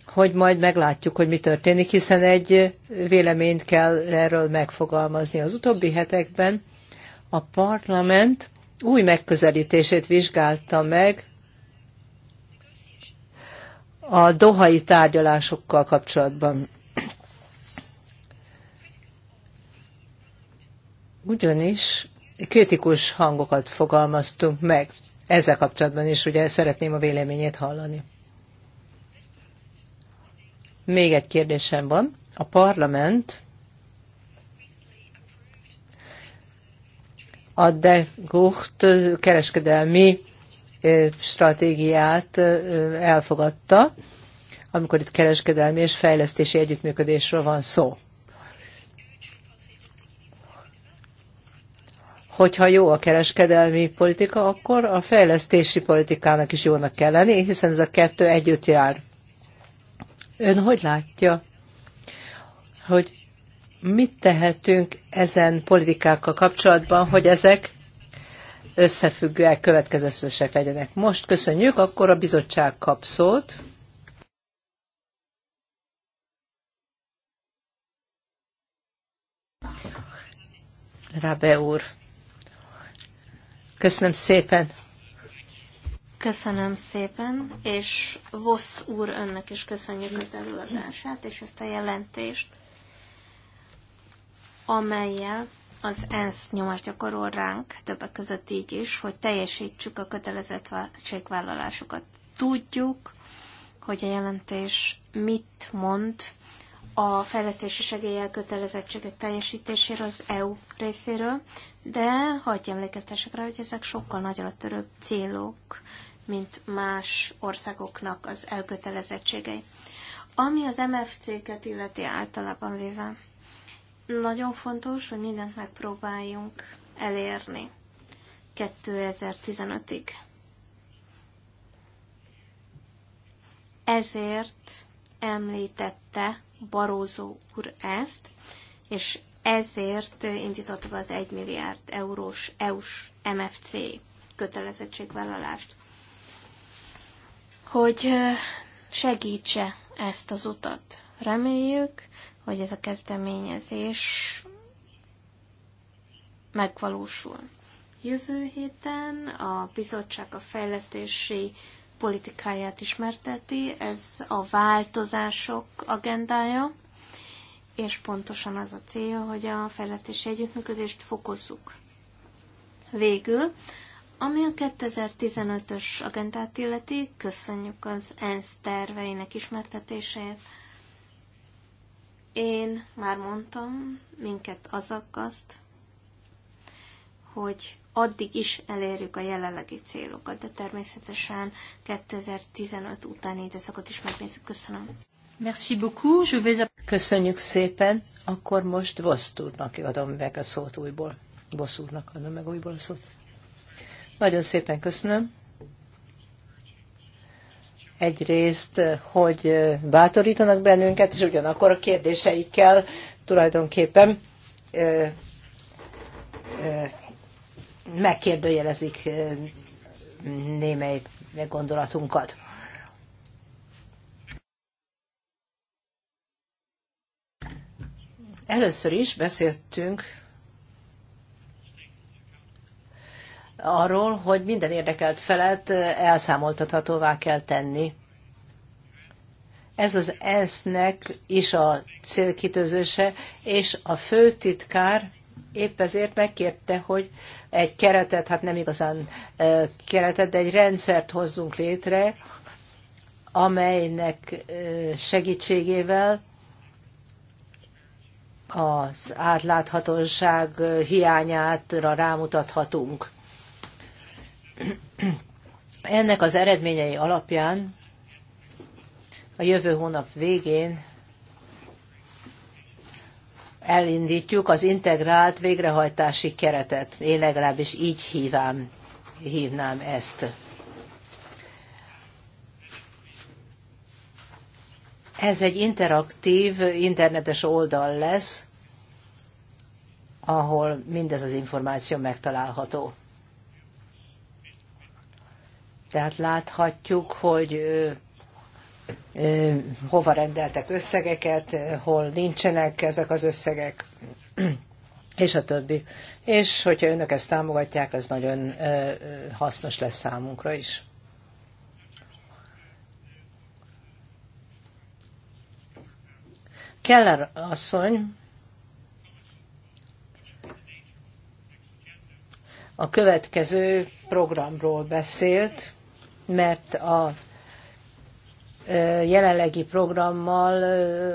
A: hogy majd meglátjuk, hogy mi történik, hiszen egy véleményt kell erről megfogalmazni. Az utóbbi hetekben a parlament új megközelítését vizsgálta meg a dohai tárgyalásokkal kapcsolatban. Ugyanis kritikus hangokat fogalmaztunk meg. Ezzel kapcsolatban is ugye szeretném a véleményét hallani. Még egy kérdésem van. A parlament a de Gucht kereskedelmi stratégiát elfogadta, amikor itt kereskedelmi és fejlesztési együttműködésről van szó. hogyha jó a kereskedelmi politika, akkor a fejlesztési politikának is jónak kell lenni, hiszen ez a kettő együtt jár. Ön hogy látja, hogy mit tehetünk ezen politikákkal kapcsolatban, hogy ezek összefüggőek, következetesek legyenek. Most köszönjük, akkor a bizottság kap szót. Rabe úr. Köszönöm szépen.
C: Köszönöm szépen, és Vossz úr, önnek is köszönjük az előadását és ezt a jelentést, amelyel az ENSZ nyomást gyakorol ránk, többek között így is, hogy teljesítsük a kötelezettségvállalásokat. Tudjuk, hogy a jelentés mit mond a fejlesztési segélyel kötelezettségek teljesítéséről az EU részéről, de hagyj emlékeztessek rá, hogy ezek sokkal nagyra törőbb célok, mint más országoknak az elkötelezettségei. Ami az MFC-ket illeti általában véve, nagyon fontos, hogy mindent megpróbáljunk elérni 2015-ig. Ezért említette Barózó úr ezt, és ezért indította be az 1 milliárd eurós EU-s MFC kötelezettségvállalást, hogy segítse ezt az utat. Reméljük, hogy ez a kezdeményezés megvalósul. Jövő héten a bizottság a fejlesztési politikáját ismerteti, ez a változások agendája és pontosan az a cél, hogy a fejlesztési együttműködést fokozzuk. Végül, ami a 2015-ös agendát illeti, köszönjük az ENSZ terveinek ismertetését. Én már mondtam, minket az aggaszt, hogy addig is elérjük a jelenlegi célokat, de természetesen 2015 utáni időszakot is megnézzük. Köszönöm.
A: Merci beaucoup. Je vais... Köszönjük szépen. Akkor most Vosztúrnak adom meg a szót újból. Vosztúrnak adom meg újból a szót. Nagyon szépen köszönöm. Egyrészt, hogy bátorítanak bennünket, és ugyanakkor a kérdéseikkel tulajdonképpen ö, ö, megkérdőjelezik némely gondolatunkat. Először is beszéltünk arról, hogy minden érdekelt felett eh, elszámoltathatóvá kell tenni. Ez az ENSZ-nek is a célkitőzése, és a főtitkár épp ezért megkérte, hogy egy keretet, hát nem igazán eh, keretet, de egy rendszert hozzunk létre, amelynek eh, segítségével az átláthatóság hiányára rámutathatunk. Ennek az eredményei alapján a jövő hónap végén elindítjuk az integrált végrehajtási keretet. Én legalábbis így hívám, hívnám ezt. Ez egy interaktív, internetes oldal lesz, ahol mindez az információ megtalálható. Tehát láthatjuk, hogy hova rendeltek összegeket, hol nincsenek ezek az összegek, és a többi. És hogyha önök ezt támogatják, ez nagyon hasznos lesz számunkra is. Keller asszony a következő programról beszélt, mert a jelenlegi programmal,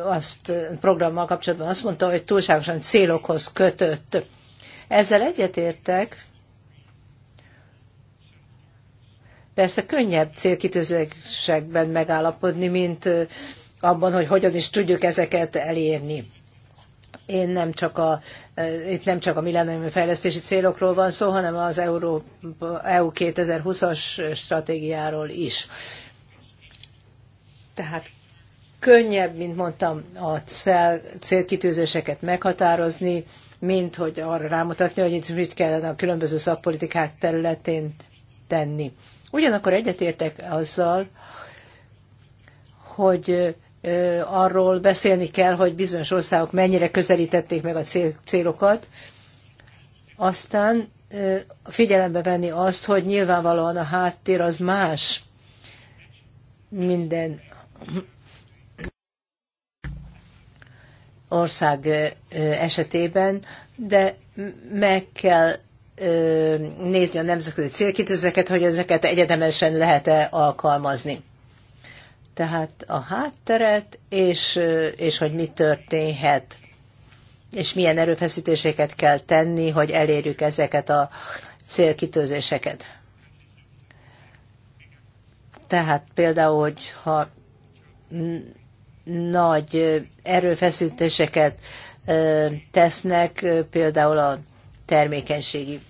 A: azt, programmal kapcsolatban azt mondta, hogy túlságosan célokhoz kötött. Ezzel egyetértek. Persze könnyebb célkitűzésekben megállapodni, mint abban, hogy hogyan is tudjuk ezeket elérni. Én nem csak a, e, itt nem csak a millenniumi fejlesztési célokról van szó, hanem az Európa, EU 2020-as stratégiáról is. Tehát könnyebb, mint mondtam, a cél, célkitűzéseket meghatározni, mint hogy arra rámutatni, hogy itt mit kellene a különböző szakpolitikák területén tenni. Ugyanakkor egyetértek azzal, hogy arról beszélni kell, hogy bizonyos országok mennyire közelítették meg a célokat. Aztán figyelembe venni azt, hogy nyilvánvalóan a háttér az más minden ország esetében, de meg kell nézni a nemzetközi célkitűzéseket, hogy ezeket egyedemesen lehet-e alkalmazni tehát a hátteret, és, és hogy mi történhet, és milyen erőfeszítéseket kell tenni, hogy elérjük ezeket a célkitőzéseket. Tehát például, hogyha nagy erőfeszítéseket tesznek, például a termékenységi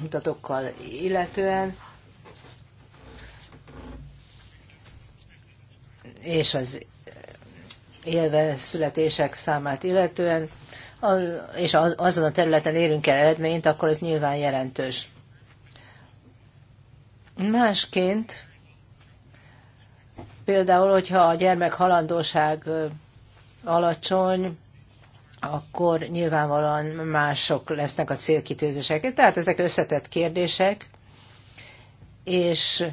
A: mutatókkal illetően, és az élve születések számát illetően, és azon a területen érünk el eredményt, akkor ez nyilván jelentős. Másként, például, hogyha a gyermek halandóság alacsony, akkor nyilvánvalóan mások lesznek a célkitűzések. Tehát ezek összetett kérdések, és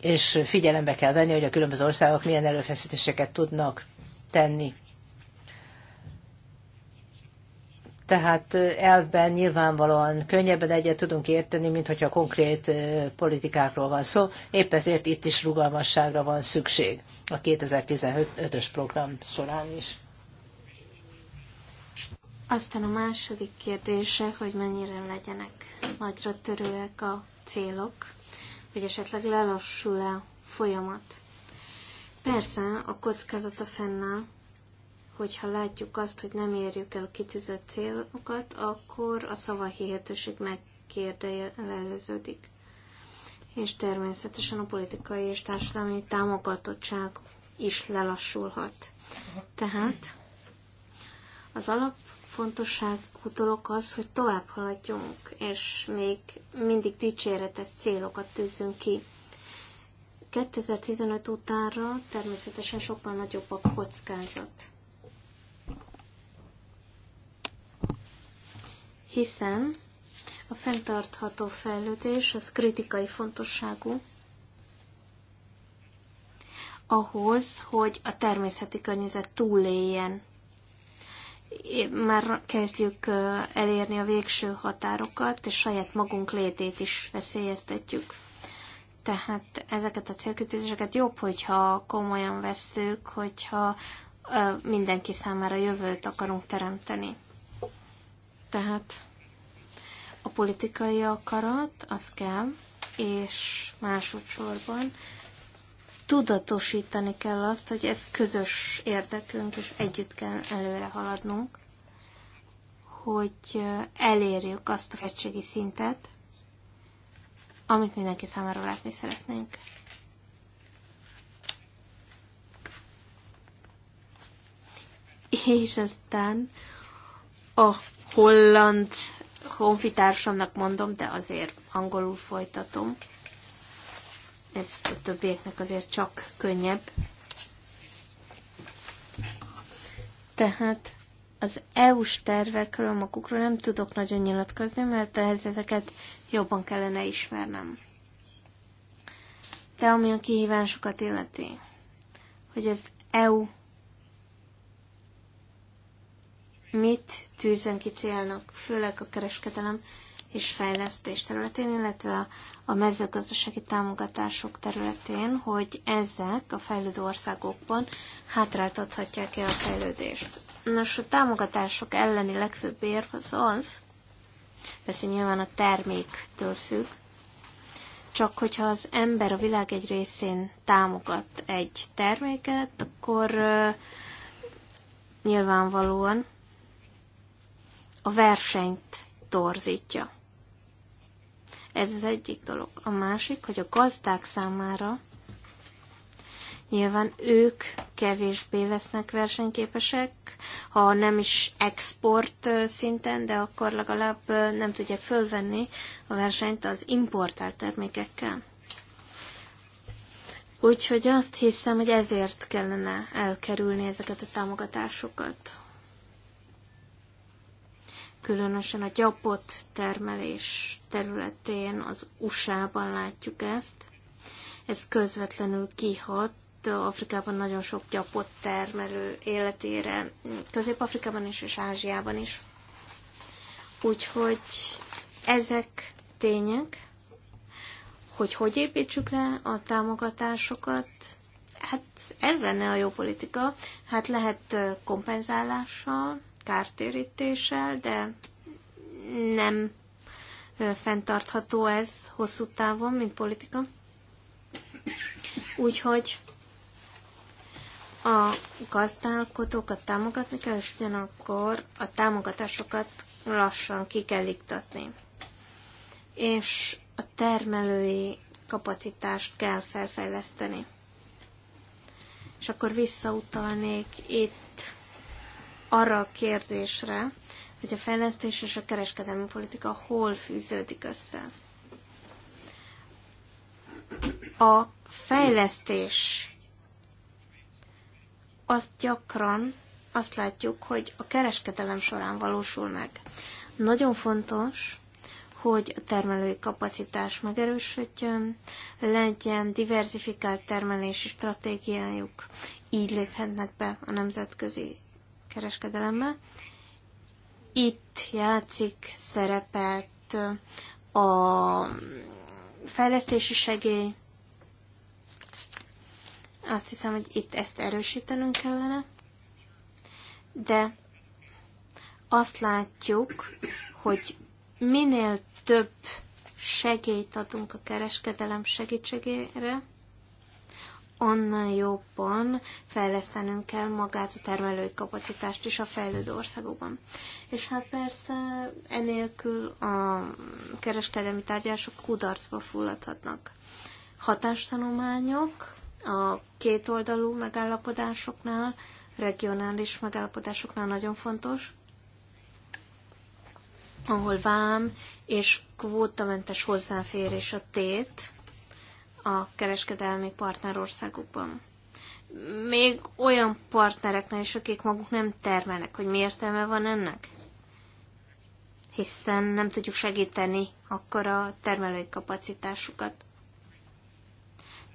A: és figyelembe kell venni, hogy a különböző országok milyen előfeszítéseket tudnak tenni. Tehát elvben nyilvánvalóan könnyebben egyet tudunk érteni, mint hogyha konkrét politikákról van szó. Épp ezért itt is rugalmasságra van szükség a 2015-ös program során is.
C: Aztán a második kérdése, hogy mennyire legyenek nagyra törőek a célok hogy esetleg lelassul a folyamat. Persze a kockázata fennáll, hogyha látjuk azt, hogy nem érjük el a kitűzött célokat, akkor a szavahihetőség megkérdeleződik. És természetesen a politikai és társadalmi támogatottság is lelassulhat. Tehát az alapfontosság dolog az, hogy tovább haladjunk, és még mindig dicséretes célokat tűzünk ki. 2015 utánra természetesen sokkal nagyobb a kockázat. Hiszen a fenntartható fejlődés az kritikai fontosságú ahhoz, hogy a természeti környezet túléljen már kezdjük elérni a végső határokat, és saját magunk létét is veszélyeztetjük. Tehát ezeket a célkütőzéseket jobb, hogyha komolyan veszük, hogyha mindenki számára jövőt akarunk teremteni. Tehát a politikai akarat, az kell, és másodszorban tudatosítani kell azt, hogy ez közös érdekünk, és együtt kell előre haladnunk, hogy elérjük azt a fejtségi szintet, amit mindenki számára látni szeretnénk. És aztán a holland honfitársamnak mondom, de azért angolul folytatom ez a többieknek azért csak könnyebb. Tehát az EU-s tervekről magukról nem tudok nagyon nyilatkozni, mert ehhez ezeket jobban kellene ismernem. De ami a kihívásokat illeti, hogy az EU mit tűzön ki célnak, főleg a kereskedelem és fejlesztés területén, illetve a mezőgazdasági támogatások területén, hogy ezek a fejlődő országokban hátráltathatják-e a fejlődést. Nos, a támogatások elleni legfőbb érv az az, persze nyilván a terméktől függ, csak hogyha az ember a világ egy részén támogat egy terméket, akkor nyilvánvalóan a versenyt torzítja. Ez az egyik dolog. A másik, hogy a gazdák számára nyilván ők kevésbé lesznek versenyképesek, ha nem is export szinten, de akkor legalább nem tudják fölvenni a versenyt az importált termékekkel. Úgyhogy azt hiszem, hogy ezért kellene elkerülni ezeket a támogatásokat különösen a gyapott termelés területén, az USA-ban látjuk ezt. Ez közvetlenül kihat Afrikában nagyon sok gyapott termelő életére, Közép-Afrikában is és Ázsiában is. Úgyhogy ezek tények, hogy hogy építsük le a támogatásokat, hát ez lenne a jó politika. Hát lehet kompenzálással, kártérítéssel, de nem fenntartható ez hosszú távon, mint politika. Úgyhogy a gazdálkodókat támogatni kell, és ugyanakkor a támogatásokat lassan ki kell iktatni. És a termelői kapacitást kell felfejleszteni. És akkor visszautalnék itt arra a kérdésre, hogy a fejlesztés és a kereskedelmi politika hol fűződik össze. A fejlesztés azt gyakran azt látjuk, hogy a kereskedelem során valósul meg. Nagyon fontos, hogy a termelői kapacitás megerősödjön, legyen diversifikált termelési stratégiájuk, így léphetnek be a nemzetközi kereskedelemmel. Itt játszik szerepet a fejlesztési segély. Azt hiszem, hogy itt ezt erősítenünk kellene. De azt látjuk, hogy minél több segélyt adunk a kereskedelem segítségére, annál jobban fejlesztenünk kell magát a termelői kapacitást is a fejlődő országokban. És hát persze enélkül a kereskedelmi tárgyások kudarcba fulladhatnak. Hatástanulmányok a kétoldalú megállapodásoknál, regionális megállapodásoknál nagyon fontos, ahol vám és kvótamentes hozzáférés a tét, a kereskedelmi partnerországokban. Még olyan partnereknél is, akik maguk nem termelnek, hogy mi értelme van ennek? Hiszen nem tudjuk segíteni akkor a termelői kapacitásukat.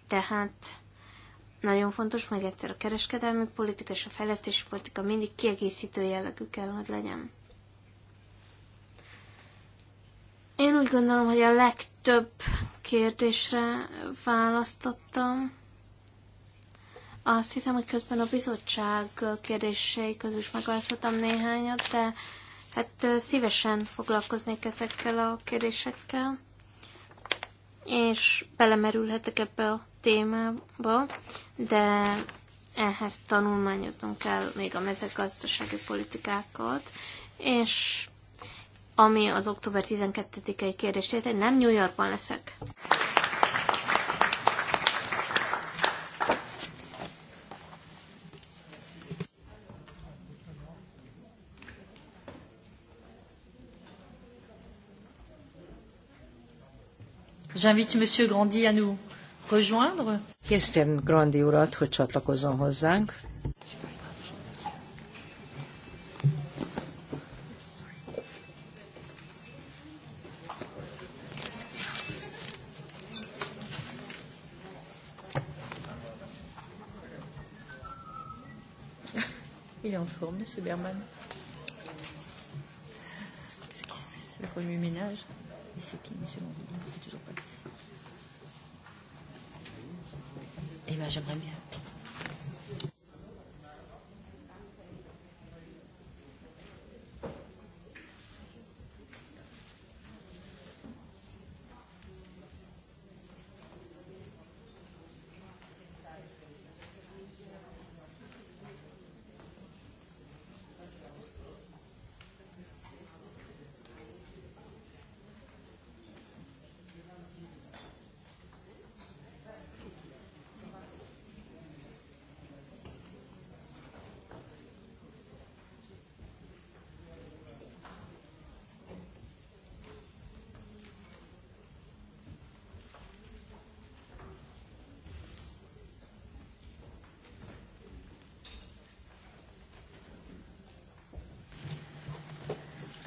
C: Tehát nagyon fontos, meg egyszer a kereskedelmi politika és a fejlesztési politika mindig kiegészítő jellegű kell, hogy legyen. Én úgy gondolom, hogy a legtöbb több kérdésre választottam. Azt hiszem, hogy közben a bizottság kérdései közül is megválasztottam néhányat, de hát szívesen foglalkoznék ezekkel a kérdésekkel, és belemerülhetek ebbe a témába, de ehhez tanulmányoznom kell még a mezőgazdasági politikákat, és ami az október 12-i kérdését, én nem New Yorkban leszek. J'invite
A: Monsieur Grandi à nous rejoindre. Kérem Grandi urat, hogy csatlakozzon hozzánk.
C: Il est en forme, Monsieur Berman. Qu'est-ce que c'est ça qu'on ménage Et c'est qui, Monsieur Landry C'est toujours pas ici. Eh bien, j'aimerais bien.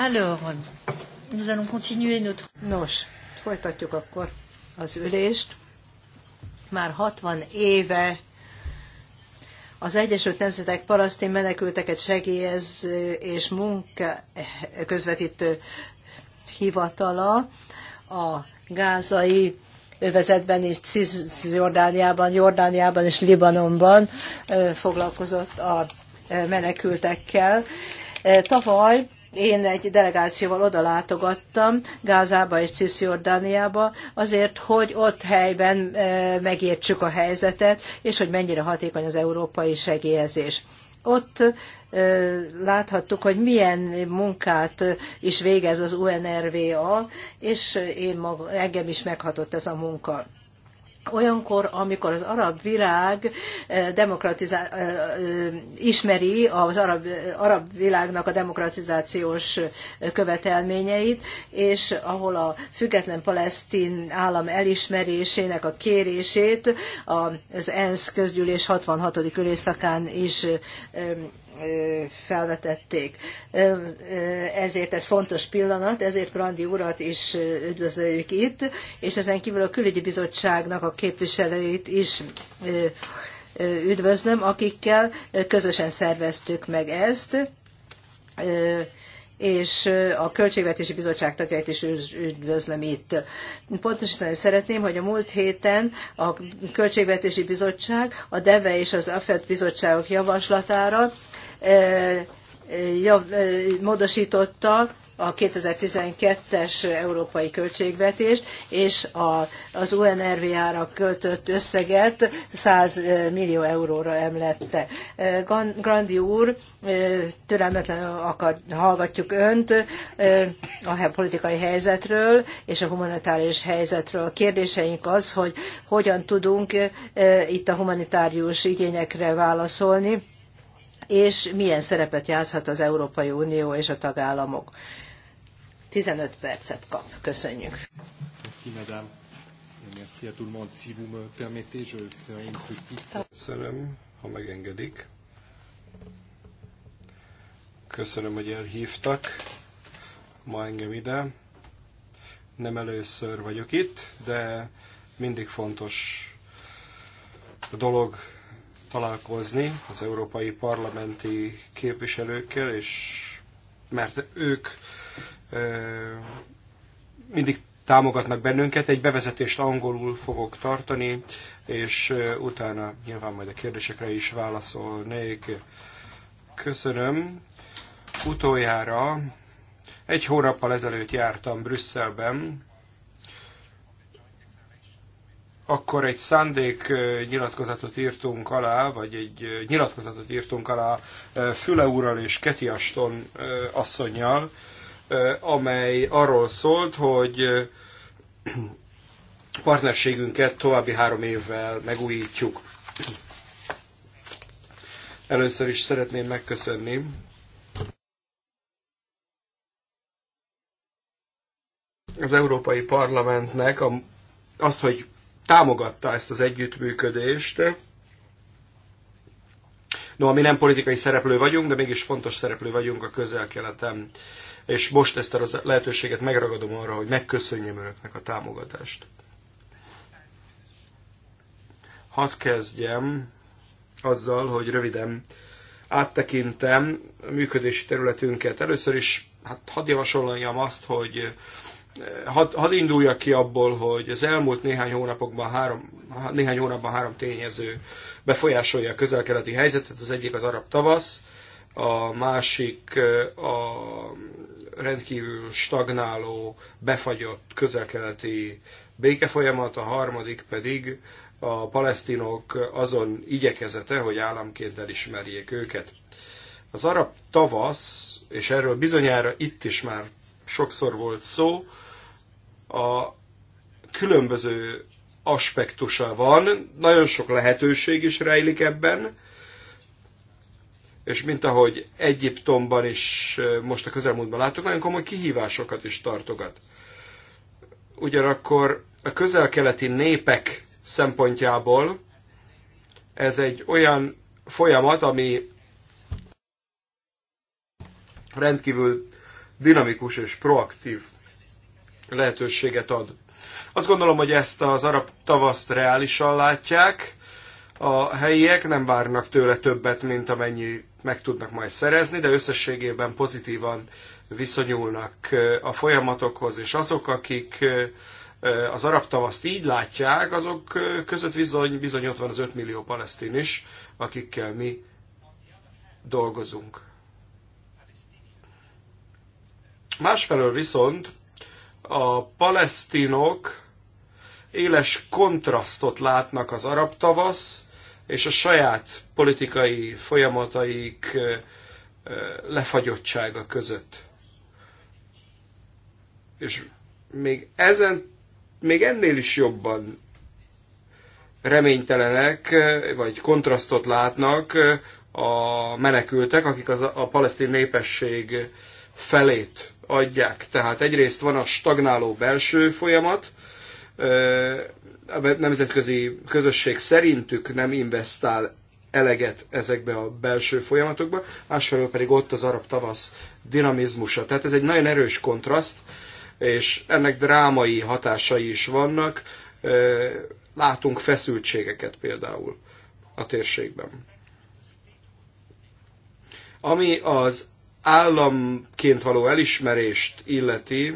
A: Alors, nous allons continuer notre... Nos, folytatjuk akkor az ülést. Már 60 éve az Egyesült Nemzetek Palasztin menekülteket segélyező és munka közvetítő hivatala a gázai övezetben és Cisjordániában, Jordániában és Libanonban foglalkozott a menekültekkel. Tavaly én egy delegációval oda látogattam, Gázába és Cisziordániába, azért, hogy ott helyben e, megértsük a helyzetet, és hogy mennyire hatékony az európai segélyezés. Ott e, láthattuk, hogy milyen munkát is végez az UNRWA, és én maga, engem is meghatott ez a munka olyankor, amikor az arab világ eh, demokratizá- eh, eh, ismeri az arab, arab világnak a demokratizációs követelményeit, és ahol a független palesztin állam elismerésének a kérését az ENSZ közgyűlés 66. ülésszakán is felvetették. Ezért ez fontos pillanat, ezért Brandi urat is üdvözöljük itt, és ezen kívül a külügyi bizottságnak a képviselőit is üdvözlöm, akikkel közösen szerveztük meg ezt és a Költségvetési Bizottság tagjait is üdvözlöm itt. Pontosítani szeretném, hogy a múlt héten a Költségvetési Bizottság a DEVE és az AFET bizottságok javaslatára módosította a 2012-es európai költségvetést, és a, az UNRVA-ra költött összeget 100 millió euróra emlette. Grandi úr, türelmetlenül akar, hallgatjuk önt a politikai helyzetről és a humanitárius helyzetről. A kérdéseink az, hogy hogyan tudunk itt a humanitárius igényekre válaszolni és milyen szerepet játszhat az Európai Unió és a tagállamok. 15 percet kap. Köszönjük.
B: Merci, madame. Merci à tout le monde. Si vous me permettez, je ferai une petite... Köszönöm, ha megengedik. Köszönöm, hogy elhívtak ma engem ide. Nem először vagyok itt, de mindig fontos a dolog találkozni az európai parlamenti képviselőkkel, és mert ők mindig támogatnak bennünket. Egy bevezetést angolul fogok tartani, és utána nyilván majd a kérdésekre is válaszolnék. Köszönöm. Utoljára egy hónappal ezelőtt jártam Brüsszelben, akkor egy szándék nyilatkozatot írtunk alá, vagy egy nyilatkozatot írtunk alá Füle úrral és Keti Aston asszonyjal, amely arról szólt, hogy partnerségünket további három évvel megújítjuk. Először is szeretném megköszönni az Európai Parlamentnek a, azt, hogy támogatta ezt az együttműködést. No, mi nem politikai szereplő vagyunk, de mégis fontos szereplő vagyunk a közel-keleten. És most ezt a lehetőséget megragadom arra, hogy megköszönjem önöknek a támogatást. Hadd kezdjem azzal, hogy röviden áttekintem a működési területünket. Először is hát hadd javasoljam azt, hogy hadd had induljak ki abból, hogy az elmúlt néhány hónapokban három, néhány hónapban három tényező befolyásolja a közelkeleti helyzetet. Az egyik az arab tavasz, a másik a rendkívül stagnáló, befagyott közelkeleti békefolyamat, a harmadik pedig a palesztinok azon igyekezete, hogy államként elismerjék őket. Az arab tavasz, és erről bizonyára itt is már sokszor volt szó, a különböző aspektusa van, nagyon sok lehetőség is rejlik ebben, és mint ahogy Egyiptomban is most a közelmúltban látok, nagyon komoly kihívásokat is tartogat. Ugyanakkor a Közelkeleti népek szempontjából ez egy olyan folyamat, ami rendkívül dinamikus és proaktív lehetőséget ad. Azt gondolom, hogy ezt az arab tavaszt reálisan látják, a helyiek nem várnak tőle többet, mint amennyi meg tudnak majd szerezni, de összességében pozitívan viszonyulnak a folyamatokhoz, és azok, akik az arab tavaszt így látják, azok között bizony, bizony ott van az 5 millió palesztin is, akikkel mi dolgozunk. Másfelől viszont a palesztinok éles kontrasztot látnak az arab tavasz és a saját politikai folyamataik lefagyottsága között. És még ezen, még ennél is jobban reménytelenek, vagy kontrasztot látnak a menekültek, akik az, a palesztin népesség felét adják. Tehát egyrészt van a stagnáló belső folyamat, a nemzetközi közösség szerintük nem investál eleget ezekbe a belső folyamatokba, másfelől pedig ott az arab tavasz dinamizmusa. Tehát ez egy nagyon erős kontraszt, és ennek drámai hatásai is vannak. Látunk feszültségeket például a térségben. Ami az államként való elismerést illeti,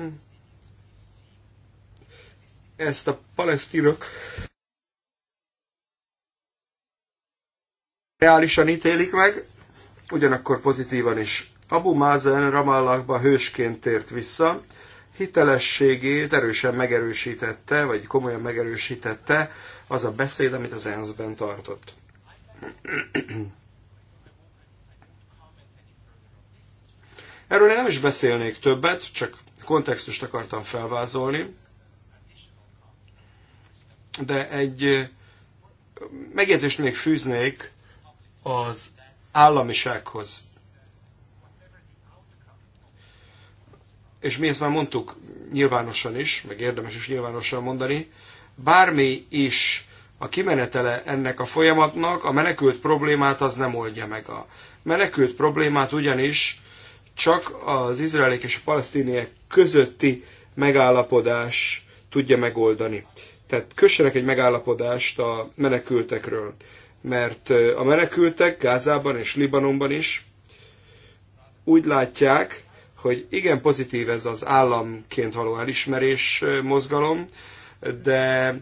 B: ezt a palesztinok reálisan ítélik meg, ugyanakkor pozitívan is. Abu Mazen Ramallahba hősként tért vissza, hitelességét erősen megerősítette, vagy komolyan megerősítette az a beszéd, amit az ENSZ-ben tartott. Erről én nem is beszélnék többet, csak kontextust akartam felvázolni. De egy megjegyzést még fűznék az államisághoz. És mi ezt már mondtuk nyilvánosan is, meg érdemes is nyilvánosan mondani, bármi is a kimenetele ennek a folyamatnak, a menekült problémát az nem oldja meg. A menekült problémát ugyanis csak az izraelék és a palesztiniek közötti megállapodás tudja megoldani. Tehát kössenek egy megállapodást a menekültekről, mert a menekültek Gázában és Libanonban is úgy látják, hogy igen pozitív ez az államként való elismerés mozgalom, de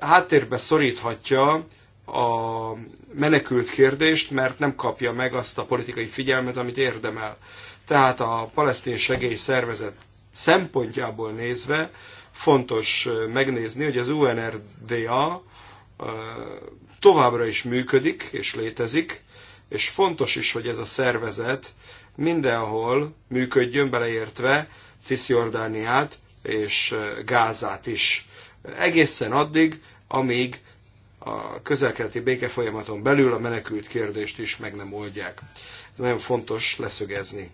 B: háttérbe szoríthatja a menekült kérdést, mert nem kapja meg azt a politikai figyelmet, amit érdemel. Tehát a palesztin segélyszervezet szempontjából nézve fontos megnézni, hogy az UNRDA továbbra is működik és létezik, és fontos is, hogy ez a szervezet mindenhol működjön, beleértve Cisjordániát és Gázát is. Egészen addig, amíg a közelkeleti béke folyamaton belül a menekült kérdést is meg nem oldják. Ez nagyon fontos leszögezni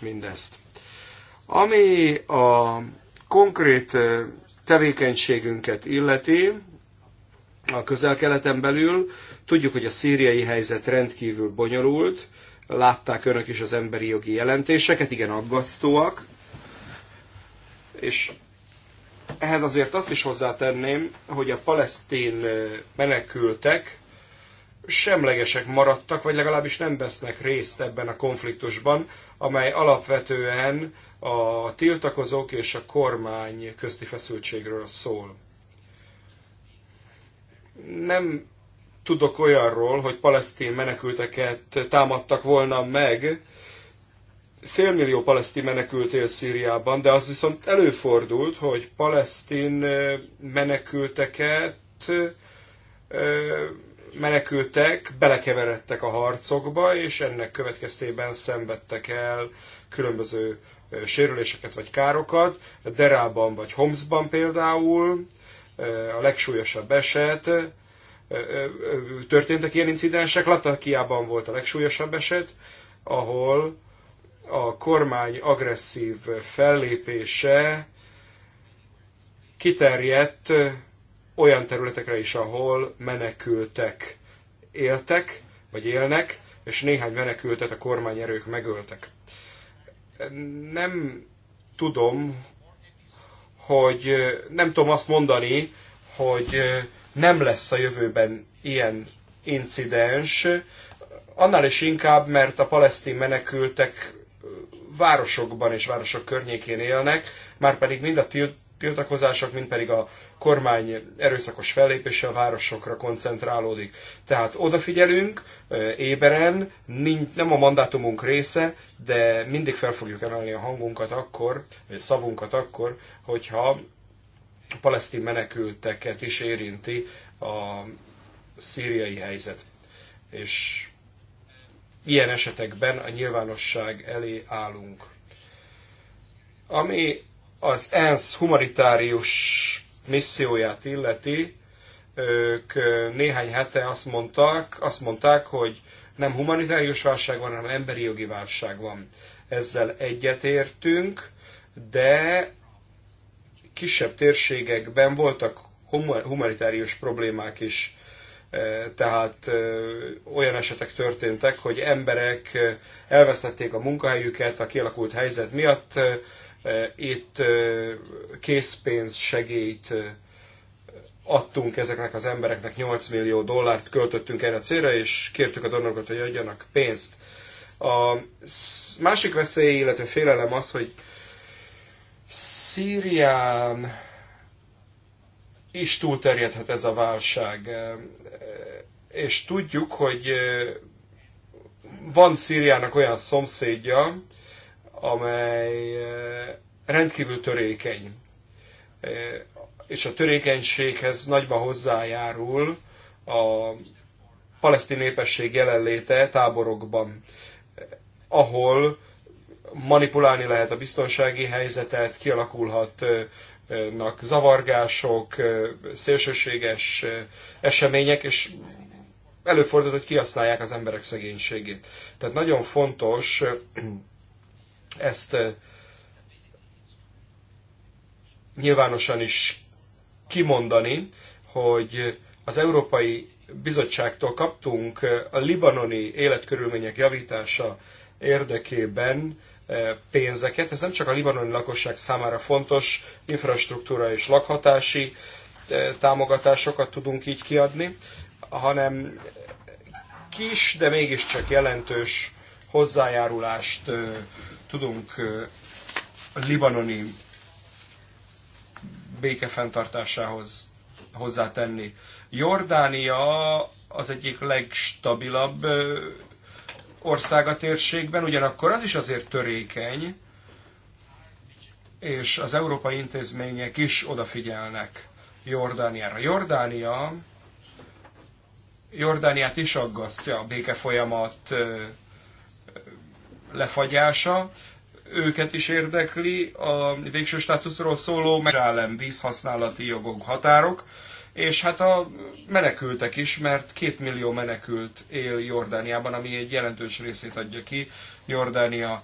B: mindezt. Ami a konkrét tevékenységünket illeti, a közel-keleten belül, tudjuk, hogy a szíriai helyzet rendkívül bonyolult, látták önök is az emberi jogi jelentéseket, igen aggasztóak, és ehhez azért azt is hozzátenném, hogy a palesztin eh, menekültek semlegesek maradtak, vagy legalábbis nem vesznek részt ebben a konfliktusban, amely alapvetően a tiltakozók és a kormány közti feszültségről szól. Nem tudok olyanról, hogy palesztin menekülteket támadtak volna meg, félmillió palesztin menekült él Szíriában, de az viszont előfordult, hogy palesztin menekülteket menekültek, belekeveredtek a harcokba, és ennek következtében szenvedtek el különböző sérüléseket vagy károkat. Derában vagy Homszban például a legsúlyosabb eset, történtek ilyen incidensek, Latakiában volt a legsúlyosabb eset, ahol a kormány agresszív fellépése kiterjedt olyan területekre is, ahol menekültek éltek, vagy élnek, és néhány menekültet a kormányerők megöltek. Nem tudom, hogy nem tudom azt mondani, hogy nem lesz a jövőben ilyen incidens, annál is inkább, mert a palesztin menekültek városokban és városok környékén élnek, már pedig mind a tiltakozások, mind pedig a kormány erőszakos fellépése a városokra koncentrálódik. Tehát odafigyelünk, éberen, nem a mandátumunk része, de mindig fel fogjuk emelni a hangunkat akkor, vagy szavunkat akkor, hogyha a palesztin menekülteket is érinti a szíriai helyzet. És ilyen esetekben a nyilvánosság elé állunk. Ami az ENSZ humanitárius misszióját illeti, ők néhány hete azt mondták, azt mondták, hogy nem humanitárius válság van, hanem emberi jogi válság van. Ezzel egyetértünk, de kisebb térségekben voltak humanitárius problémák is. Eh, tehát eh, olyan esetek történtek, hogy emberek eh, elvesztették a munkahelyüket a kialakult helyzet miatt, itt készpénz segélyt adtunk ezeknek az embereknek 8 millió dollárt, költöttünk erre a célra, és kértük a donorokat, hogy adjanak pénzt. A másik veszély, illetve félelem az, hogy Szírián is túlterjedhet ez a válság. E, e, és tudjuk, hogy e, van Szíriának olyan szomszédja, amely rendkívül törékeny. És a törékenységhez nagyban hozzájárul a palesztin népesség jelenléte táborokban, ahol manipulálni lehet a biztonsági helyzetet, kialakulhat zavargások, szélsőséges események, és előfordul, hogy kihasználják az emberek szegénységét. Tehát nagyon fontos ezt nyilvánosan is kimondani, hogy az Európai Bizottságtól kaptunk a libanoni életkörülmények javítása érdekében pénzeket. Ez nem csak a libanoni lakosság számára fontos, infrastruktúra és lakhatási támogatásokat tudunk így kiadni, hanem kis, de mégiscsak jelentős hozzájárulást tudunk a libanoni békefenntartásához hozzátenni. Jordánia az egyik legstabilabb ország a térségben, ugyanakkor az is azért törékeny, és az európai intézmények is odafigyelnek Jordániára. Jordánia, Jordániát is aggasztja a békefolyamat lefagyása, őket is érdekli a végső státuszról szóló megállem vízhasználati jogok határok, és hát a menekültek is, mert két millió menekült él Jordániában, ami egy jelentős részét adja ki Jordánia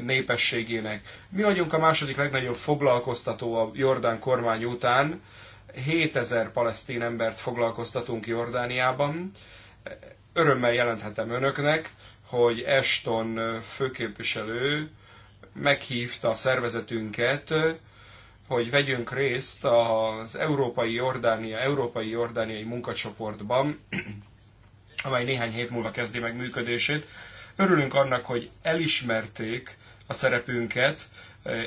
B: népességének. Mi vagyunk a második legnagyobb foglalkoztató a Jordán kormány után. 7000 palesztin embert foglalkoztatunk Jordániában. Örömmel jelenthetem önöknek, hogy Eston főképviselő meghívta a szervezetünket hogy vegyünk részt az Európai Jordánia, Európai Jordániai munkacsoportban, amely néhány hét múlva kezdi meg működését. Örülünk annak, hogy elismerték a szerepünket,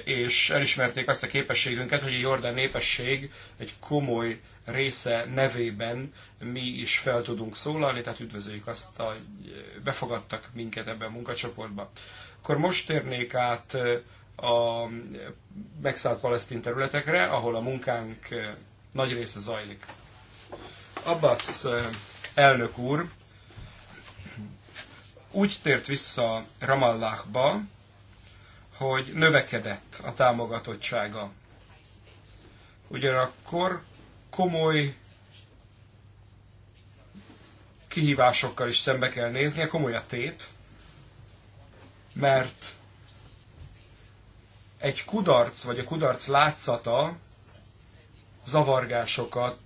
B: és elismerték azt a képességünket, hogy a jordán népesség egy komoly része nevében mi is fel tudunk szólalni, tehát üdvözöljük azt, hogy befogadtak minket ebben a munkacsoportba. Akkor most térnék át a megszállt palesztin területekre, ahol a munkánk eh, nagy része zajlik. Abbas eh, elnök úr úgy tért vissza Ramallahba, hogy növekedett a támogatottsága. Ugyanakkor komoly kihívásokkal is szembe kell nézni, a komoly a tét, mert egy kudarc, vagy a kudarc látszata zavargásokat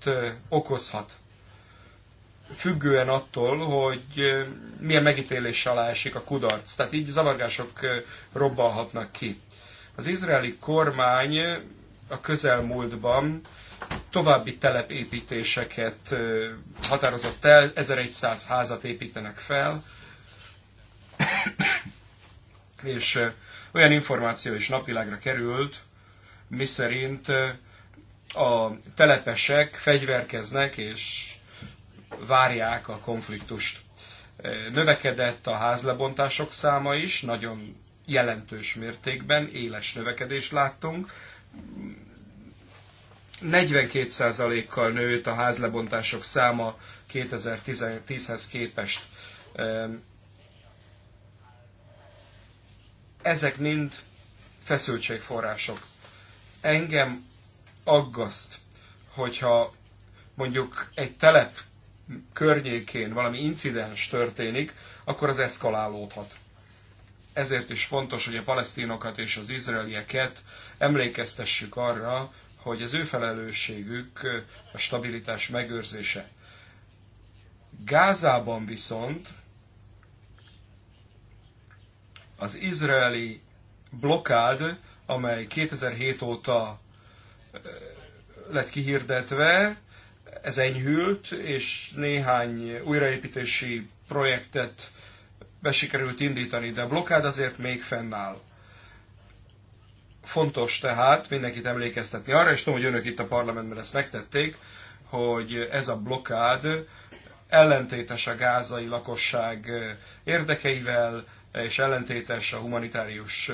B: okozhat. Függően attól, hogy milyen megítélés alá esik a kudarc. Tehát így zavargások robbalhatnak ki. Az izraeli kormány a közelmúltban további telepépítéseket határozott el, 1100 házat építenek fel, és olyan információ is napvilágra került, miszerint a telepesek fegyverkeznek és várják a konfliktust. Növekedett a házlebontások száma is, nagyon jelentős mértékben, éles növekedést láttunk. 42%-kal nőtt a házlebontások száma 2010-hez képest. Ezek mind feszültségforrások. Engem aggaszt, hogyha mondjuk egy telep környékén valami incidens történik, akkor az eszkalálódhat. Ezért is fontos, hogy a palesztinokat és az izraelieket emlékeztessük arra, hogy az ő felelősségük a stabilitás megőrzése. Gázában viszont az izraeli blokád, amely 2007 óta eh, lett kihirdetve, ez enyhült, és néhány újraépítési projektet besikerült indítani, de a blokád azért még fennáll. Fontos tehát mindenkit emlékeztetni arra, és tudom, hogy önök itt a parlamentben ezt megtették, hogy ez a blokád ellentétes a gázai lakosság érdekeivel, és ellentétes a humanitárius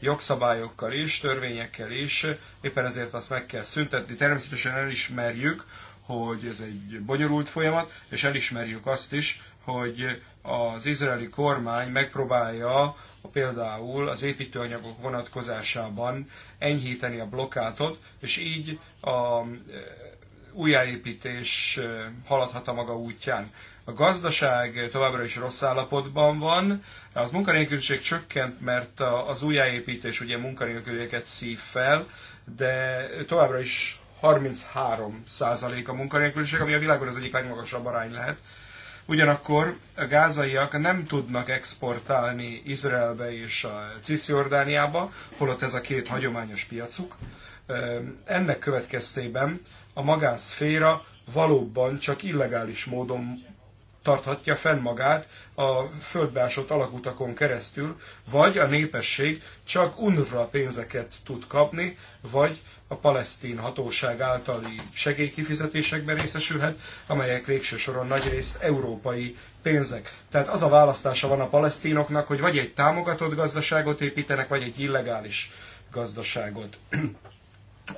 B: jogszabályokkal is, törvényekkel is, éppen ezért azt meg kell szüntetni. Természetesen elismerjük, hogy ez egy bonyolult folyamat, és elismerjük azt is, hogy az izraeli kormány megpróbálja például az építőanyagok vonatkozásában enyhíteni a blokkátot, és így a újjáépítés haladhat a maga útján. A gazdaság továbbra is rossz állapotban van, az munkanélküliség csökkent, mert az újjáépítés ugye munkanélkülieket szív fel, de továbbra is 33 százalék a munkanélküliség, ami a világon az egyik legmagasabb arány lehet. Ugyanakkor a gázaiak nem tudnak exportálni Izraelbe és a Cisziordániába, holott ez a két hagyományos piacuk. Ennek következtében a magánszféra valóban csak illegális módon tarthatja fenn magát a földbeásott alakutakon keresztül, vagy a népesség csak UNRWA pénzeket tud kapni, vagy a palesztin hatóság általi segélykifizetésekben részesülhet, amelyek végső soron nagyrészt európai pénzek. Tehát az a választása van a palesztinoknak, hogy vagy egy támogatott gazdaságot építenek, vagy egy illegális gazdaságot.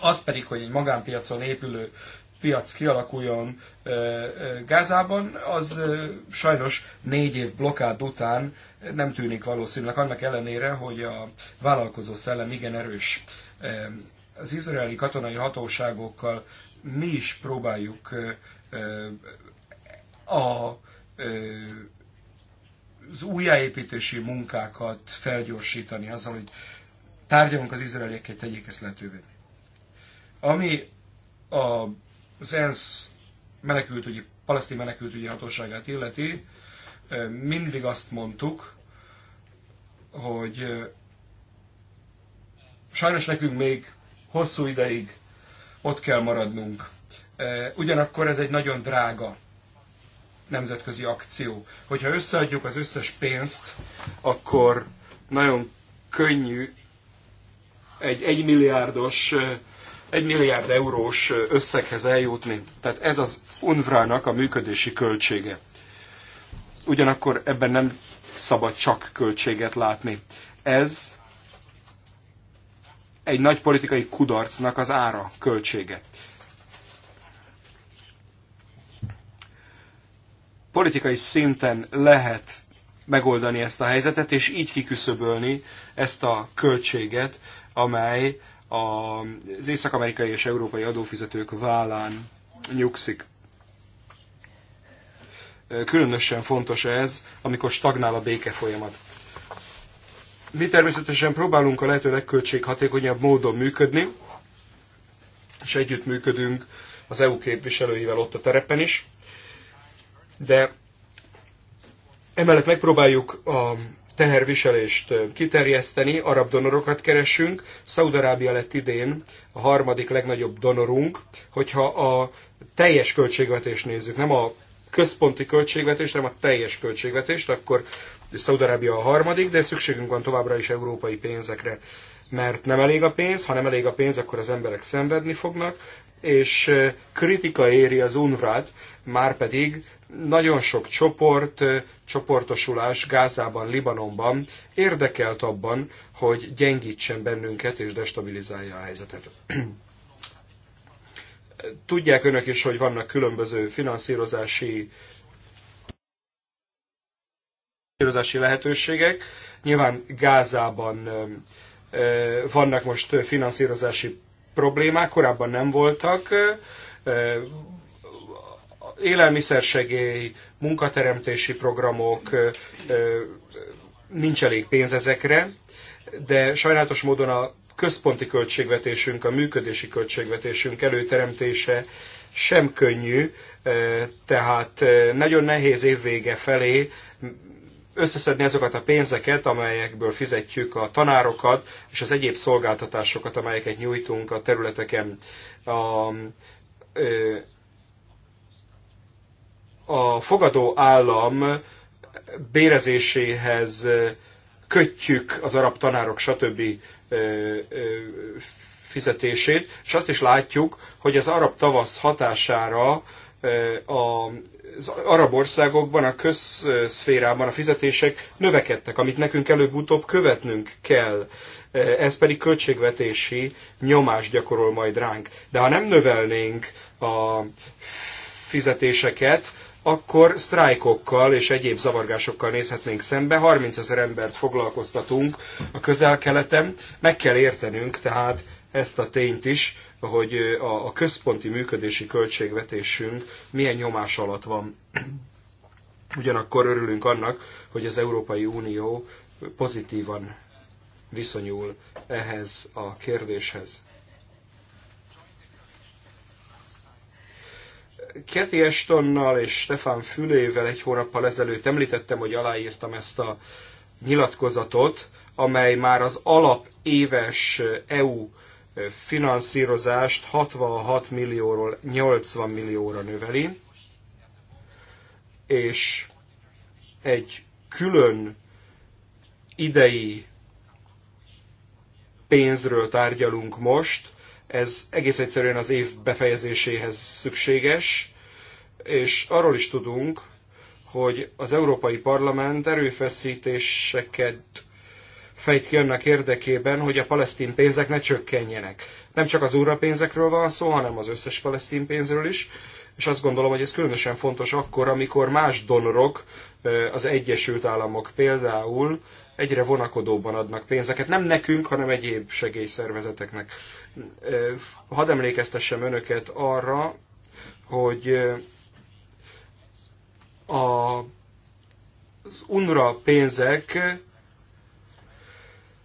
B: Az pedig, hogy egy magánpiacon épülő piac kialakuljon Gázában, az sajnos négy év blokád után nem tűnik valószínűleg, annak ellenére, hogy a vállalkozó szellem igen erős. Az izraeli katonai hatóságokkal mi is próbáljuk a az újjáépítési munkákat felgyorsítani azzal, hogy tárgyalunk az izraeliekkel, tegyék ezt lehetővé. Ami a az ENSZ menekültügyi, palesztin menekültügyi hatóságát illeti, mindig azt mondtuk, hogy sajnos nekünk még hosszú ideig ott kell maradnunk. Ugyanakkor ez egy nagyon drága nemzetközi akció. Hogyha összeadjuk az összes pénzt, akkor nagyon könnyű egy egymilliárdos egy milliárd eurós összeghez eljutni. Tehát ez az UNVRA-nak a működési költsége. Ugyanakkor ebben nem szabad csak költséget látni. Ez egy nagy politikai kudarcnak az ára költsége. Politikai szinten lehet megoldani ezt a helyzetet, és így kiküszöbölni ezt a költséget, amely az észak-amerikai és európai adófizetők vállán nyugszik. Különösen fontos ez, amikor stagnál a béke folyamat. Mi természetesen próbálunk a lehető legköltséghatékonyabb módon működni, és együttműködünk az EU képviselőivel ott a terepen is, de emellett megpróbáljuk a teherviselést kiterjeszteni, arab donorokat keresünk. Szaudarábia lett idén a harmadik legnagyobb donorunk, hogyha a teljes költségvetést nézzük, nem a központi költségvetést, hanem a teljes költségvetést, akkor Szaudarábia a harmadik, de szükségünk van továbbra is európai pénzekre mert nem elég a pénz, ha nem elég a pénz, akkor az emberek szenvedni fognak és kritika éri az UNRWA-t, pedig nagyon sok csoport, csoportosulás Gázában, Libanonban érdekelt abban, hogy gyengítsen bennünket és destabilizálja a helyzetet. Tudják önök is, hogy vannak különböző finanszírozási finanszírozási lehetőségek. Nyilván Gázában vannak most finanszírozási problémák korábban nem voltak, élelmiszersegély, munkateremtési programok, nincs elég pénz ezekre, de sajnálatos módon a központi költségvetésünk, a működési költségvetésünk előteremtése sem könnyű, tehát nagyon nehéz évvége felé összeszedni azokat a pénzeket, amelyekből fizetjük a tanárokat és az egyéb szolgáltatásokat, amelyeket nyújtunk a területeken. A, a fogadó állam bérezéséhez kötjük az arab tanárok, stb. fizetését, és azt is látjuk, hogy az arab tavasz hatására a az arab országokban, a közszférában a fizetések növekedtek, amit nekünk előbb-utóbb követnünk kell. Ez pedig költségvetési nyomást gyakorol majd ránk. De ha nem növelnénk a fizetéseket, akkor sztrájkokkal és egyéb zavargásokkal nézhetnénk szembe. 30 ezer embert foglalkoztatunk a közel-keleten. Meg kell értenünk tehát ezt a tényt is, hogy a, központi működési költségvetésünk milyen nyomás alatt van. Ugyanakkor örülünk annak, hogy az Európai Unió pozitívan viszonyul ehhez a kérdéshez. Keti Estonnal és Stefan Fülével egy hónappal ezelőtt említettem, hogy aláírtam ezt a nyilatkozatot, amely már az alapéves EU finanszírozást 66 millióról 80 millióra növeli, és egy külön idei pénzről tárgyalunk most, ez egész egyszerűen az év befejezéséhez szükséges, és arról is tudunk, hogy az Európai Parlament erőfeszítéseket fejt ki annak érdekében, hogy a palesztin pénzek ne csökkenjenek. Nem csak az úrra pénzekről van szó, hanem az összes palesztin pénzről is, és azt gondolom, hogy ez különösen fontos akkor, amikor más donorok, az Egyesült Államok például egyre vonakodóban adnak pénzeket, nem nekünk, hanem egyéb segélyszervezeteknek. Hadd emlékeztessem önöket arra, hogy a, az UNRWA pénzek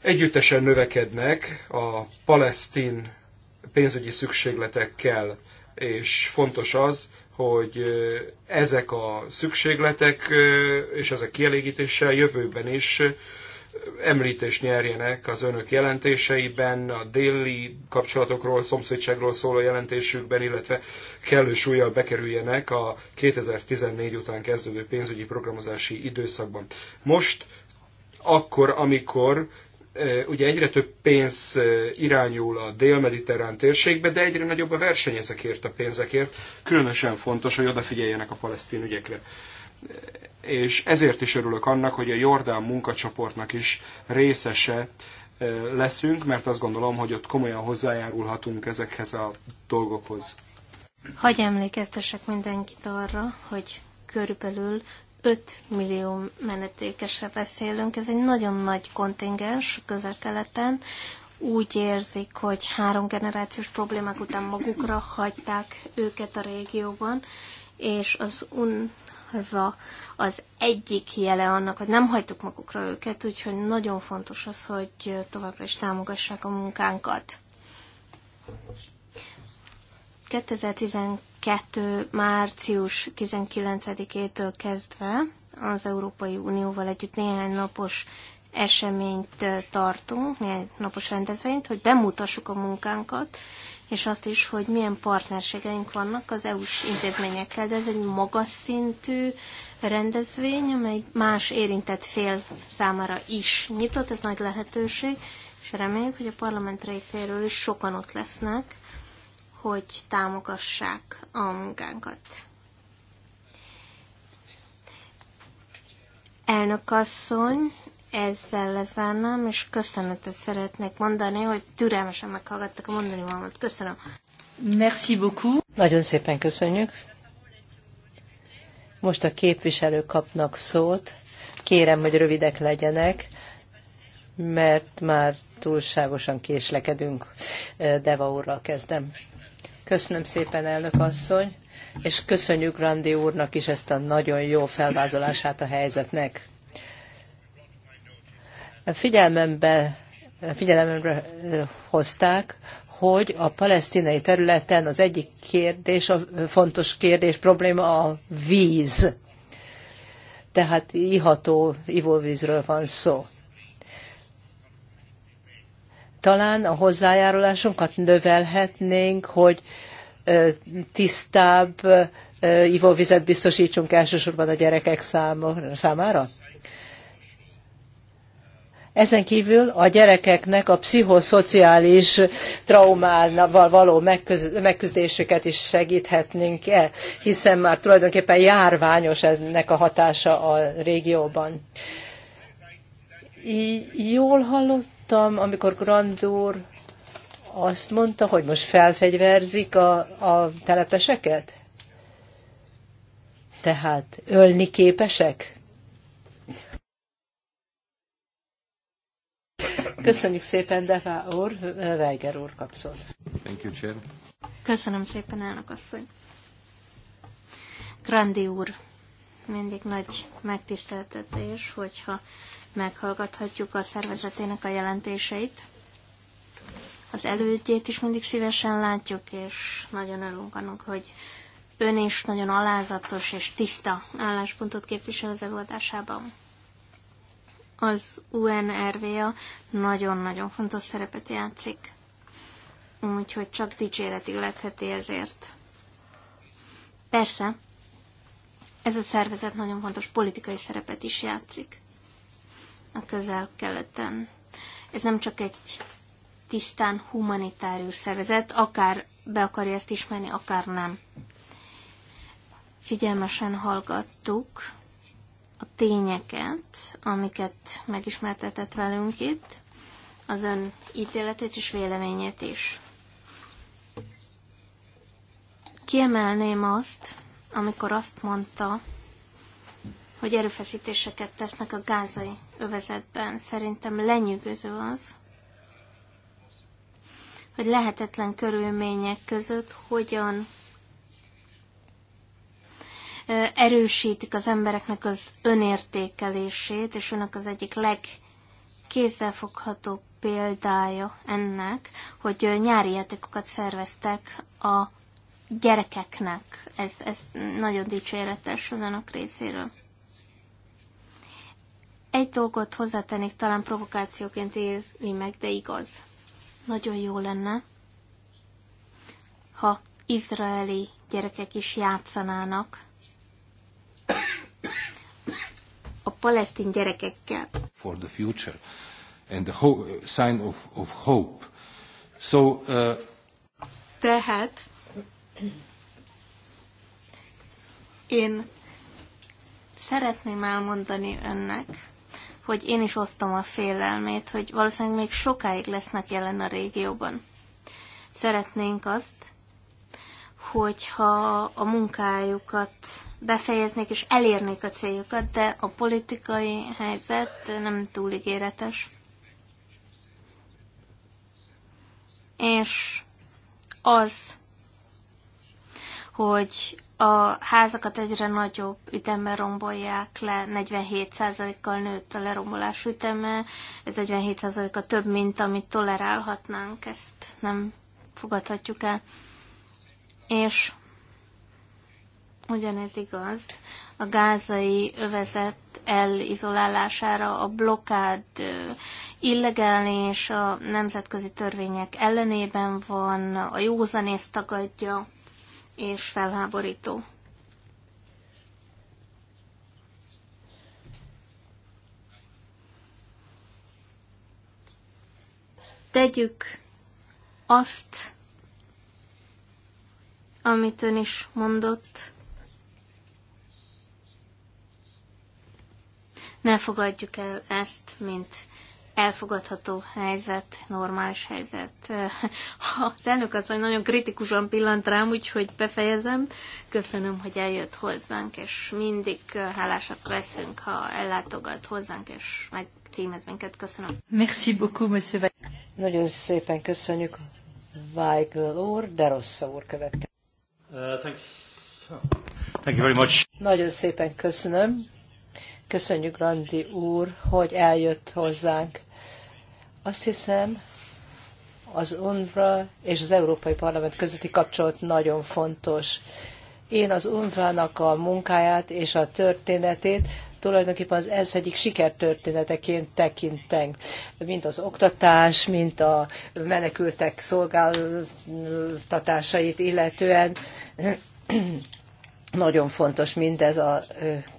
B: együttesen növekednek a palesztin pénzügyi szükségletekkel, és fontos az, hogy ezek a szükségletek és ezek kielégítése jövőben is említést nyerjenek az önök jelentéseiben, a déli kapcsolatokról, szomszédságról szóló jelentésükben, illetve kellő súlyjal bekerüljenek a 2014 után kezdődő pénzügyi programozási időszakban. Most, akkor, amikor ugye egyre több pénz irányul a dél-mediterrán térségbe, de egyre nagyobb a verseny ezekért a pénzekért. Különösen fontos, hogy odafigyeljenek a palesztin ügyekre. És ezért is örülök annak, hogy a Jordán munkacsoportnak is részese leszünk, mert azt gondolom, hogy ott komolyan hozzájárulhatunk ezekhez a dolgokhoz.
C: Hagy emlékeztessek mindenkit arra, hogy körülbelül 5 millió menetékesre beszélünk, ez egy nagyon nagy kontingens közel-keleten, úgy érzik, hogy három generációs problémák után magukra hagyták őket a régióban, és az UNRWA az egyik jele annak, hogy nem hagytuk magukra őket, úgyhogy nagyon fontos az, hogy továbbra is támogassák a munkánkat. 2012 2. március 19-től kezdve az Európai Unióval együtt néhány napos eseményt tartunk, néhány napos rendezvényt, hogy bemutassuk a munkánkat, és azt is, hogy milyen partnerségeink vannak az EU-s intézményekkel, de ez egy magas szintű rendezvény, amely más érintett fél számára is nyitott, ez nagy lehetőség, és reméljük, hogy a parlament részéről is sokan ott lesznek, hogy támogassák a munkánkat. Elnök asszony, ezzel lezárnám, és köszönetet szeretnék mondani, hogy türelmesen meghallgattak a mondani valamit. Köszönöm.
A: Merci beaucoup. Nagyon szépen köszönjük. Most a képviselők kapnak szót. Kérem, hogy rövidek legyenek, mert már túlságosan késlekedünk. Deva úrral kezdem. Köszönöm szépen, elnök asszony, és köszönjük Randi úrnak is ezt a nagyon jó felvázolását a helyzetnek. Figyelmembe, figyelememre hozták, hogy a palesztinai területen az egyik kérdés, a fontos kérdés, probléma a víz. Tehát iható ivóvízről van szó. Talán a hozzájárulásunkat növelhetnénk, hogy tisztább ivóvizet biztosítsunk elsősorban a gyerekek számára? Ezen kívül a gyerekeknek a pszichoszociális traumával való megküzdésüket is segíthetnénk e hiszen már tulajdonképpen járványos ennek a hatása a régióban. Jól hallott? hallottam, amikor Grandur azt mondta, hogy most felfegyverzik a, a telepeseket? Tehát ölni képesek? Köszönjük szépen, Defa úr, Reiger úr kapszott. Thank you, Chair.
C: Köszönöm szépen, elnök asszony. Grandi úr, mindig nagy megtiszteltetés, hogyha meghallgathatjuk a szervezetének a jelentéseit. Az elődjét is mindig szívesen látjuk, és nagyon örülünk annak, hogy ön is nagyon alázatos és tiszta álláspontot képvisel az előadásában. Az UNRVA nagyon-nagyon fontos szerepet játszik, úgyhogy csak dicséret illetheti ezért. Persze, ez a szervezet nagyon fontos politikai szerepet is játszik a közel-keleten. Ez nem csak egy tisztán humanitárius szervezet, akár be akarja ezt ismerni, akár nem. Figyelmesen hallgattuk a tényeket, amiket megismertetett velünk itt, az ön ítéletét és véleményét is. Kiemelném azt, amikor azt mondta, hogy erőfeszítéseket tesznek a gázai övezetben. Szerintem lenyűgöző az, hogy lehetetlen körülmények között hogyan erősítik az embereknek az önértékelését, és önök az egyik legkézzelfoghatóbb példája ennek, hogy nyári játékokat szerveztek a gyerekeknek. Ez, ez nagyon dicséretes az önök részéről. Egy dolgot hozzátennék, talán provokációként érni meg, de igaz. Nagyon jó lenne, ha izraeli gyerekek is játszanának a palesztin gyerekekkel.
A: For the future and the hope, sign of, of hope.
B: So, uh...
C: Tehát én szeretném elmondani önnek, hogy én is osztom a félelmét, hogy valószínűleg még sokáig lesznek jelen a régióban. Szeretnénk azt, hogyha a munkájukat befejeznék és elérnék a céljukat, de a politikai helyzet nem túl ígéretes. És az, hogy a házakat egyre nagyobb ütemben rombolják le, 47%-kal nőtt a lerombolás üteme, ez 47%-a több, mint amit tolerálhatnánk, ezt nem fogadhatjuk el. És ugyanez igaz a gázai övezet elizolálására, a blokkád illegális, a nemzetközi törvények ellenében van, a józanész tagadja, és felháborító. Tegyük azt, amit ön is mondott, ne fogadjuk el ezt, mint elfogadható helyzet, normális helyzet. Az elnök hogy nagyon kritikusan pillant rám, úgyhogy befejezem. Köszönöm, hogy eljött hozzánk, és mindig hálásak leszünk, ha ellátogat hozzánk, és megcímez minket. Köszönöm.
A: Merci beaucoup, monsieur. Nagyon szépen köszönjük, Weigl úr, de rossz úr következik. Uh, thanks. Thank you very much. Nagyon szépen köszönöm. Köszönjük, Randi úr, hogy eljött hozzánk. Azt hiszem, az UNRWA és az Európai Parlament közötti kapcsolat nagyon fontos. Én az UNRWA-nak a munkáját és a történetét tulajdonképpen az ez egyik sikertörténeteként tekintem, Mint az oktatás, mint a menekültek szolgáltatásait illetően nagyon fontos mindez a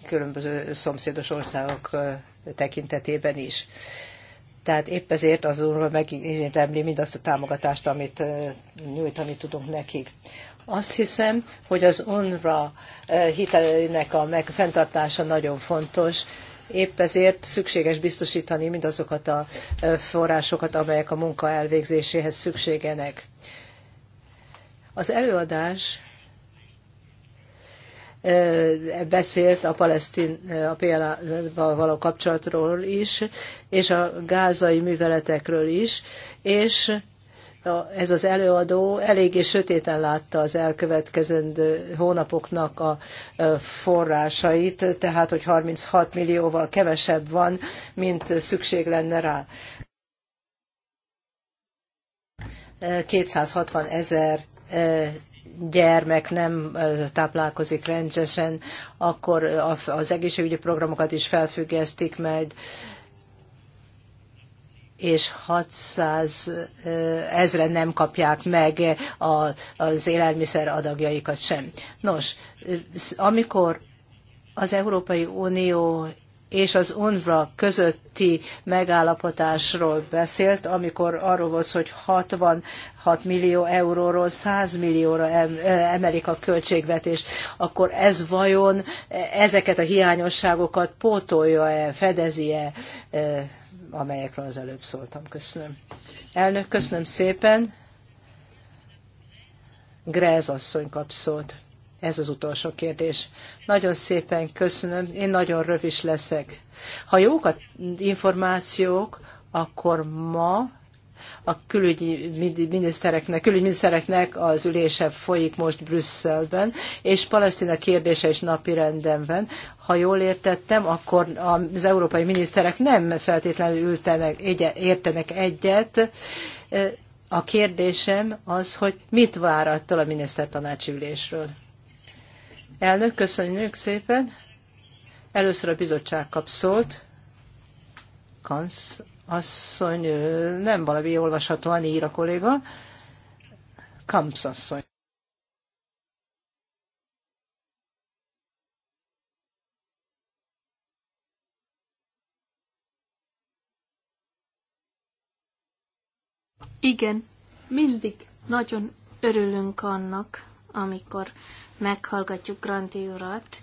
A: különböző szomszédos országok tekintetében is. Tehát épp ezért az úr megérdemli mindazt a támogatást, amit nyújtani tudunk nekik. Azt hiszem, hogy az UNRWA hitelének a fenntartása nagyon fontos, Épp ezért szükséges biztosítani mindazokat a forrásokat, amelyek a munka elvégzéséhez szükségenek. Az előadás beszélt a palesztin, a PLA-val való kapcsolatról is, és a gázai műveletekről is, és ez az előadó eléggé sötéten látta az elkövetkezendő hónapoknak a forrásait, tehát hogy 36 millióval kevesebb van, mint szükség lenne rá. 260 ezer gyermek nem táplálkozik rendszeresen, akkor az egészségügyi programokat is felfüggesztik majd és 600 ezre nem kapják meg az élelmiszer adagjaikat sem. Nos, amikor az Európai Unió és az UNRWA közötti megállapotásról beszélt, amikor arról volt, hogy 66 millió euróról 100 millióra emelik a költségvetést, akkor ez vajon ezeket a hiányosságokat pótolja-e, fedezi-e, amelyekről az előbb szóltam. Köszönöm. Elnök, köszönöm szépen. Grez asszony kap szót. Ez az utolsó kérdés. Nagyon szépen köszönöm, én nagyon rövid leszek. Ha jók az információk, akkor ma a külügyi minisztereknek, minisztereknek az ülése folyik most Brüsszelben, és Palesztina kérdése is napi renden van. Ha jól értettem, akkor az európai miniszterek nem feltétlenül ültenek, értenek egyet. A kérdésem az, hogy mit vár attól a minisztertanácsi ülésről? Elnök, köszönjük szépen. Először a bizottság kap szólt. Kansz asszony, nem valami olvashatóan ír a kolléga. Kamps asszony.
C: Igen, mindig nagyon örülünk annak, amikor meghallgatjuk Granti urat,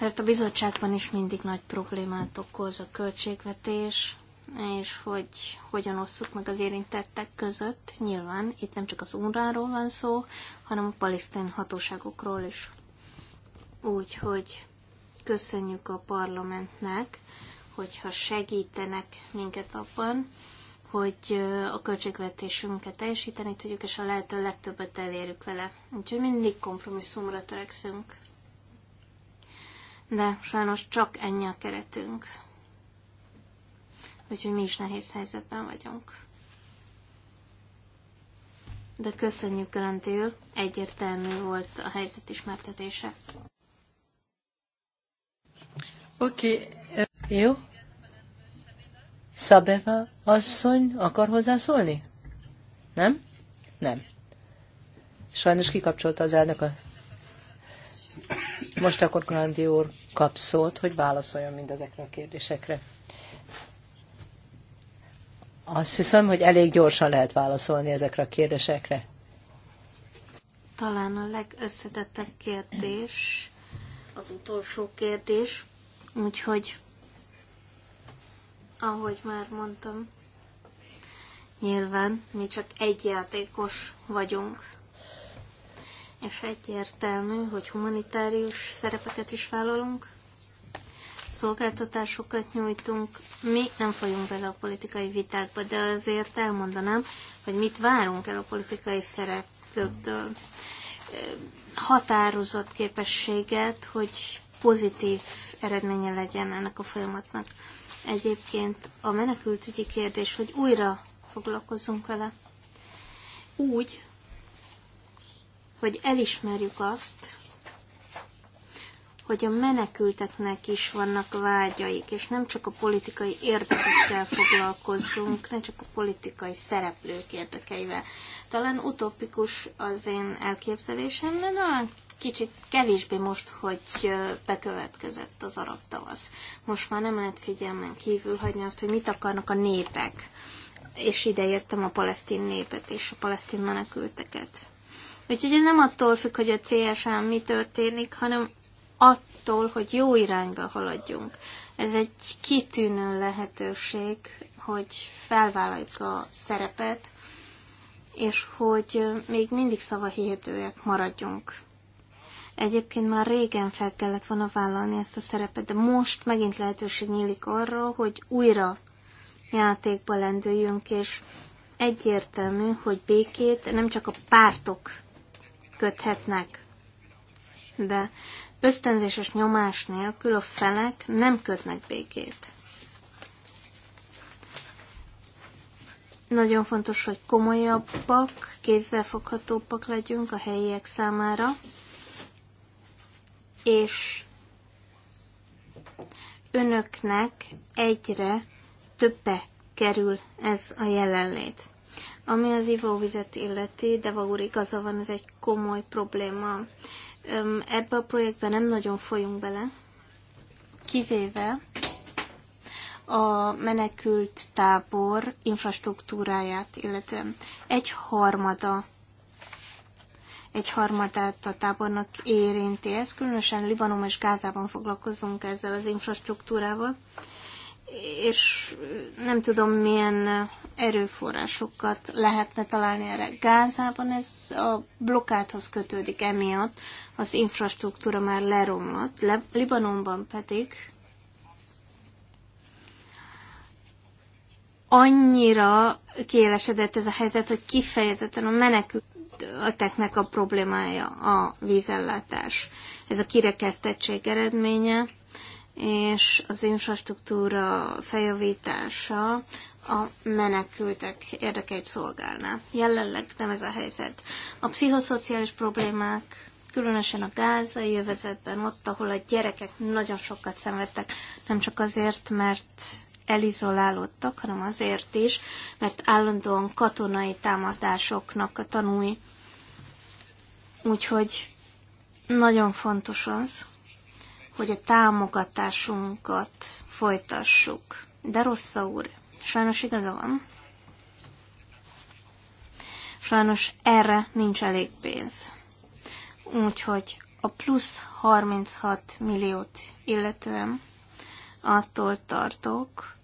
C: mert a bizottságban is mindig nagy problémát okoz a költségvetés, és hogy hogyan osszuk meg az érintettek között. Nyilván itt nem csak az unráról van szó, hanem a palisztin hatóságokról is. Úgyhogy köszönjük a parlamentnek, hogyha segítenek minket abban, hogy a költségvetésünket teljesíteni tudjuk, és a lehető legtöbbet elérjük vele. Úgyhogy mindig kompromisszumra törekszünk. De sajnos csak ennyi a keretünk. Úgyhogy mi is nehéz helyzetben vagyunk. De köszönjük Garantil, egyértelmű volt a helyzet ismertetése.
A: Oké, okay. jó. Szabeva asszony akar hozzászólni? Nem? Nem. Sajnos kikapcsolta az elnök a... Most akkor Grandi úr kap szót, hogy válaszoljon mindezekre a kérdésekre. Azt hiszem, hogy elég gyorsan lehet válaszolni ezekre a kérdésekre.
C: Talán a legösszetettebb kérdés, az utolsó kérdés, úgyhogy ahogy már mondtam, nyilván mi csak egy játékos vagyunk. És egyértelmű, hogy humanitárius szerepeket is vállalunk, szolgáltatásokat nyújtunk, mi nem folyunk bele a politikai vitákba, de azért elmondanám, hogy mit várunk el a politikai szereplőktől. Határozott képességet, hogy pozitív eredménye legyen ennek a folyamatnak. Egyébként a menekültügyi kérdés, hogy újra foglalkozzunk vele. Úgy, hogy elismerjük azt, hogy a menekülteknek is vannak vágyaik, és nem csak a politikai érdekekkel foglalkozzunk, nem csak a politikai szereplők érdekeivel. Talán utopikus az én elképzelésem, de talán kicsit kevésbé most, hogy bekövetkezett az arab tavasz. Most már nem lehet figyelmen kívül hagyni azt, hogy mit akarnak a népek. És ide értem a palesztin népet és a palesztin menekülteket. Úgyhogy ez nem attól függ, hogy a CSM mi történik, hanem attól, hogy jó irányba haladjunk. Ez egy kitűnő lehetőség, hogy felvállaljuk a szerepet, és hogy még mindig szavahihetőek maradjunk. Egyébként már régen fel kellett volna vállalni ezt a szerepet, de most megint lehetőség nyílik arra, hogy újra játékba lendüljünk, és egyértelmű, hogy békét nem csak a pártok köthetnek, de ösztönzéses nyomás nélkül a felek nem kötnek békét. Nagyon fontos, hogy komolyabbak, kézzelfoghatóbbak legyünk a helyiek számára, és önöknek egyre többe kerül ez a jelenlét. Ami az ivóvizet illeti, de valóban igaza van, ez egy komoly probléma. Ebben a projektben nem nagyon folyunk bele, kivéve a menekült tábor infrastruktúráját, illetve egy harmada egy harmadát a tábornak érinti ez. Különösen Libanon és Gázában foglalkozunk ezzel az infrastruktúrával, és nem tudom, milyen erőforrásokat lehetne találni erre. Gázában ez a blokkádhoz kötődik emiatt, az infrastruktúra már leromlott, Le- Libanonban pedig annyira kielesedett ez a helyzet, hogy kifejezetten a menekült a teknek a problémája a vízellátás. Ez a kirekesztettség eredménye, és az infrastruktúra feljavítása a menekültek érdekeit szolgálná. Jelenleg nem ez a helyzet. A pszichoszociális problémák, különösen a gázai jövezetben, ott, ahol a gyerekek nagyon sokat szenvedtek, nem csak azért, mert elizolálódtak, hanem azért is, mert állandóan katonai támadásoknak a tanúi Úgyhogy nagyon fontos az, hogy a támogatásunkat folytassuk. De rossz úr, sajnos igaza van. Sajnos erre nincs elég pénz. Úgyhogy a plusz 36 milliót illetően attól tartok,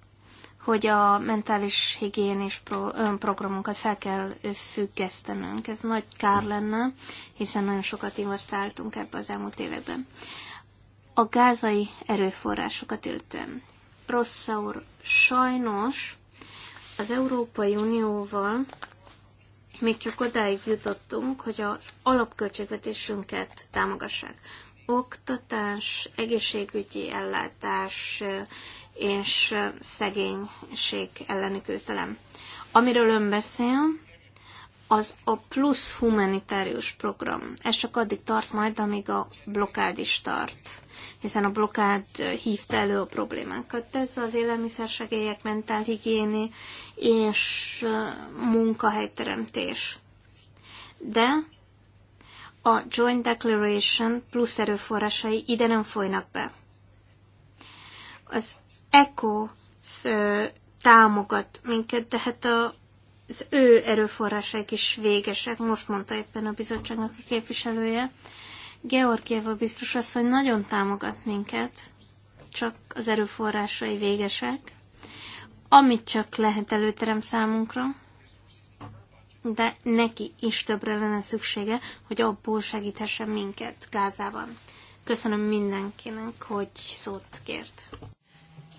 C: hogy a mentális higiénis pro, önprogramunkat fel kell függesztenünk. Ez nagy kár lenne, hiszen nagyon sokat investáltunk ebbe az elmúlt években. A gázai erőforrásokat illetően. Rossza sajnos az Európai Unióval még csak odáig jutottunk, hogy az alapköltségvetésünket támogassák. Oktatás, egészségügyi ellátás, és szegénység elleni küzdelem. Amiről ön beszél, az a plusz humanitárius program. Ez csak addig tart majd, amíg a blokád is tart, hiszen a blokád hívta elő a problémákat. Ez az élelmiszersegélyek, mentálhigiéni és munkahelyteremtés. De a Joint Declaration plusz erőforrásai ide nem folynak be. Az Eko támogat minket, de hát a, az ő erőforrásaik is végesek, most mondta éppen a bizottságnak a képviselője. Georgieva biztos az, hogy nagyon támogat minket, csak az erőforrásai végesek, amit csak lehet előterem számunkra, de neki is többre lenne szüksége, hogy abból segíthessen minket Gázában. Köszönöm mindenkinek, hogy szót kért.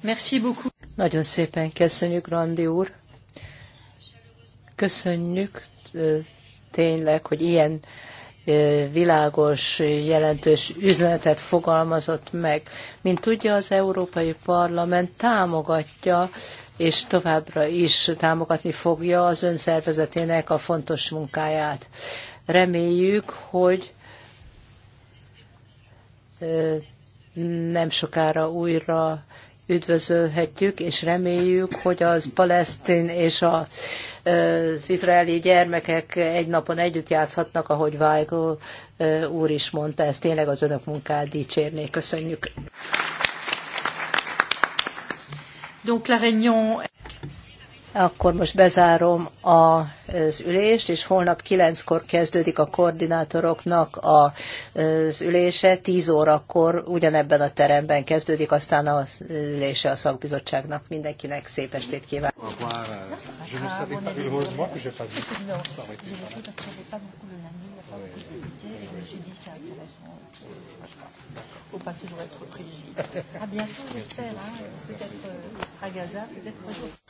C: Merci beaucoup.
A: Nagyon szépen köszönjük, Randi úr. Köszönjük tényleg, hogy ilyen világos, jelentős üzenetet fogalmazott meg. Mint tudja, az Európai Parlament támogatja és továbbra is támogatni fogja az önszervezetének a fontos munkáját. Reméljük, hogy nem sokára újra üdvözölhetjük, és reméljük, hogy az palesztin és a, az izraeli gyermekek egy napon együtt játszhatnak, ahogy Weigl úr is mondta, ez tényleg az önök munkát dicsérné. Köszönjük. Donc la réunion... Akkor most bezárom az ülést, és holnap kilenckor kezdődik a koordinátoroknak az ülése, tíz órakor ugyanebben a teremben kezdődik aztán az ülése a szakbizottságnak. Mindenkinek szép estét kívánok! Euh, faut pas toujours être rigide. À bientôt, sais, hein, peut-être euh, à Gaza, peut-être.